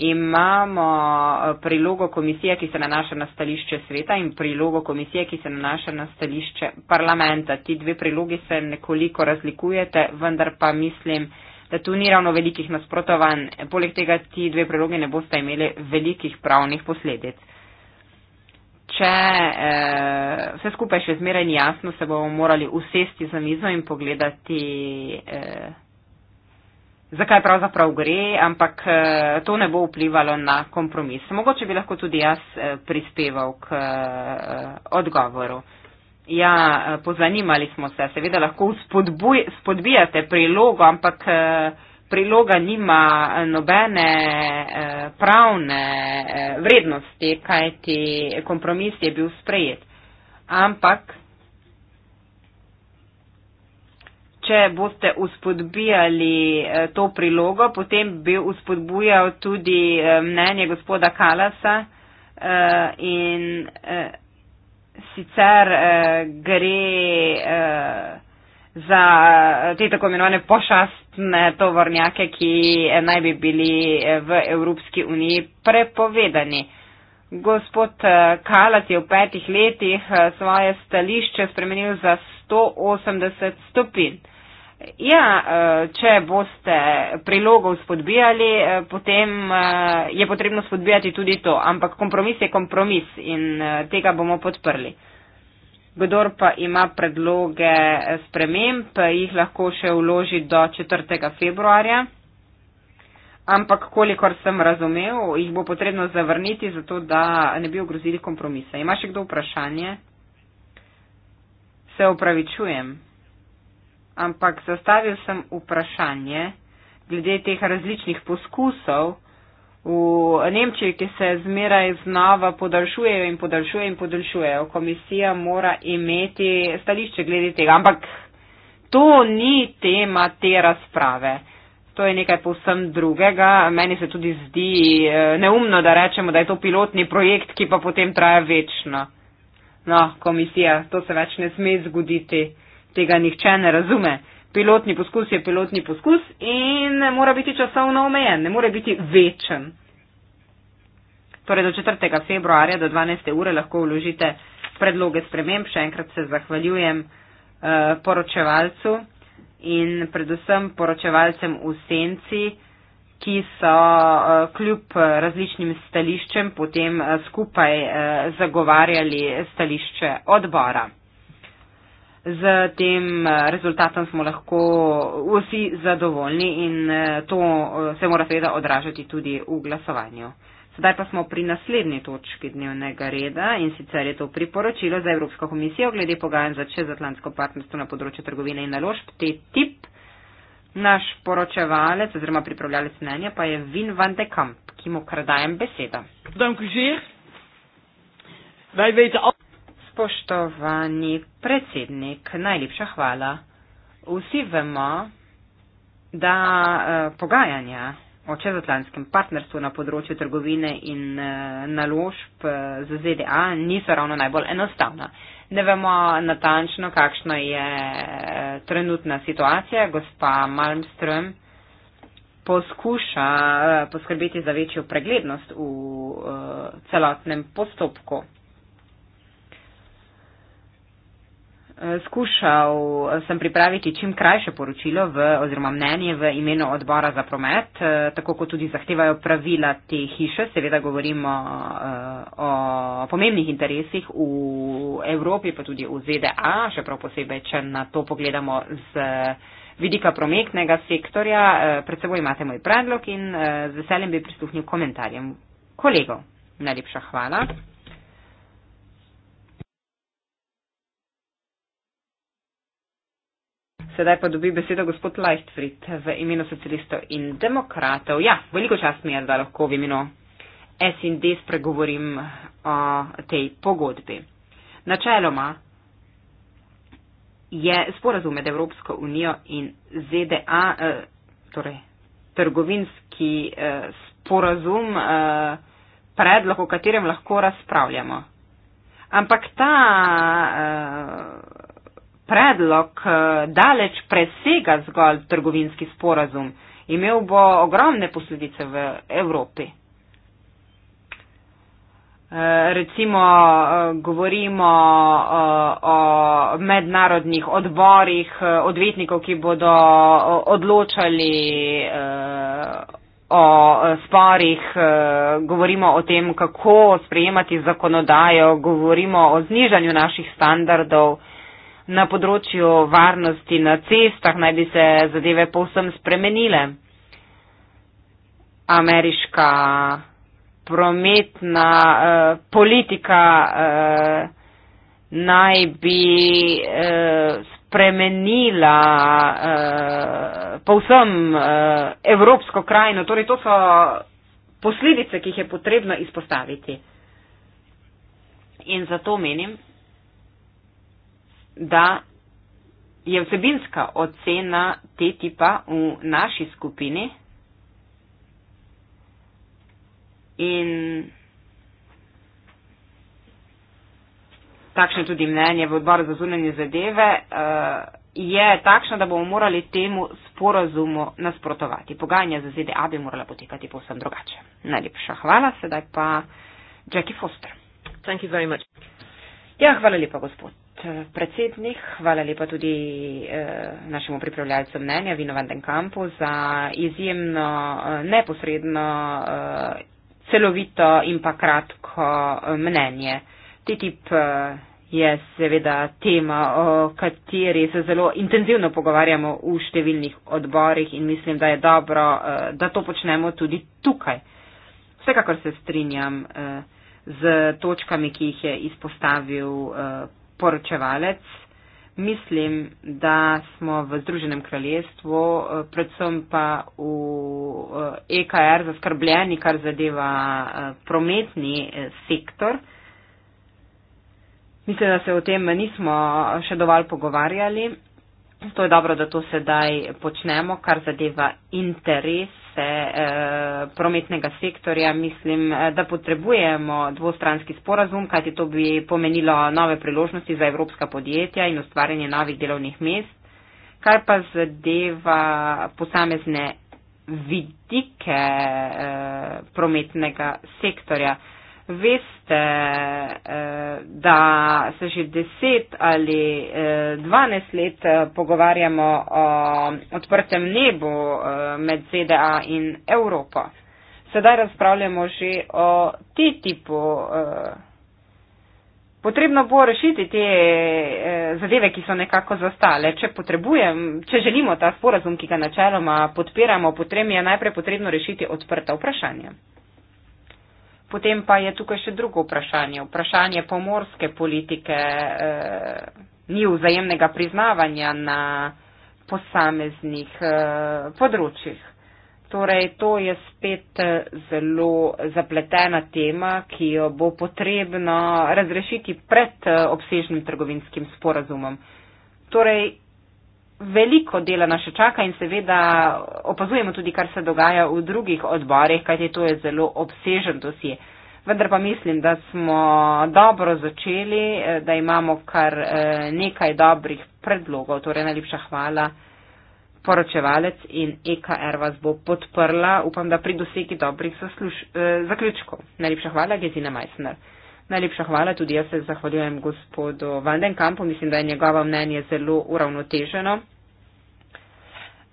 imamo eh, prilogo komisije, ki se nanaša na stališče sveta in prilogo komisije, ki se nanaša na stališče parlamenta. Ti dve prilogi se nekoliko razlikujete, vendar pa mislim, da tu ni ravno velikih nasprotovanj. Poleg tega ti dve prilogi ne boste imeli velikih pravnih posledic. Če eh, vse skupaj še zmeraj ni jasno, se bomo morali usesti za mizo in pogledati. Eh, zakaj pravzaprav gre, ampak eh, to ne bo vplivalo na kompromis. Mogoče bi lahko tudi jaz eh, prispeval k eh, odgovoru. Ja, pozanimali smo se, seveda lahko spodbijate prilogo, ampak priloga nima nobene pravne vrednosti, kajti kompromis je bil sprejet. Ampak Če boste uspodbijali eh, to prilogo, potem bi uspodbujal tudi eh, mnenje gospoda Kalasa eh, in sicer gre za te tako imenovane pošastne tovornjake, ki naj bi bili v Evropski uniji prepovedani. Gospod Kalat je v petih letih svoje stališče spremenil za 180 stopinj. Ja, eh, če boste prilogo spodbijali, eh, potem eh, je potrebno spodbijati tudi to, ampak kompromis je kompromis in tega bomo podprli. Kdor pa ima predloge sprememb, jih lahko še vloži do 4. februarja, ampak kolikor sem razumev, jih bo potrebno zavrniti, zato da ne bi ogrozili kompromisa. Ima še kdo vprašanje? Se opravičujem ampak zastavil sem vprašanje glede teh različnih poskusov v Nemčiji, ki se zmeraj znova podaljšujejo in podaljšujejo in podaljšujejo. Komisija mora imeti stališče glede tega, ampak to ni tema te razprave. To je nekaj povsem drugega. Meni se tudi zdi eh, neumno, da rečemo, da je to pilotni projekt, ki pa potem traja večno. No, komisija, to se več ne sme zgoditi tega nihče ne razume. Pilotni poskus je pilotni poskus in mora biti časovno omejen, ne more biti večen. Torej do 4. februarja do 12. ure lahko vložite predloge sprememb. Še enkrat se zahvaljujem eh, poročevalcu in predvsem poročevalcem v senci, ki so eh, kljub različnim stališčem potem eh, skupaj eh, zagovarjali stališče odbora z tem eh, rezultatom smo lahko vsi zadovoljni in eh, to eh, se mora seveda odražati tudi v glasovanju. Sedaj pa smo pri naslednji točki dnevnega reda in sicer je to priporočilo za Evropsko komisijo glede pogajanj za čezatlantsko partnerstvo na področju trgovine in naložb, te tip. Naš poročevalec oziroma pripravljalec mnenja pa je Vin van de Kamp, ki mu kar dajem besedo. Dank u zeer. Wij weten al... Spoštovani predsednik, najlepša hvala. Vsi vemo, da eh, pogajanja o čezatlantskem partnerstvu na področju trgovine in eh, naložb eh, z ZDA niso ravno najbolj enostavna. Ne vemo natančno, kakšna je trenutna situacija. Gospa Malmström poskuša poskrbeti za večjo preglednost v celotnem postopku. Eh, skušal eh, sem pripraviti čim krajše poročilo v, oziroma mnenje v imenu odbora za promet, eh, tako kot tudi zahtevajo pravila te hiše. Seveda govorimo o pomembnih interesih v Evropi, pa tudi v ZDA, še prav posebej, če na to pogledamo z vidika prometnega sektorja. Pred seboj imate moj predlog in z veseljem bi prisluhnil komentarjem kolegov. Najlepša hvala. Sedaj pa dobi besedo gospod Leichtfried v imenu socialistov in demokratov. Ja, veliko čast mi je, da lahko v imenu SND spregovorim o tej pogodbi. Načeloma je sporazum med Evropsko unijo in ZDA, e, torej trgovinski e, sporazum, e, predlog, o katerem lahko razpravljamo. Ampak ta predlog eh, daleč presega zgolj trgovinski sporazum. Imel bo ogromne posledice v Evropi. Eh, recimo eh, govorimo o mednarodnih odborih odvetnikov, ki bodo odločali o sporih, govorimo o tem, kako sprejemati zakonodajo, govorimo o znižanju naših standardov na področju varnosti na cestah naj bi se zadeve povsem spremenile. Ameriška prometna eh, politika eh, naj bi eh, spremenila eh, povsem eh, evropsko krajino. Torej, to so posledice, ki jih je potrebno izpostaviti. In zato menim, da je vsebinska ocena te tipa v naši skupini in takšno tudi mnenje v odboru za zunanje zadeve eh, je takšno, da bomo morali temu sporazumu nasprotovati. Pogajanja za ZDA bi morala potekati povsem drugače. Najlepša hvala, sedaj pa Jackie Foster. Thank you very much. Ja, hvala lepa, gospod. Eh, predsednik, hvala lepa tudi eh, našemu pripravljalcu mnenja Vinovanden Kampu za izjemno eh, neposredno, eh, celovito in pa kratko eh, mnenje. TTIP eh, je seveda tema, o kateri se zelo intenzivno pogovarjamo v številnih odborih in mislim, da je dobro, eh, da to počnemo tudi tukaj. Vsekakor se strinjam eh, z točkami, ki jih je izpostavil. Eh, poročevalec. Mislim, da smo v Združenem kraljestvu, eh, predvsem pa v EKR eh, e zaskrbljeni, kar zadeva eh, prometni sektor. Mislim, da se o tem nismo še dovolj pogovarjali. To je dobro, da to sedaj počnemo, kar zadeva interese eh, prometnega sektorja. Mislim, eh, da potrebujemo dvostranski sporazum, kajti to bi pomenilo nove priložnosti za evropska podjetja in ustvarjanje novih delovnih mest. Kar pa zadeva posamezne vidike eh, prometnega sektorja veste, eh, da se že 10 ali 12 eh, let eh, pogovarjamo o odprtem nebu med ZDA in Evropo. Sedaj razpravljamo že o TTIP-u. Potrebno bo rešiti te zadeve, ki so nekako zastale. Če potrebujem, če želimo ta sporazum, ki ga načeloma podpiramo, potrem je najprej potrebno rešiti odprta vprašanja. Potem pa je tukaj še drugo vprašanje, vprašanje pomorske politike, eh, ni vzajemnega priznavanja na posameznih eh, področjih. Torej, to je spet eh, zelo zapletena tema, ki jo bo potrebno razrešiti pred eh, obsežnim trgovinskim sporazumom. Torej, veliko dela nas še čaka in seveda opazujemo tudi, kar se dogaja v drugih odborih, kajti to je zelo obsežen dosje. Vendar pa mislim, da smo dobro začeli, eh, da imamo kar eh, nekaj dobrih predlogov. Torej, najlepša hvala, poročevalec in EKR vas bo podprla, upam, da pri dosegi dobrih zasluž, eh, zaključkov. Najlepša hvala, Gezina Meissner. Najlepša hvala, tudi jaz se zahvaljujem gospodu Vandenkampu, mislim, da je njegovo mnenje zelo uravnoteženo.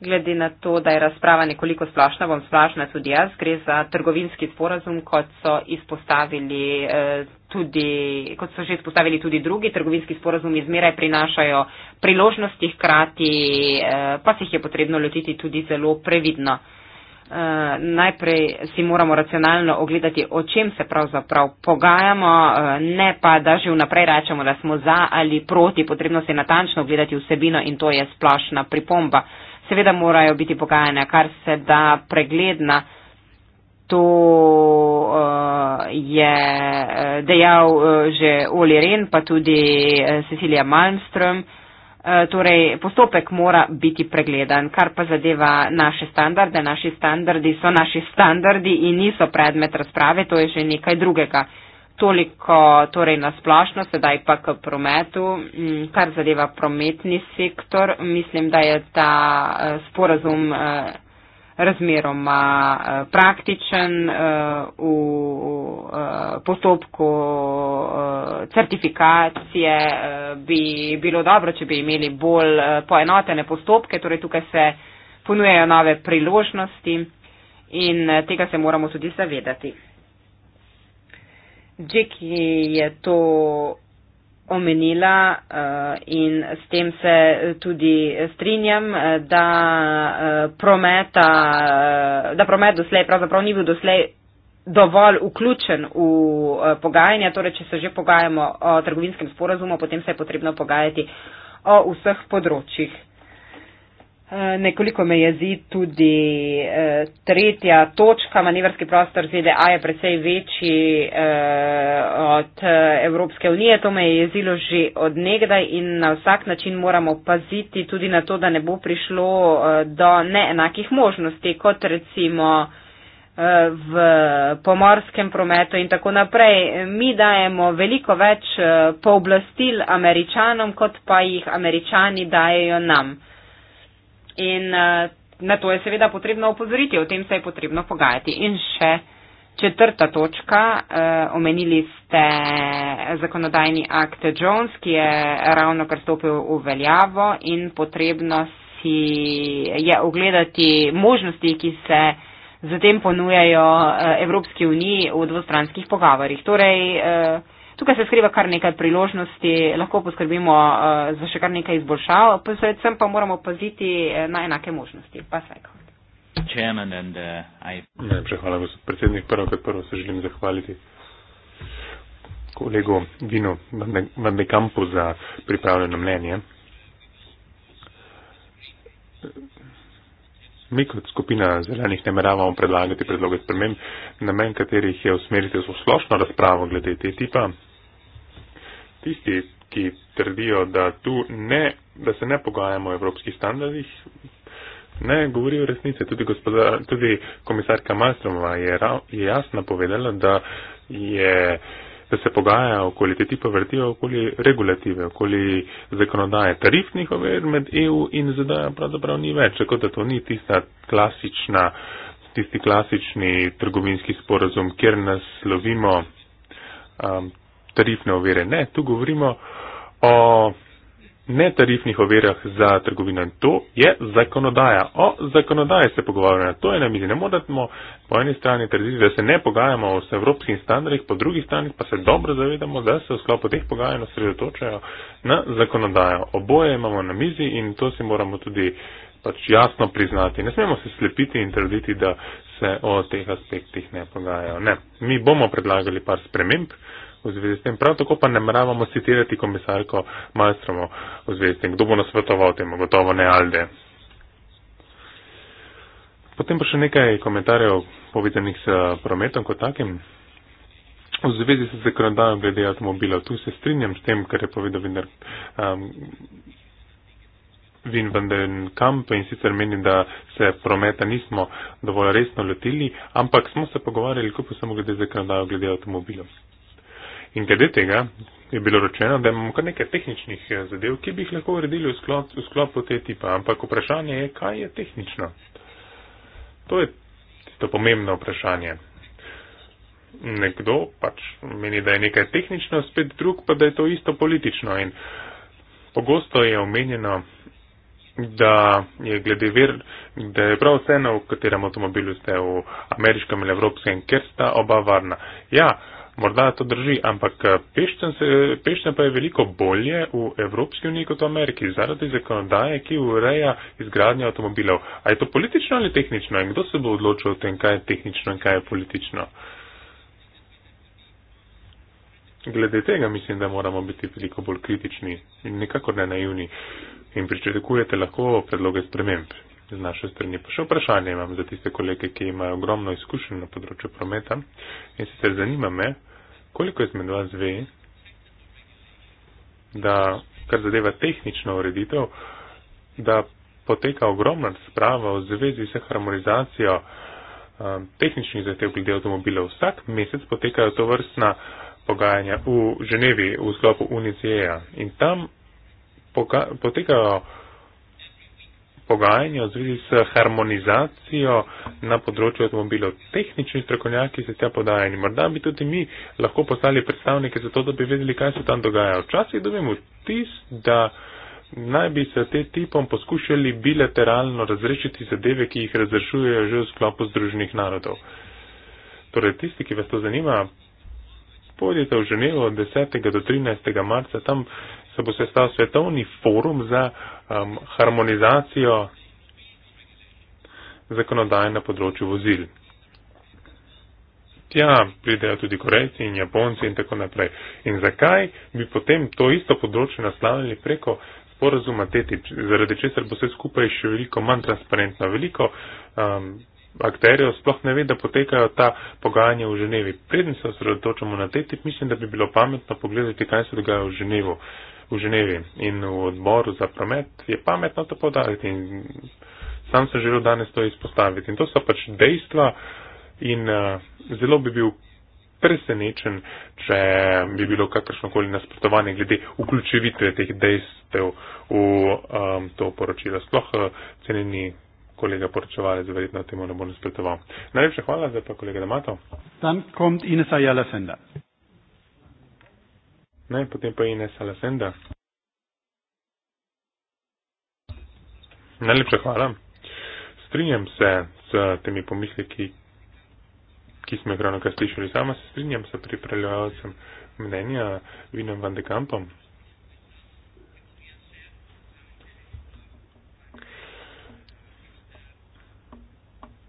Glede na to, da je razprava nekoliko splošna, bom splošna tudi jaz. Gre za trgovinski sporazum, kot so izpostavili. Eh, Tudi, kot so že spostavili tudi drugi, trgovinski sporazumi zmeraj prinašajo priložnosti, hkrati eh, pa se jih je potrebno lotiti tudi zelo previdno. Eh, najprej si moramo racionalno ogledati, o čem se pravzaprav pogajamo, eh, ne pa, da že vnaprej rečemo, da smo za ali proti. Potrebno se je natančno ogledati vsebino in to je splošna pripomba seveda morajo biti pogajanja kar se da pregledna. To uh, je eh, dejal uh, že Oli Ren, pa tudi uh, Cecilija Malmström. Uh, torej, postopek mora biti pregledan, kar pa zadeva naše standarde. Naši standardi so naši standardi in niso predmet razprave, to je že nekaj drugega. Uh, Toliko torej nasplašno, sedaj pa k prometu, mm, kar zadeva prometni sektor. Mislim, da je ta eh, sporazum eh, razmeroma eh, praktičen v postopku certifikacije. Bi bilo dobro, če bi imeli bolj poenotene postopke, torej tukaj se ponujejo nove priložnosti in tega se moramo tudi zavedati. Džeki je to omenila eh, in s tem se tudi strinjam, eh, da eh, prometa, da promet doslej pravzaprav ni bil doslej dovolj vključen v pogajanja, torej če se že pogajamo o trgovinskem sporazumu, potem se je potrebno pogajati o vseh področjih. Eh, nekoliko me jezi tudi eh, tretja točka. Manevrski prostor ZDA je precej večji eh, od eh, Evropske unije. To me je jezilo že odnegdaj in na vsak način moramo paziti tudi na to, da ne bo prišlo eh, do neenakih možnosti, kot recimo eh, v pomorskem prometu in tako naprej. Mi dajemo veliko več eh, pooblastil američanom, kot pa jih američani dajo nam in eh, na to je seveda potrebno opozoriti, o tem se je potrebno pogajati. In še četrta točka, eh, omenili ste zakonodajni akt Jones, ki je ravno kar stopil v veljavo in potrebno si je ogledati možnosti, ki se zatem ponujajo eh, Evropski uniji v dvostranskih pogovarjih. Torej, Tukaj se skriva kar nekaj priložnosti, lahko poskrbimo uh, za še kar nekaj izboljšav, predvsem pa moramo paziti eh, na enake možnosti. Pa vsaj. Najprej uh, I... hvala, gospod predsednik. Prvo kot prvo se želim zahvaliti kolegu Vino Vandekampu za pripravljeno mnenje. Mi kot skupina zelenih nameravamo predlagati predloge sprememb, namen katerih je usmeriti v splošno razpravo glede te tipa tisti, ki trdijo, da, ne, da se ne pogajamo o evropskih standardih, ne govorijo resnice. Tudi, gospoda, tudi komisarka Malstromova je, je jasno povedala, da, je, da se pogajajo okoli te tipa vrtijo, okoli regulative, okoli zakonodaje tarifnih ovir med EU in ZDA pravzaprav ni več, tako da to ni tista klasična, tisti klasični trgovinski sporozum, kjer naslovimo. Um, tarifne ovire. Ne, tu govorimo o netarifnih ovirah za trgovino. To je zakonodaja. O zakonodaji se pogovarjamo. To je na mizi. Ne moramo po eni strani trditi, da se ne pogajamo o evropskih standardih, po drugi strani pa se dobro zavedamo, da se v sklopu teh pogajanj osredotočajo na zakonodajo. Oboje imamo na mizi in to si moramo tudi pač jasno priznati. Ne smemo se slepiti in trditi, da se o teh aspektih ne pogajajo. Ne. Mi bomo predlagali par sprememb, v zvezi s tem. Prav tako pa ne moramo citirati komisarko Malstromo v zvezi s tem, kdo bo nasvetoval temu, gotovo ne Alde. Potem pa še nekaj komentarjev povedanih s eh, prometom kot takim. V zvezi s zakonodajo glede avtomobila, tu se strinjam s tem, kar je povedal Vinder um, ehm, Vin van den Kamp in sicer menim, da se prometa nismo dovolj resno lotili, ampak smo se pogovarjali, kako pa samo glede zakonodajo glede avtomobila. In glede tega je bilo rečeno, da imamo kar nekaj tehničnih eh, zadev, ki bi jih lahko uredili v, sklop, v sklopu te tipa, ampak vprašanje je, kaj je tehnično. To je to pomembno vprašanje. Nekdo pač meni, da je nekaj tehnično, spet drug pa, da je to isto politično. In pogosto je omenjeno, da je glede ver, da je prav vseeno, v katerem avtomobilu ste v ameriškem ali evropskem, ker sta oba varna. Ja, uh, morda to drži, ampak eh, pešten pa je veliko bolje v Evropski uniji kot v Ameriki zaradi zakonodaje, ki ureja izgradnje avtomobilov. A je to politično ali tehnično in kdo se bo odločil o tem, kaj je tehnično in kaj je politično? Glede tega mislim, da moramo biti veliko bolj kritični in nekako ne naivni in pričakujete lahko predloge sprememb z naše strani. Pa še vprašanje imam za tiste kolege, ki imajo ogromno izkušenj na področju prometa in sicer zanima me, Koliko izmed vas ve, da, kar zadeva tehnično ureditev, da poteka ogromna razprava v zvezi s harmonizacijo um, tehničnih zahtev glede avtomobilov. Vsak mesec potekajo to vrstna pogajanja v Ženevi v sklopu UNICEA in tam poka, potekajo pogajanja v zvezi s harmonizacijo na področju avtomobilov. Tehnični strokovnjaki se tja podajajo. Morda bi tudi mi lahko postali predstavniki za to, da bi vedeli, kaj se tam dogaja. Včasih dobimo tis, da naj bi se te tipom poskušali bilateralno razrešiti zadeve, ki jih razrešujejo že v sklopu Združenih narodov. Torej, tisti, ki vas to zanima, pojdite v Ženevo od 10. do 13. marca, tam se bo sestal svetovni forum za um, harmonizacijo zakonodaje na področju vozil. Tja pridejo tudi Korejci in Japonci in tako naprej. In zakaj bi potem to isto področje naslavljali preko sporazuma TTIP, zaradi česar bo vse skupaj še veliko manj transparentno, veliko um, akterjev sploh ne ve, da potekajo ta pogajanja v Ženevi. Preden se osredotočamo na TTIP, mislim, da bi bilo pametno pogledati, kaj se dogaja v Ženevu v Ženevi in v odboru za promet je pametno to podariti in sam sem želel danes to izpostaviti. In to so pač dejstva in uh, zelo bi bil presenečen, če bi bilo kakršnokoli nasprotovanje glede vključevitve teh dejstev v um, to poročilo. Sploh uh, cenjeni kolega poročevalec verjetno temu ne bo nasprotoval. Najlepša hvala za to, kolega Damato. Tam komt Inesa Jalasenda. Ne, potem pa Ines Alessandra. Najlepša hvala. Strinjam se s temi pomisleki, ki smo jih ravno kar slišali. Sama se strinjam s pripravljalcem mnenja Vinem van de Kampom.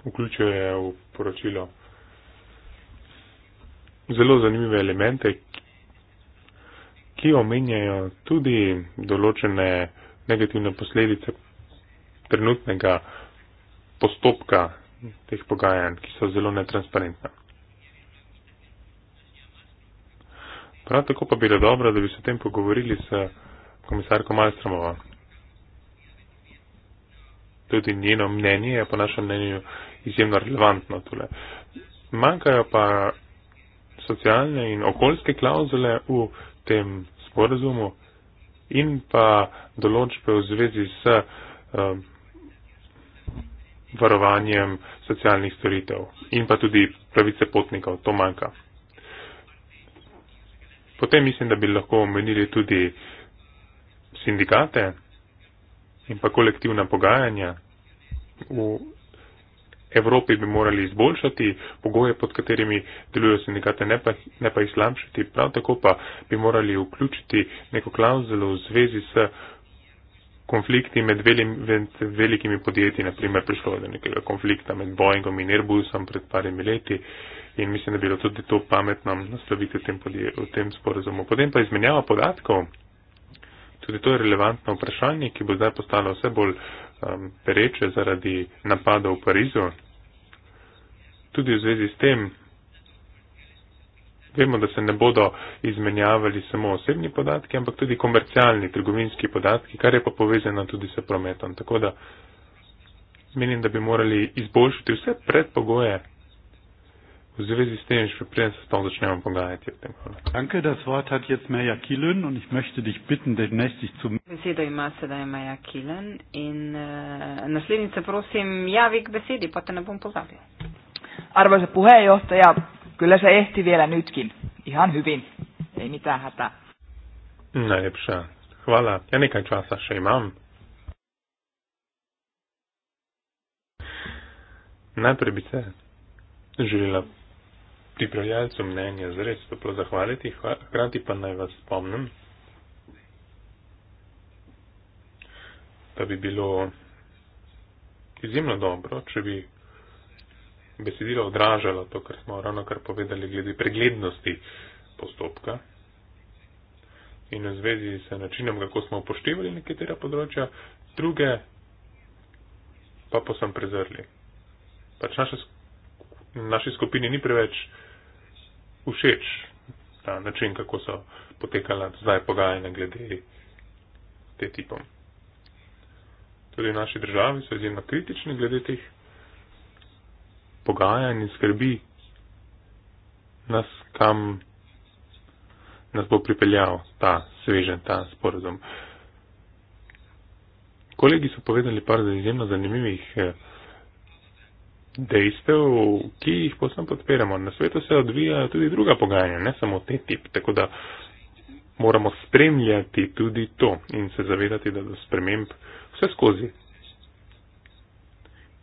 Vključuje v poročilo zelo zanimive elemente, ki omenjajo tudi določene negativne posledice trenutnega postopka teh pogajanj, ki so zelo netransparentna. Prav tako pa bilo dobro, da bi se o tem pogovorili s komisarko Malstromovo. Tudi njeno mnenje je po našem mnenju izjemno relevantno tole. Manjkajo pa socialne in okoljske klauzule v tem sporazumu in pa določbe v zvezi s um, varovanjem socialnih storitev in pa tudi pravice potnikov. To manjka. Potem mislim, da bi lahko omenili tudi sindikate in pa kolektivna pogajanja v Evropi bi morali izboljšati pogoje, pod katerimi delujejo sindikate, ne pa, ne pa jih slamšiti. Prav tako pa bi morali vključiti neko klauzulo v zvezi s konflikti med velim, velikimi podjetji, naprimer prišlo do nekega konflikta med Boeingom in Airbusom pred parimi leti in mislim, da bi bilo tudi to pametno nasloviti v tem, podje, v tem sporozumu. Potem pa izmenjava podatkov. Tudi to je relevantno vprašanje, ki bo zdaj postalo vse bolj. Uh, um, pereče zaradi napada v Parizu. Tudi v zvezi s tem vemo, da se ne bodo izmenjavali samo osebni podatki, ampak tudi komercialni, trgovinski podatki, kar je pa povezano tudi s prometom. Tako da menim, da bi morali izboljšati vse predpogoje v zvezi s tem, še preden se s tom začnemo pogajati o tem. Danke, das Wort hat jetzt Maja Kilen und ich möchte dich bitten, den nächstig zu... Besedo ima sedaj Maja Kilen in uh, naslednica prosim, javi k besedi, pa te ne bom pozabil. Arvoisa puheenjohtaja, kyllä se ehti vielä nytkin. Ihan hyvin. Ei mitään hätää. Najlepša. Hvala. Ja nekaj časa še imam. Najprej bi se želela pripravljalcu mnenja zres toplo zahvaliti, hkrati pa naj vas spomnim, da bi bilo izjemno dobro, če bi besedilo odražalo to, kar smo ravno kar povedali glede preglednosti postopka in v zvezi s načinom, kako smo upoštevali nekatera področja, druge pa posem prezrli. Pač naše, naši skupini ni preveč všeč ta način, kako so potekala zdaj pogajanja glede te tipom. Tudi v naši državi so izjemno kritični glede teh pogajanj in skrbi nas, kam nas bo pripeljal ta svežen, ta sporozum. Kolegi so povedali par izjemno zanimivih eh, dejstev, ki jih posem podpiramo. Na svetu se odvijajo tudi druga pogajanja, ne samo te tip, tako da moramo spremljati tudi to in se zavedati, da do sprememb vse skozi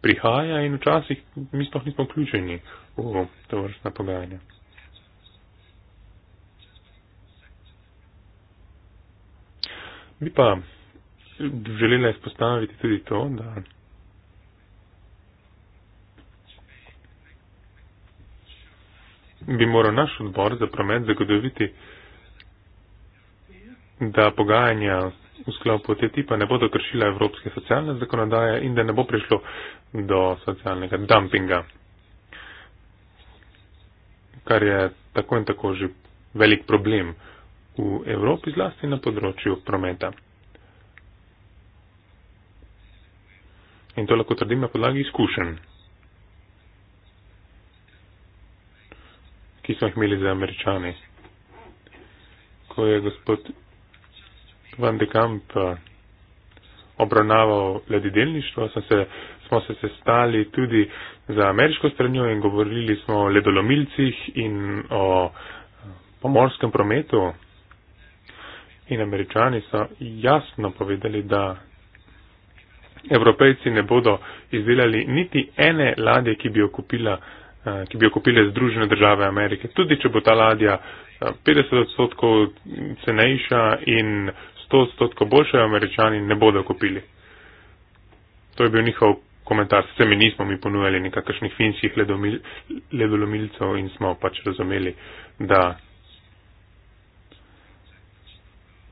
prihaja in včasih mi sploh nismo vključeni v to vrstna pogajanja. Bi pa želela izpostaviti tudi to, da bi moral naš odbor za promet zagotoviti, da pogajanja v sklopu te tipa ne bodo kršila evropske socialne zakonodaje in da ne bo prišlo do socialnega dumpinga, kar je tako in tako že velik problem v Evropi, zlasti na področju prometa. In to lahko trdim na podlagi izkušenj. ki smo jih imeli za američani. Ko je gospod Van de Kamp eh, obravnaval ledodelništvo, se, smo se sestali tudi za ameriško stranjo in govorili smo o ledolomilcih in o eh, pomorskem prometu. In američani so jasno povedali, da evropejci ne bodo izdelali niti ene ladje, ki bi okupila Eh, ki bi jo kupile Združene države Amerike. Tudi, če bo ta ladja 50 eh, odstotkov cenejša in 100 odstotkov boljša, američani ne bodo kupili. To je bil njihov komentar. Sicer mi nismo mi ponujali nekakšnih finskih ledolomilcev in smo pač razumeli, da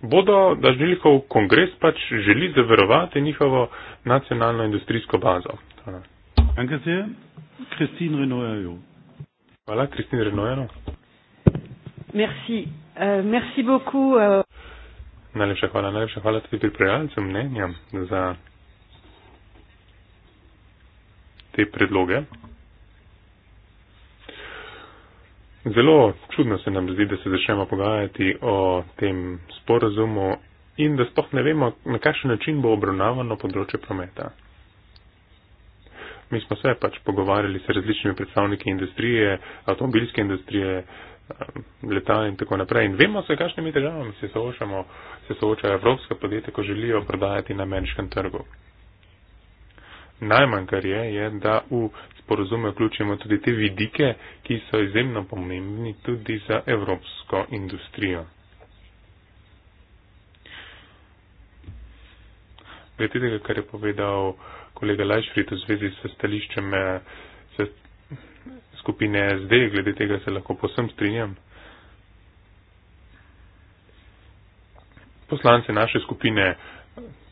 bodo, da želikov kongres pač želi zavarovati njihovo nacionalno industrijsko bazo. Enkrat je. Christine Renoyano. Voilà, Christine Renoyano. Merci. Euh, merci beaucoup. Euh... Najlepša hvala, najlepša hvala tudi pripravljalcem mnenja za te predloge. Zelo čudno se nam zdi, da se začnemo pogajati o tem sporazumu in da sploh ne vemo, na kakšen način bo obravnavano področje prometa mi smo se pač pogovarjali s različnimi predstavniki industrije, avtomobilske industrije, um, leta in tako naprej. In vemo se, kakšnimi težavami se soočamo, se soočajo evropske podjetja, ko želijo prodajati na ameriškem trgu. Najmanj, kar je, je, da v sporozume vključimo tudi te vidike, ki so izjemno pomembni tudi za evropsko industrijo. Glede tega, kar je povedal uh, kolega Lajšfrid v zvezi s stališčem eh, s skupine SD, glede tega se lahko posem strinjam. Poslance naše skupine eh,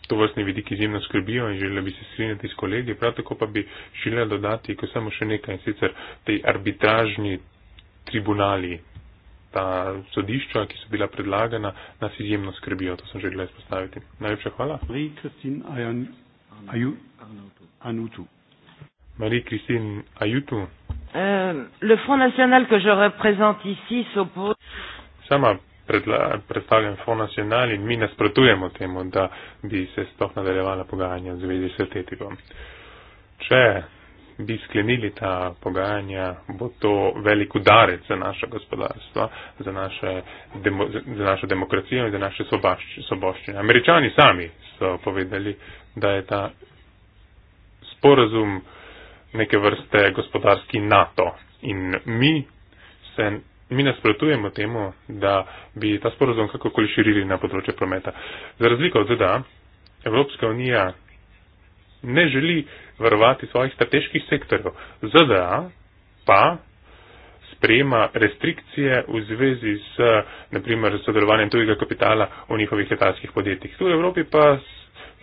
to vrstni vidik izjemno skrbijo in želeli bi se strinjati s kolegi, prav tako pa bi želeli dodati, ko samo še nekaj, in sicer te arbitražni tribunali, ta sodišča, ki so bila predlagana, nas izjemno skrbijo, to sem želela izpostaviti. Najlepša hvala. Anoutou. Marie-Christine Ayutu. Euh, le Front National que je représente ici s'oppose. Sama predstavljam Front National in mi nasprotujemo temu, da bi se sploh nadaljevala pogajanja v zvezi s etikom. Če bi sklenili ta pogajanja, bo to velik udarec za naše gospodarstvo, za, naše demo, za našo demokracijo in za naše soboščine. Američani sami so povedali, da je ta sporazum neke vrste gospodarski NATO. In mi, se, mi nasprotujemo temu, da bi ta sporazum kakokoli širili na področje prometa. Za razliko od ZDA, Evropska unija ne želi varovati svojih strateških sektorjev. ZDA pa sprejema restrikcije v zvezi s, naprimer, sodelovanjem tujega kapitala v njihovih letalskih podjetjih. Tu v Evropi pa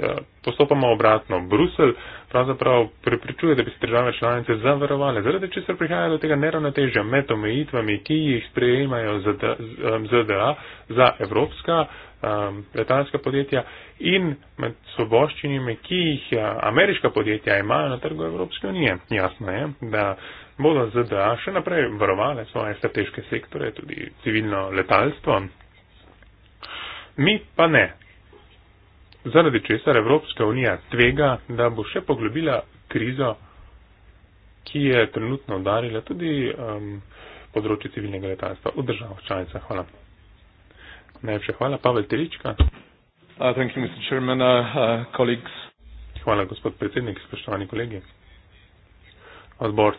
Eh, postopoma obratno. Brusel pravzaprav prepričuje, da bi se države članice zavarovale, zaradi česar prihaja do tega neravnotežja med omejitvami, ki jih sprejemajo ZDA za evropska letalska podjetja in med svoboščinami, ki jih eh, ameriška podjetja imajo na trgu Evropske unije. Jasno je, da bodo ZDA še naprej varovale svoje strateške sektore, tudi civilno letalstvo. Mi pa ne zaradi česar Evropska unija tvega, da bo še poglobila krizo, ki je trenutno udarila tudi um, področje civilnega letalstva v državah članicah. Hvala. Najlepša hvala, Pavel Telička. Uh, uh, uh, hvala, gospod predsednik, spoštovani kolegi. Odbor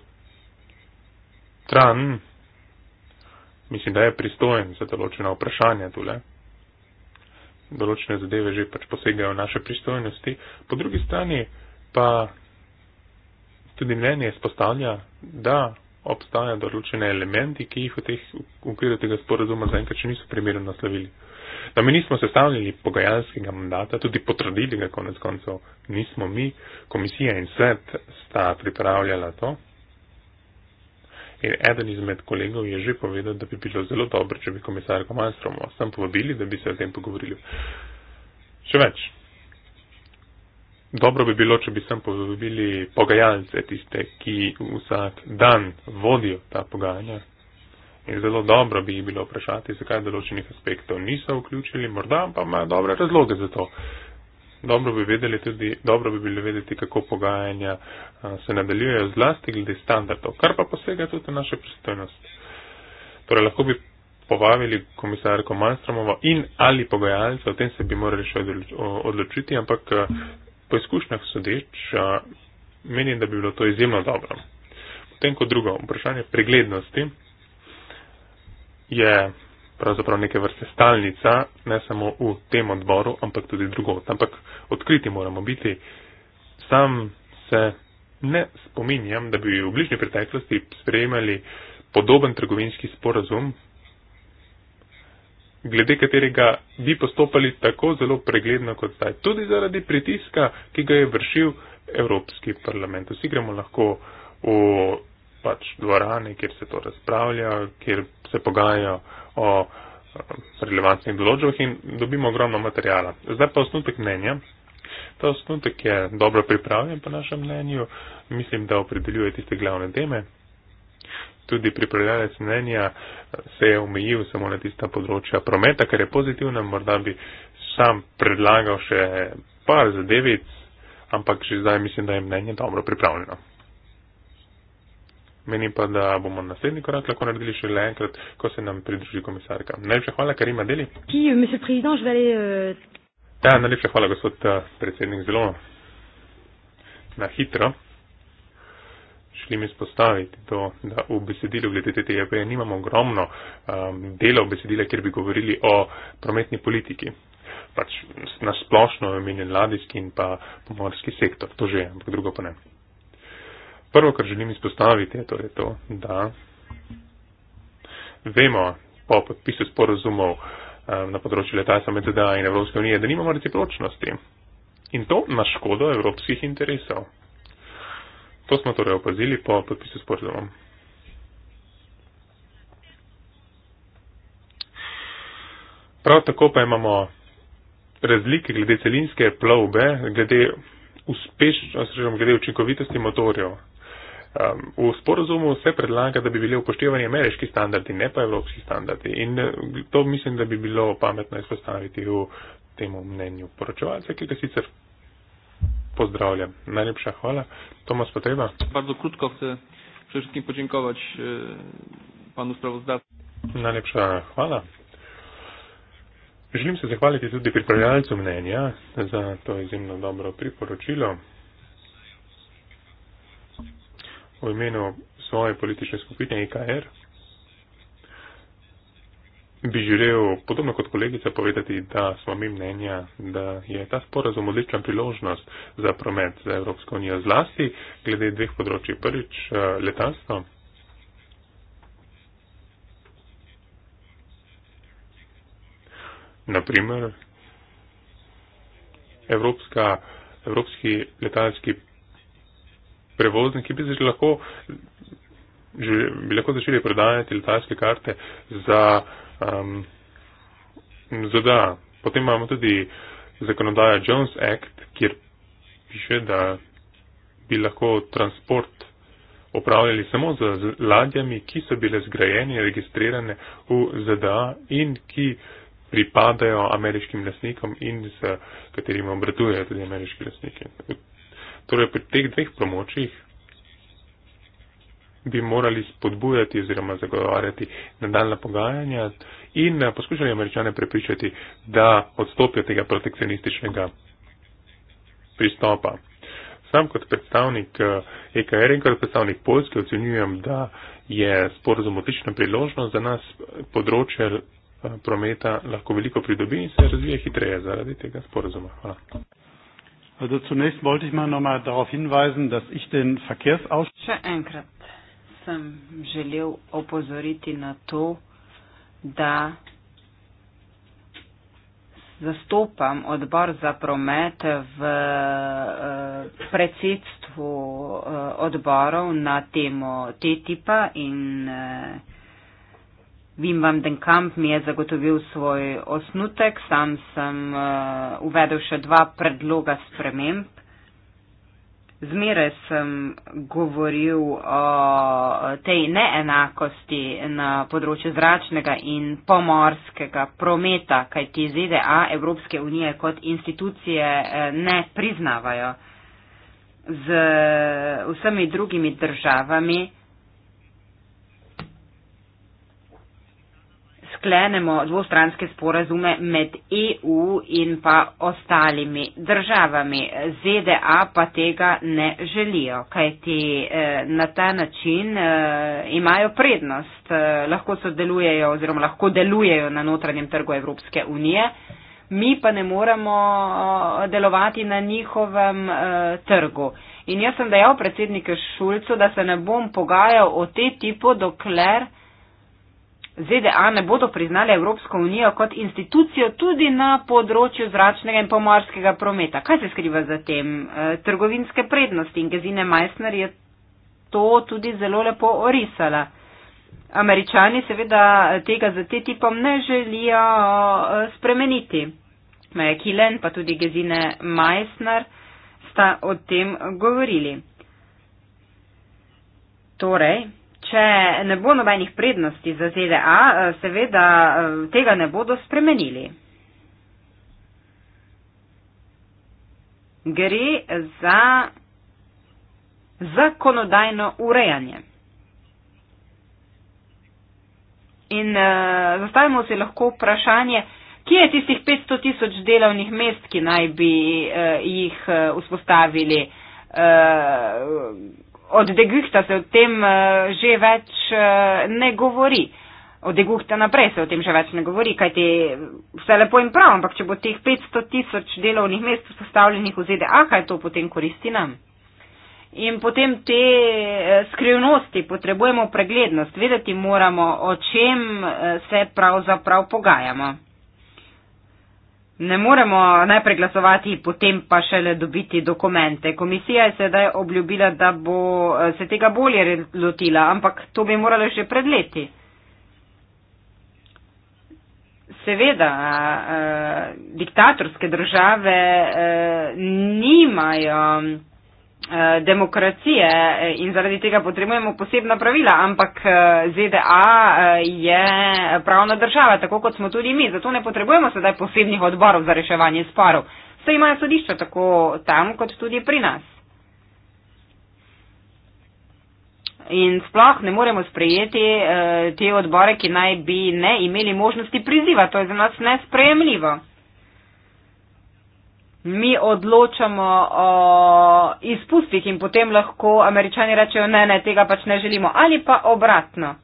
Tran, mislim, da je pristojen za določena vprašanja tukaj določene zadeve že pač posegajo v naše pristojnosti. Po drugi strani pa tudi mnenje spostavlja, da obstaja določene elementi, ki jih v teh ukviru tega sporozuma zaenkrat še niso primerno naslovili. Da mi nismo sestavljali pogajalskega mandata, tudi potrdili ga konec koncev, nismo mi, komisija in svet sta pripravljala to, in eden izmed kolegov je že povedal, da bi bilo zelo dobro, če bi komisarko Manstromo sem povabili, da bi se o tem pogovorili. Še več. Dobro bi bilo, če bi sem povabili pogajalce, tiste, ki vsak dan vodijo ta pogajanja. In zelo dobro bi jih bilo vprašati, zakaj določenih aspektov niso vključili, morda pa imajo dobre razloge za to dobro bi, vedeli tudi, dobro bi bilo vedeti, kako pogajanja se nadaljujejo zlasti glede standardov, kar pa posega tudi v naše pristojnosti. Torej, lahko bi povabili komisarko Manstromovo in ali pogajalce, o tem se bi morali še odločiti, ampak po izkušnjah sodeč menim, da bi bilo to izjemno dobro. Potem kot drugo, vprašanje preglednosti je pravzaprav neke vrste stalnica, ne samo v tem odboru, ampak tudi drugot. Ampak odkriti moramo biti. Sam se ne spominjam, da bi v bližnji preteklosti sprejemali podoben trgovinski sporazum, glede katerega bi postopali tako zelo pregledno kot zdaj. Tudi zaradi pritiska, ki ga je vršil Evropski parlament. Vsi gremo lahko v pač dvorane, kjer se to razpravlja, kjer se pogajajo o eh, relevantnih določbah in dobimo ogromno materijala. Zdaj pa osnutek mnenja. Ta osnutek je dobro pripravljen po našem mnenju. Mislim, da opredeljuje tiste glavne teme. Tudi pripravljalec mnenja eh, se je omejil samo na tista področja prometa, kar je pozitivno. Morda bi sam predlagal še par zadevic, ampak že zdaj mislim, da je mnenje dobro pripravljeno. Menim pa, da bomo naslednji korak lahko naredili še le enkrat, ko se nam pridruži komisarka. Najlepša hvala, Karima Deli. Euh, ja, najlepša hvala, gospod eh, predsednik. Zelo na hitro šli mi spostaviti to, da v besedilu glede TTIP nimamo ogromno um, eh, dela v besedile, kjer bi govorili o prometni politiki. Pač nasplošno je omenjen ladijski in pa pomorski sektor. To že je, ampak drugo pa ne prvo, kar želim izpostaviti, je torej to, da vemo po podpisu sporozumov um, eh, na področju letalstva med ZDA in Evropske unije, da nimamo recipročnosti. In to na škodo evropskih interesov. To smo torej opazili po podpisu sporozumov. Prav tako pa imamo razlike glede celinske plovbe, glede uspešnosti, glede učinkovitosti motorjev. Um, v sporozumu se predlaga, da bi bili upoštevani ameriški standardi, ne pa evropski standardi. In eh, to mislim, da bi bilo pametno izpostaviti v tem mnenju poročevalca, ki ga sicer pozdravljam. Najlepša hvala. Tomas, potreba? Bardzo krutko chcę przede wszystkim podziękować e, panu sprawozdawcy. Najlepša hvala. Želim se zahvaliti tudi pripravljalcu mnenja za to izjemno dobro priporočilo v imenu svoje politične skupine IKR, e bi želel podobno kot kolegica povedati, da smo mi mnenja, da je ta sporazum odlična priložnost za promet za Evropsko unijo zlasti glede dveh področji. Prvič eh, letalstvo. Naprimer, Evropska, Evropski letalski prevozniki bi lahko, že, bi lahko začeli prodajati letalske karte za um, ZDA. Potem imamo tudi zakonodajo Jones Act, kjer piše, da bi lahko transport opravljali samo z ladjami, ki so bile zgrajene, registrirane v ZDA in ki pripadajo ameriškim lasnikom in s katerimi obratujejo tudi ameriški lasniki. Torej, pri teh dveh pomočih bi morali spodbujati oziroma zagovarjati nadaljna pogajanja in eh, poskušali američane prepričati, da odstopijo tega protekcionističnega pristopa. Sam kot predstavnik EKR eh, e in kot predstavnik Poljske ocenjujem, da je sporozum odlična priložnost za nas področje eh, prometa lahko veliko pridobi in se razvije hitreje zaradi tega sporozuma. Hvala. Also zunächst wollte ich mal noch mal darauf hinweisen, dass ich den Verkehrsausschuss eh, predsedstvu eh, odborov na temo TTIP-a in uh, Wim van den Kamp mi je zagotovil svoj osnutek, sam sem uh, uvedel še dva predloga sprememb. Zmeraj sem govoril o tej neenakosti na področju zračnega in pomorskega prometa, kaj ti ZDA Evropske unije kot institucije eh, ne priznavajo. Z vsemi drugimi državami sklenemo dvostranske sporazume med EU in pa ostalimi državami. ZDA pa tega ne želijo, kajti eh, na ta način eh, imajo prednost, eh, lahko sodelujejo oziroma lahko delujejo na notranjem trgu Evropske unije, mi pa ne moremo delovati na njihovem trgu. In jaz sem dejal predsedniku Šulcu, da se ne bom pogajal o te tipu, dokler ZDA ne bodo priznali Evropsko unijo kot institucijo tudi na področju zračnega in pomorskega prometa. Kaj se skriva za tem? E, trgovinske prednosti in Gezine Meissner je to tudi zelo lepo orisala. Američani seveda tega za te tipom ne želijo e, spremeniti. Maja Kilen pa tudi Gezine Meissner sta o tem govorili. Torej, če ne bo nobenih prednosti za ZDA, eh, seveda eh, tega ne bodo spremenili. Gre za zakonodajno urejanje. In uh, zastavimo se lahko vprašanje, kje je tistih 500 tisoč delovnih mest, ki naj bi uh, jih uh, vzpostavili. Uh, od Degihta se o tem eh, že več eh, ne govori. Od Degihta naprej se o tem že več ne govori, kajti vse lepo in prav, ampak če bo teh 500 tisoč delovnih mest sestavljenih v ZDA, kaj to potem koristi nam? In potem te eh, skrivnosti potrebujemo preglednost, vedeti moramo, o čem se pravzaprav pogajamo. Ne moremo najprej glasovati, potem pa šele dobiti dokumente. Komisija je sedaj obljubila, da bo eh, se tega bolje lotila, ampak to bi morali že pred leti. Seveda, eh, diktatorske države eh, nimajo. Eh, demokracije eh, in zaradi tega potrebujemo posebna pravila, ampak eh, ZDA je pravna država, tako kot smo tudi mi, zato ne potrebujemo sedaj posebnih odborov za reševanje sporov. Vse imajo sodišča tako tam, kot tudi pri nas. In sploh ne moremo sprejeti te odbore, ki naj bi ne imeli možnosti priziva. To je za nas nesprejemljivo mi odločamo o izpustih in potem lahko američani rečejo, ne, ne, tega pač ne želimo. Ali pa obratno.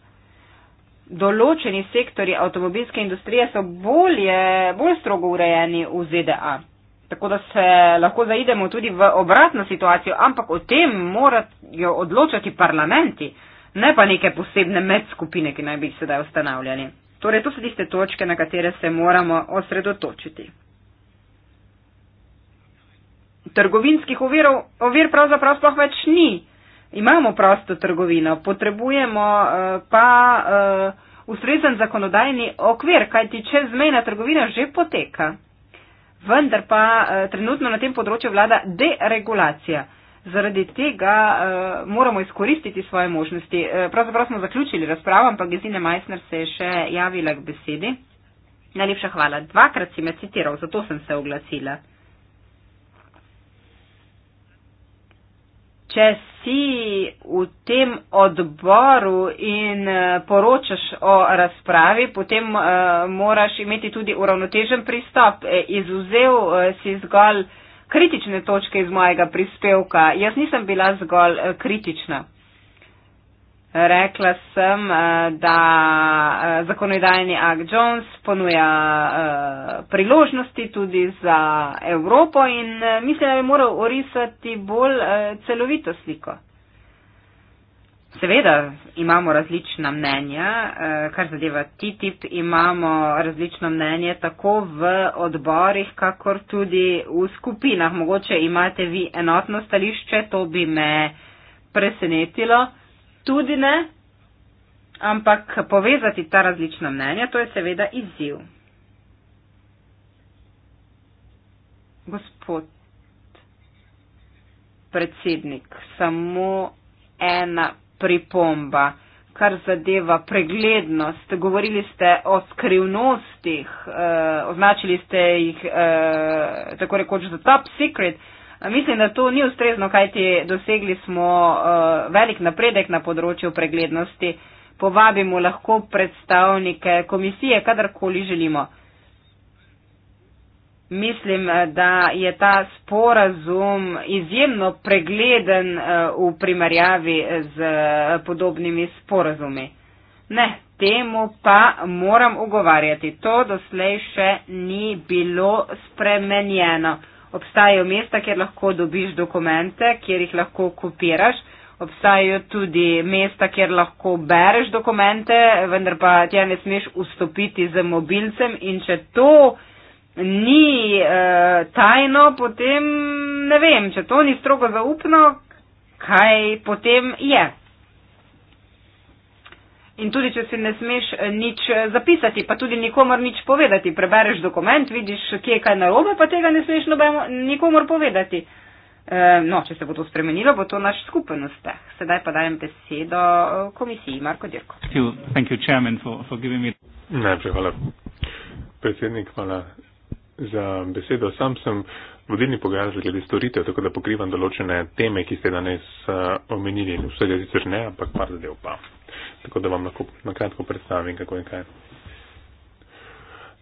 Določeni sektori avtomobilske industrije so bolje, bolj strogo urejeni v ZDA. Tako da se lahko zaidemo tudi v obratno situacijo, ampak o tem morajo odločati parlamenti, ne pa neke posebne medskupine, ki naj bi jih sedaj ustanavljali. Torej, to so tiste točke, na katere se moramo osredotočiti trgovinskih overov, ovir pravzaprav sploh več ni. Imamo prosto trgovino, potrebujemo uh, pa uh, ustrezen zakonodajni okvir, kajti čezmejna trgovina že poteka. Vendar pa uh, trenutno na tem področju vlada deregulacija. Zaradi tega uh, moramo izkoristiti svoje možnosti. Uh, pravzaprav smo zaključili razpravo, ampak Gesine Meissner se je še javila k besedi. Najlepša hvala. Dvakrat si me citiral, zato sem se oglasila. če si v tem odboru in eh, poročaš o razpravi, potem eh, moraš imeti tudi uravnotežen pristop. E, Izuzel eh, si zgolj kritične točke iz mojega prispevka. Jaz nisem bila zgolj kritična. Rekla sem, eh, da eh, zakonodajni akt Jones ponuja eh, priložnosti tudi za Evropo in mislim, da bi moral orisati bolj celovito sliko. Seveda imamo različna mnenja, kar zadeva TTIP, imamo različno mnenje tako v odborih, kakor tudi v skupinah. Mogoče imate vi enotno stališče, to bi me presenetilo tudi ne, ampak povezati ta različna mnenja, to je seveda izziv. Gospod predsednik, samo ena pripomba, kar zadeva preglednost. Govorili ste o skrivnostih, eh, označili ste jih eh, tako rekoč za top secret. Eh, Mislim, da to ni ustrezno, kajti dosegli smo uh, velik napredek na področju preglednosti. Povabimo lahko predstavnike komisije, kadarkoli želimo. Mislim, eh, da je ta sporazum izjemno pregleden uh, v primerjavi z podobnimi sporazumi. Ne, temu pa moram ugovarjati. To doslej še ni bilo spremenjeno obstajajo mesta, kjer lahko dobiš dokumente, kjer jih lahko kopiraš. Obstajajo tudi mesta, kjer lahko bereš dokumente, vendar pa tja ne smeš vstopiti z mobilcem in če to ni e, tajno, potem ne vem, če to ni strogo zaupno, kaj potem je. In tudi, če si ne smeš eh, nič eh, zapisati, pa tudi nikomor nič povedati, prebereš dokument, vidiš, kje je kaj narobe, pa tega ne smeš nobemo, nikomor povedati. E, no, če se bo to spremenilo, bo to naš skupen uspeh. Sedaj pa dajem besedo komisiji Marko Dirko. Thank you, chairman, for, for giving me... Najprej hvala, predsednik, hvala za besedo. Sam sem vodilni pogajalec glede storitev, tako da pokrivam določene teme, ki ste danes omenili. Vsega sicer ne, ampak par zadev pa tako da vam lahko na kratko predstavim, kako je kaj.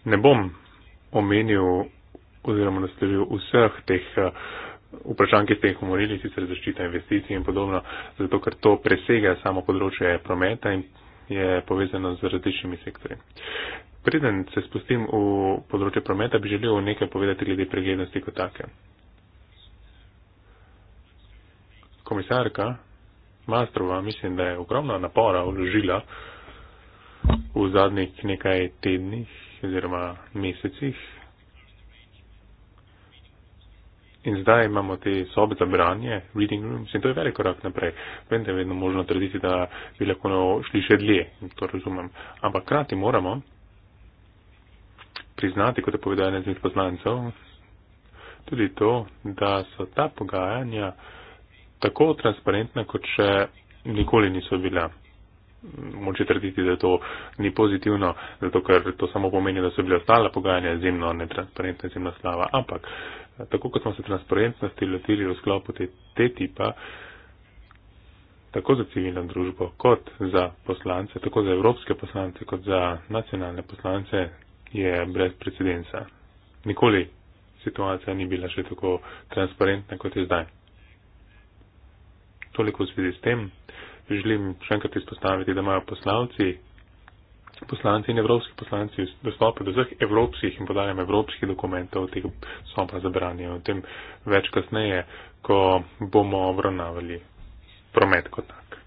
Ne bom omenil oziroma naslovil vseh teh eh, vprašanj, ki ste jih umorili, sicer zaščita investicij in podobno, zato ker to presega samo področje prometa in je povezano z različnimi sektorji. Preden se spustim v področje prometa, bi želel nekaj povedati glede preglednosti kot take. Komisarka, Mastrova, mislim, da je ogromno napora vložila v zadnjih nekaj tednih oziroma mesecih. In zdaj imamo te sobe za branje, reading rooms, in to je velik korak naprej. Vem, da je vedno možno trditi, da bi lahko šli še dlje, to razumem. Ampak krati moramo priznati, kot je povedal eden izmed poznancev, tudi to, da so ta pogajanja tako transparentna, kot še nikoli niso bila. Moče trditi, da to ni pozitivno, zato ker to samo pomeni, da so bile ostale pogajanja izjemno netransparentna, izjemno slava. Ampak eh, tako kot smo se transparentnosti lotili v sklopu te, te tipa, tako za civilno družbo, kot za poslance, tako za evropske poslance, kot za nacionalne poslance, je brez precedensa. Nikoli situacija ni bila še tako transparentna, kot je zdaj toliko v zvezi s tem. Želim še enkrat izpostaviti, da imajo poslanci, poslanci in evropski poslanci dostop do vseh evropskih in podajam evropskih dokumentov, tega so pa zabranje o tem več kasneje, ko bomo obravnavali promet kot tak.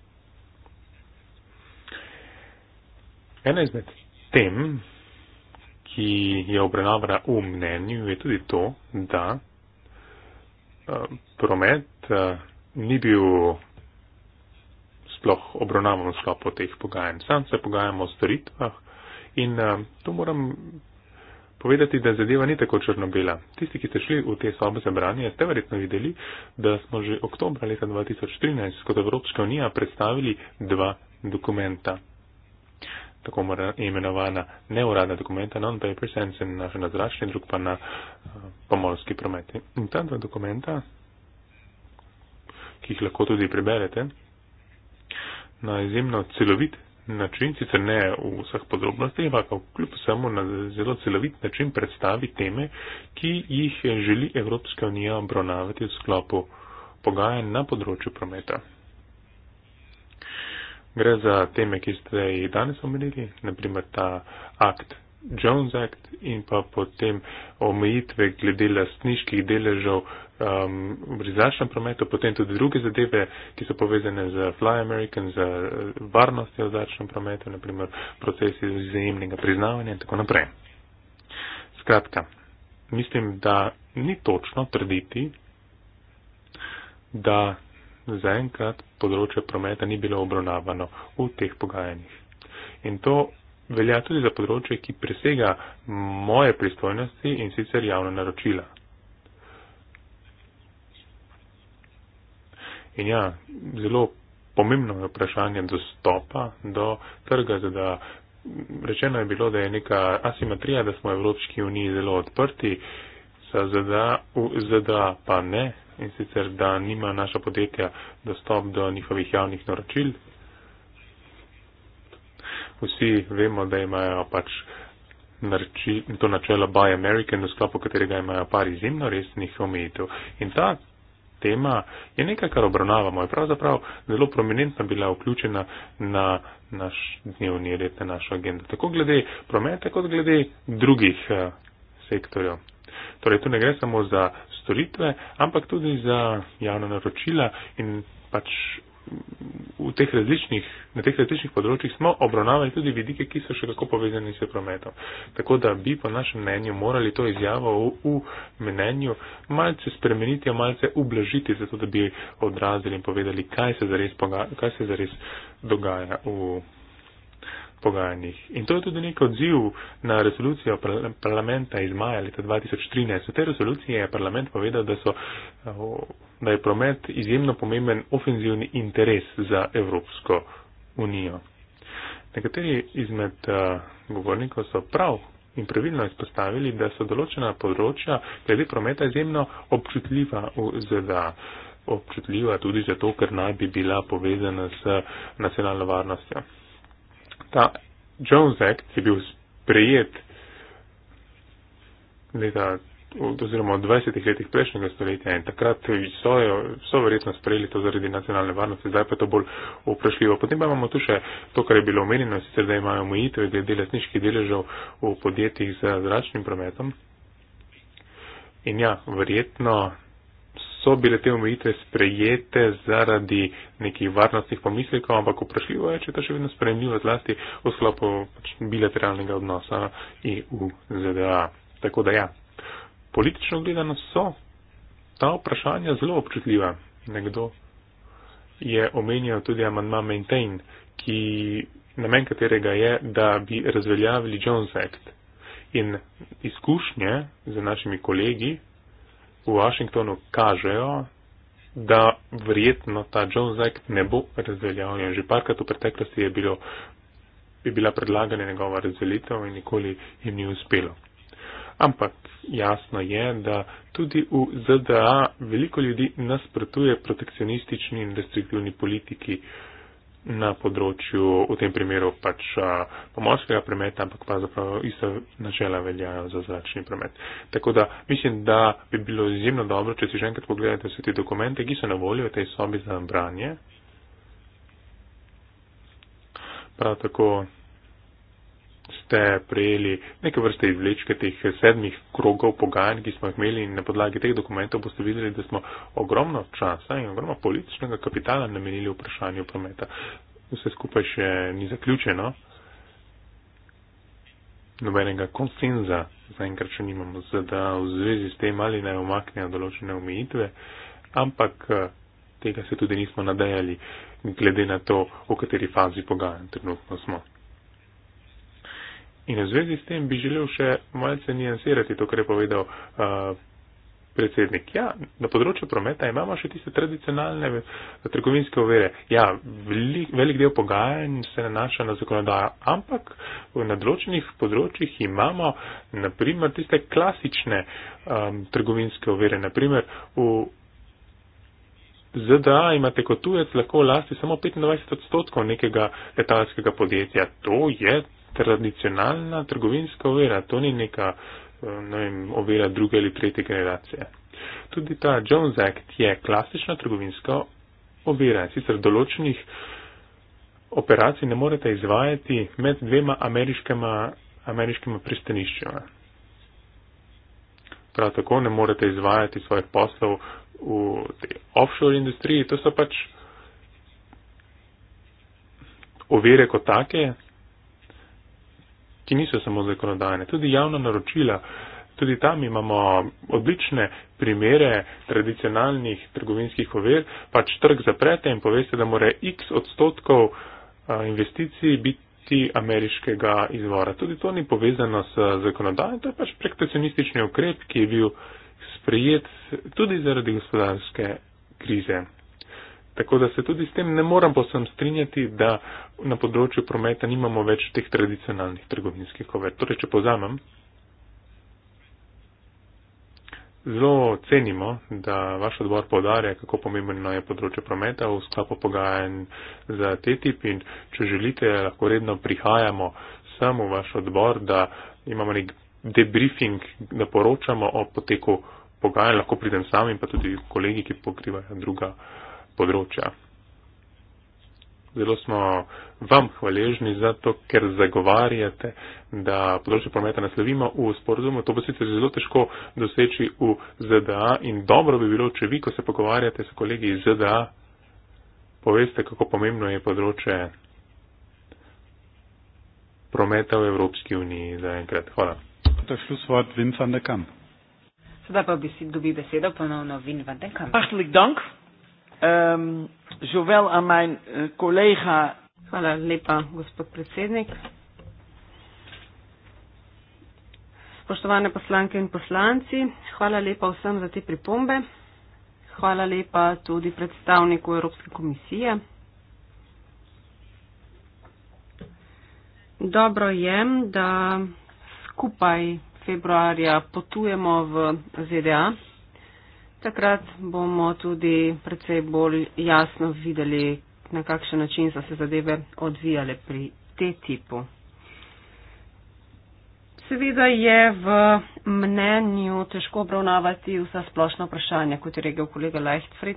Ena izmed tem, ki je obravnavana v mnenju, je tudi to, da eh, promet eh, ni bil sploh obravnavan sklop od teh pogajanj. Sam se pogajamo o storitvah in uh, tu moram povedati, da zadeva ni tako črno-bela. Tisti, ki ste šli v te sobe za branje, ste verjetno videli, da smo že oktobra leta 2013 kot Evropska unija predstavili dva dokumenta. Tako imenovana neuradna dokumenta, non-paper sense, en naš na zračni, drug pa na uh, pomorski promet. In ta dva dokumenta ki jih lahko tudi preberete, na izjemno celovit način, sicer ne v vseh podrobnostih, ampak kljub samo na zelo celovit način predstavi teme, ki jih želi Evropska unija obravnavati v sklopu pogajanj na področju prometa. Gre za teme, ki ste jih danes omenili, naprimer ta akt Jones Act in pa potem omejitve glede lastniških deležev um, v brizačnem prometu, potem tudi druge zadeve, ki so povezane z Fly American, z eh, varnostjo v zračnem prometu, naprimer procesi vzajemnega priznavanja in tako naprej. Skratka, mislim, da ni točno trditi, da zaenkrat področje prometa ni bilo obravnavano v teh pogajanjih. In to velja tudi za področje, ki presega moje pristojnosti in sicer javna naročila. In ja, zelo pomembno je vprašanje dostopa do trga, da rečeno je bilo, da je neka asimetrija, da smo v Evropski uniji zelo odprti, ZDA pa ne, in sicer da nima naša podjetja dostop do njihovih javnih naročil vsi vemo, da imajo pač narči, to načelo Buy American, v sklopu katerega imajo par izjemno resnih omejitev. In ta tema je nekaj, kar obravnavamo. Je pravzaprav zelo prominentna bila vključena na naš dnevni red, na našo agendo. Tako glede prometa, kot glede drugih eh, sektorjev. Torej, tu ne gre samo za storitve, ampak tudi za javna naročila in pač v teh različnih, na teh različnih področjih smo obravnavali tudi vidike, ki so še kako povezani s prometom. Tako da bi po našem mnenju morali to izjavo v, v mnenju malce spremeniti, malce ublažiti, zato da bi odrazili in povedali, kaj se zares, poga, kaj se zares dogaja v prometu pogajanjih. In to je tudi nek odziv na resolucijo parlamenta iz maja leta 2013. V tej resoluciji je parlament povedal, da, so, eh, da je promet izjemno pomemben ofenzivni interes za Evropsko unijo. Nekateri izmed eh, govornikov so prav. In pravilno izpostavili, da so določena področja glede prometa izjemno občutljiva v ZDA. Občutljiva tudi zato, ker naj bi bila povezana s nacionalno varnostjo. Ta Jones Act je bil sprejet leta oziroma v 20 letih prejšnjega stoletja in takrat so, jo, so verjetno sprejeli to zaradi nacionalne varnosti, zdaj pa je to bolj vprašljivo. Potem pa imamo tu še to, kar je bilo omenjeno, sicer da imajo omejitev glede lasniških deležev v podjetjih z zračnim prometom. In ja, verjetno so bile te omejitve sprejete zaradi nekih varnostnih pomislekov, ampak vprašljivo je, če je to še vedno sprejemljivo zlasti v sklopu pač, bilateralnega odnosa EU-ZDA. Tako da ja, politično gledano so ta vprašanja zelo občutljiva. Nekdo je omenjal tudi amandma Maintain, ki namen katerega je, da bi razveljavili Jones Act. In izkušnje z našimi kolegi v Washingtonu kažejo, da verjetno ta Jones Act ne bo razveljavljen. Že parkrat v preteklosti je, bilo, je bila predlagana njegova razveljavitev in nikoli jim ni uspelo. Ampak jasno je, da tudi v ZDA veliko ljudi nasprotuje protekcionistični in restriktivni politiki uh, na področju, v tem primeru pač pomorskega premeta, ampak pravzaprav ista načela veljajo za zračni premet. Tako da mislim, da bi bilo izjemno dobro, če si že enkrat pogledate vse te dokumente, ki so na voljo v tej sobi za branje. Prav tako ste prejeli neke vrste izvlečke teh sedmih krogov pogajanj, ki smo jih imeli in na podlagi teh dokumentov boste videli, da smo ogromno časa in ogromno političnega kapitala namenili vprašanju prometa. Vse skupaj še ni zaključeno. Nobenega konsenza zaenkrat še nimamo, da v zvezi s tem ali naj omaknejo določene omejitve, ampak eh, tega se tudi nismo nadejali, glede na to, v kateri fazi pogajanj trenutno smo. In v zvezi s tem bi želel še malce nijansirati to, kar je povedal uh, predsednik. Ja, na področju prometa imamo še tiste tradicionalne uh, trgovinske ovire. Ja, velik, velik del pogajanj se nanaša na zakonodajo, ampak na določenih področjih imamo naprimer tiste klasične um, trgovinske ovire. Naprimer, v ZDA imate kot tujec lahko v lasti samo 25 odstotkov nekega letalskega podjetja. To je tradicionalna trgovinska ovira, to ni neka eh, ne vem, ovira druge ali tretje generacije. Tudi ta Jones Act je klasična trgovinska ovira, sicer določenih operacij ne morete izvajati med dvema ameriškima, ameriškima pristaniščima. Prav tako ne morete izvajati svojih poslov v tej offshore industriji, to so pač ovire kot take, ki niso samo zakonodajne. Tudi javna naročila, tudi tam imamo odlične primere tradicionalnih trgovinskih ovir, pač trg zaprete in poveste, da more x odstotkov investicij biti ameriškega izvora. Tudi to ni povezano s zakonodajem, to je pač prekcionistični ukrep, ki je bil sprejet tudi zaradi gospodarske krize. Tako da se tudi s tem ne moram posem strinjati, da uh, na področju prometa nimamo več teh tradicionalnih trgovinskih kovert. Torej, če povzamem, zelo cenimo, da vaš odbor povdarja, kako pomembno je področje prometa v sklopu pogajanj za TTIP in če želite, lahko redno prihajamo samo v vaš odbor, da imamo nek debriefing, da poročamo o poteku pogajanj, lahko pridem sam in pa tudi kolegi, ki pokrivajo druga področja. Zelo smo vam hvaležni za to, ker zagovarjate, da področje prometa naslovimo v sporozumu. To bo sicer zelo težko doseči v ZDA in dobro bi bilo, če vi, ko se pogovarjate s kolegi iz ZDA, poveste, kako pomembno je področje prometa v Evropski uniji zaenkrat. Hvala. Sedaj pa bi si dobil besedo ponovno Vin van de Kamp. Hvala. Um, ehm, Zowel aan mijn eh, collega Hvala lepa, gospod predsednik. Spoštovane poslanke in poslanci, hvala lepa vsem za te pripombe. Hvala lepa tudi predstavniku Evropske komisije. Dobro je, da skupaj februarja potujemo v ZDA. Takrat bomo tudi predvsej bolj jasno videli, na kakšen način so se zadeve odvijale pri te tipu. Seveda je v mnenju težko obravnavati vsa splošna vprašanja, kot je rekel kolega Leichtfried.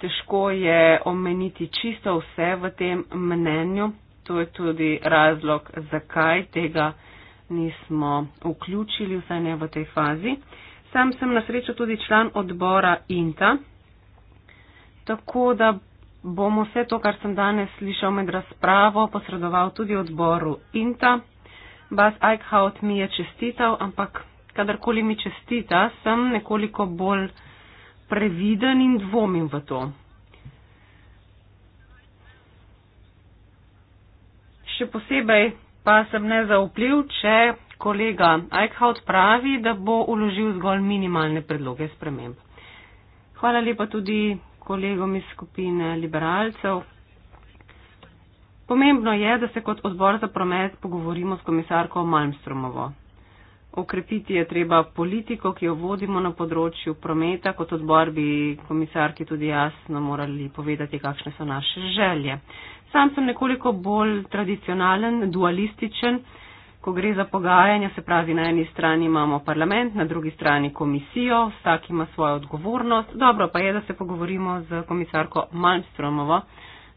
Težko je omeniti čisto vse v tem mnenju. To je tudi razlog, zakaj tega nismo vključili, vsaj ne v tej fazi. Sam sem na srečo tudi član odbora INTA, tako da bom vse to, kar sem danes slišal med razpravo, posredoval tudi odboru INTA. Bas Eichhout mi je čestital, ampak kadarkoli mi čestita, sem nekoliko bolj previden in dvomim v to. Še posebej pa sem nezaupljiv, če kolega Eichhout pravi, da bo uložil zgolj minimalne predloge sprememb. Hvala lepa tudi kolegom iz skupine liberalcev. Pomembno je, da se kot odbor za promet pogovorimo s komisarko Malmstromovo. Okrepiti je treba politiko, ki jo vodimo na področju prometa. Kot odbor bi komisarki tudi jasno morali povedati, kakšne so naše želje. Sam sem nekoliko bolj tradicionalen, dualističen ko gre za pogajanja, se pravi, na eni strani imamo parlament, na drugi strani komisijo, vsak ima svojo odgovornost. Dobro pa je, da se pogovorimo z komisarko Malmstromovo,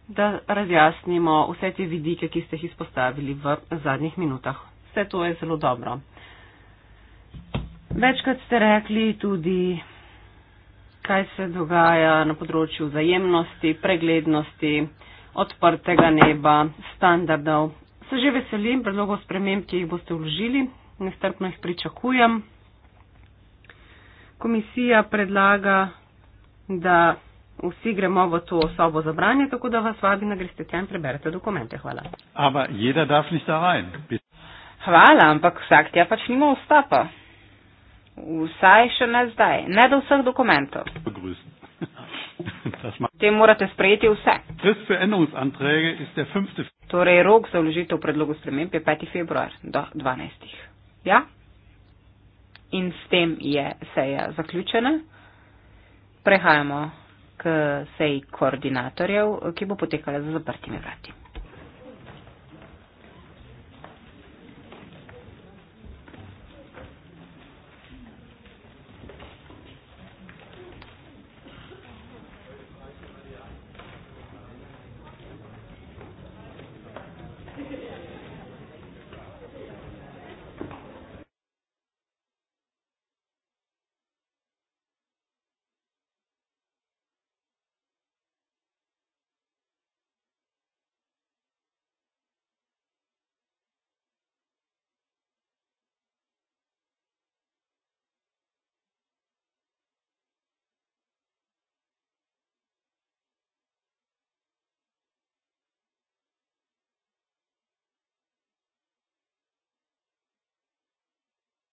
da razjasnimo vse te vidike, ki ste jih izpostavili v zadnjih minutah. Vse to je zelo dobro. Večkrat ste rekli tudi, kaj se dogaja na področju zajemnosti, preglednosti, odprtega neba, standardov se že veselim predlogov sprememb, ki jih boste vložili, nestrpno jih pričakujem. Komisija predlaga, da vsi gremo v to sobo za branje, tako da vas vabim, da greste tja in preberete dokumente. Hvala. Hvala, ampak vsak tja pač nima vstapa. Vsaj še ne zdaj, ne do vseh dokumentov. Begrüßen. Te morate sprejeti vse. Torej, rok za vložitev predlogu sprememb je 5. februar do 12. Ja? In s tem je seja zaključena. Prehajamo k seji koordinatorjev, ki bo potekala za zaprtimi vrati.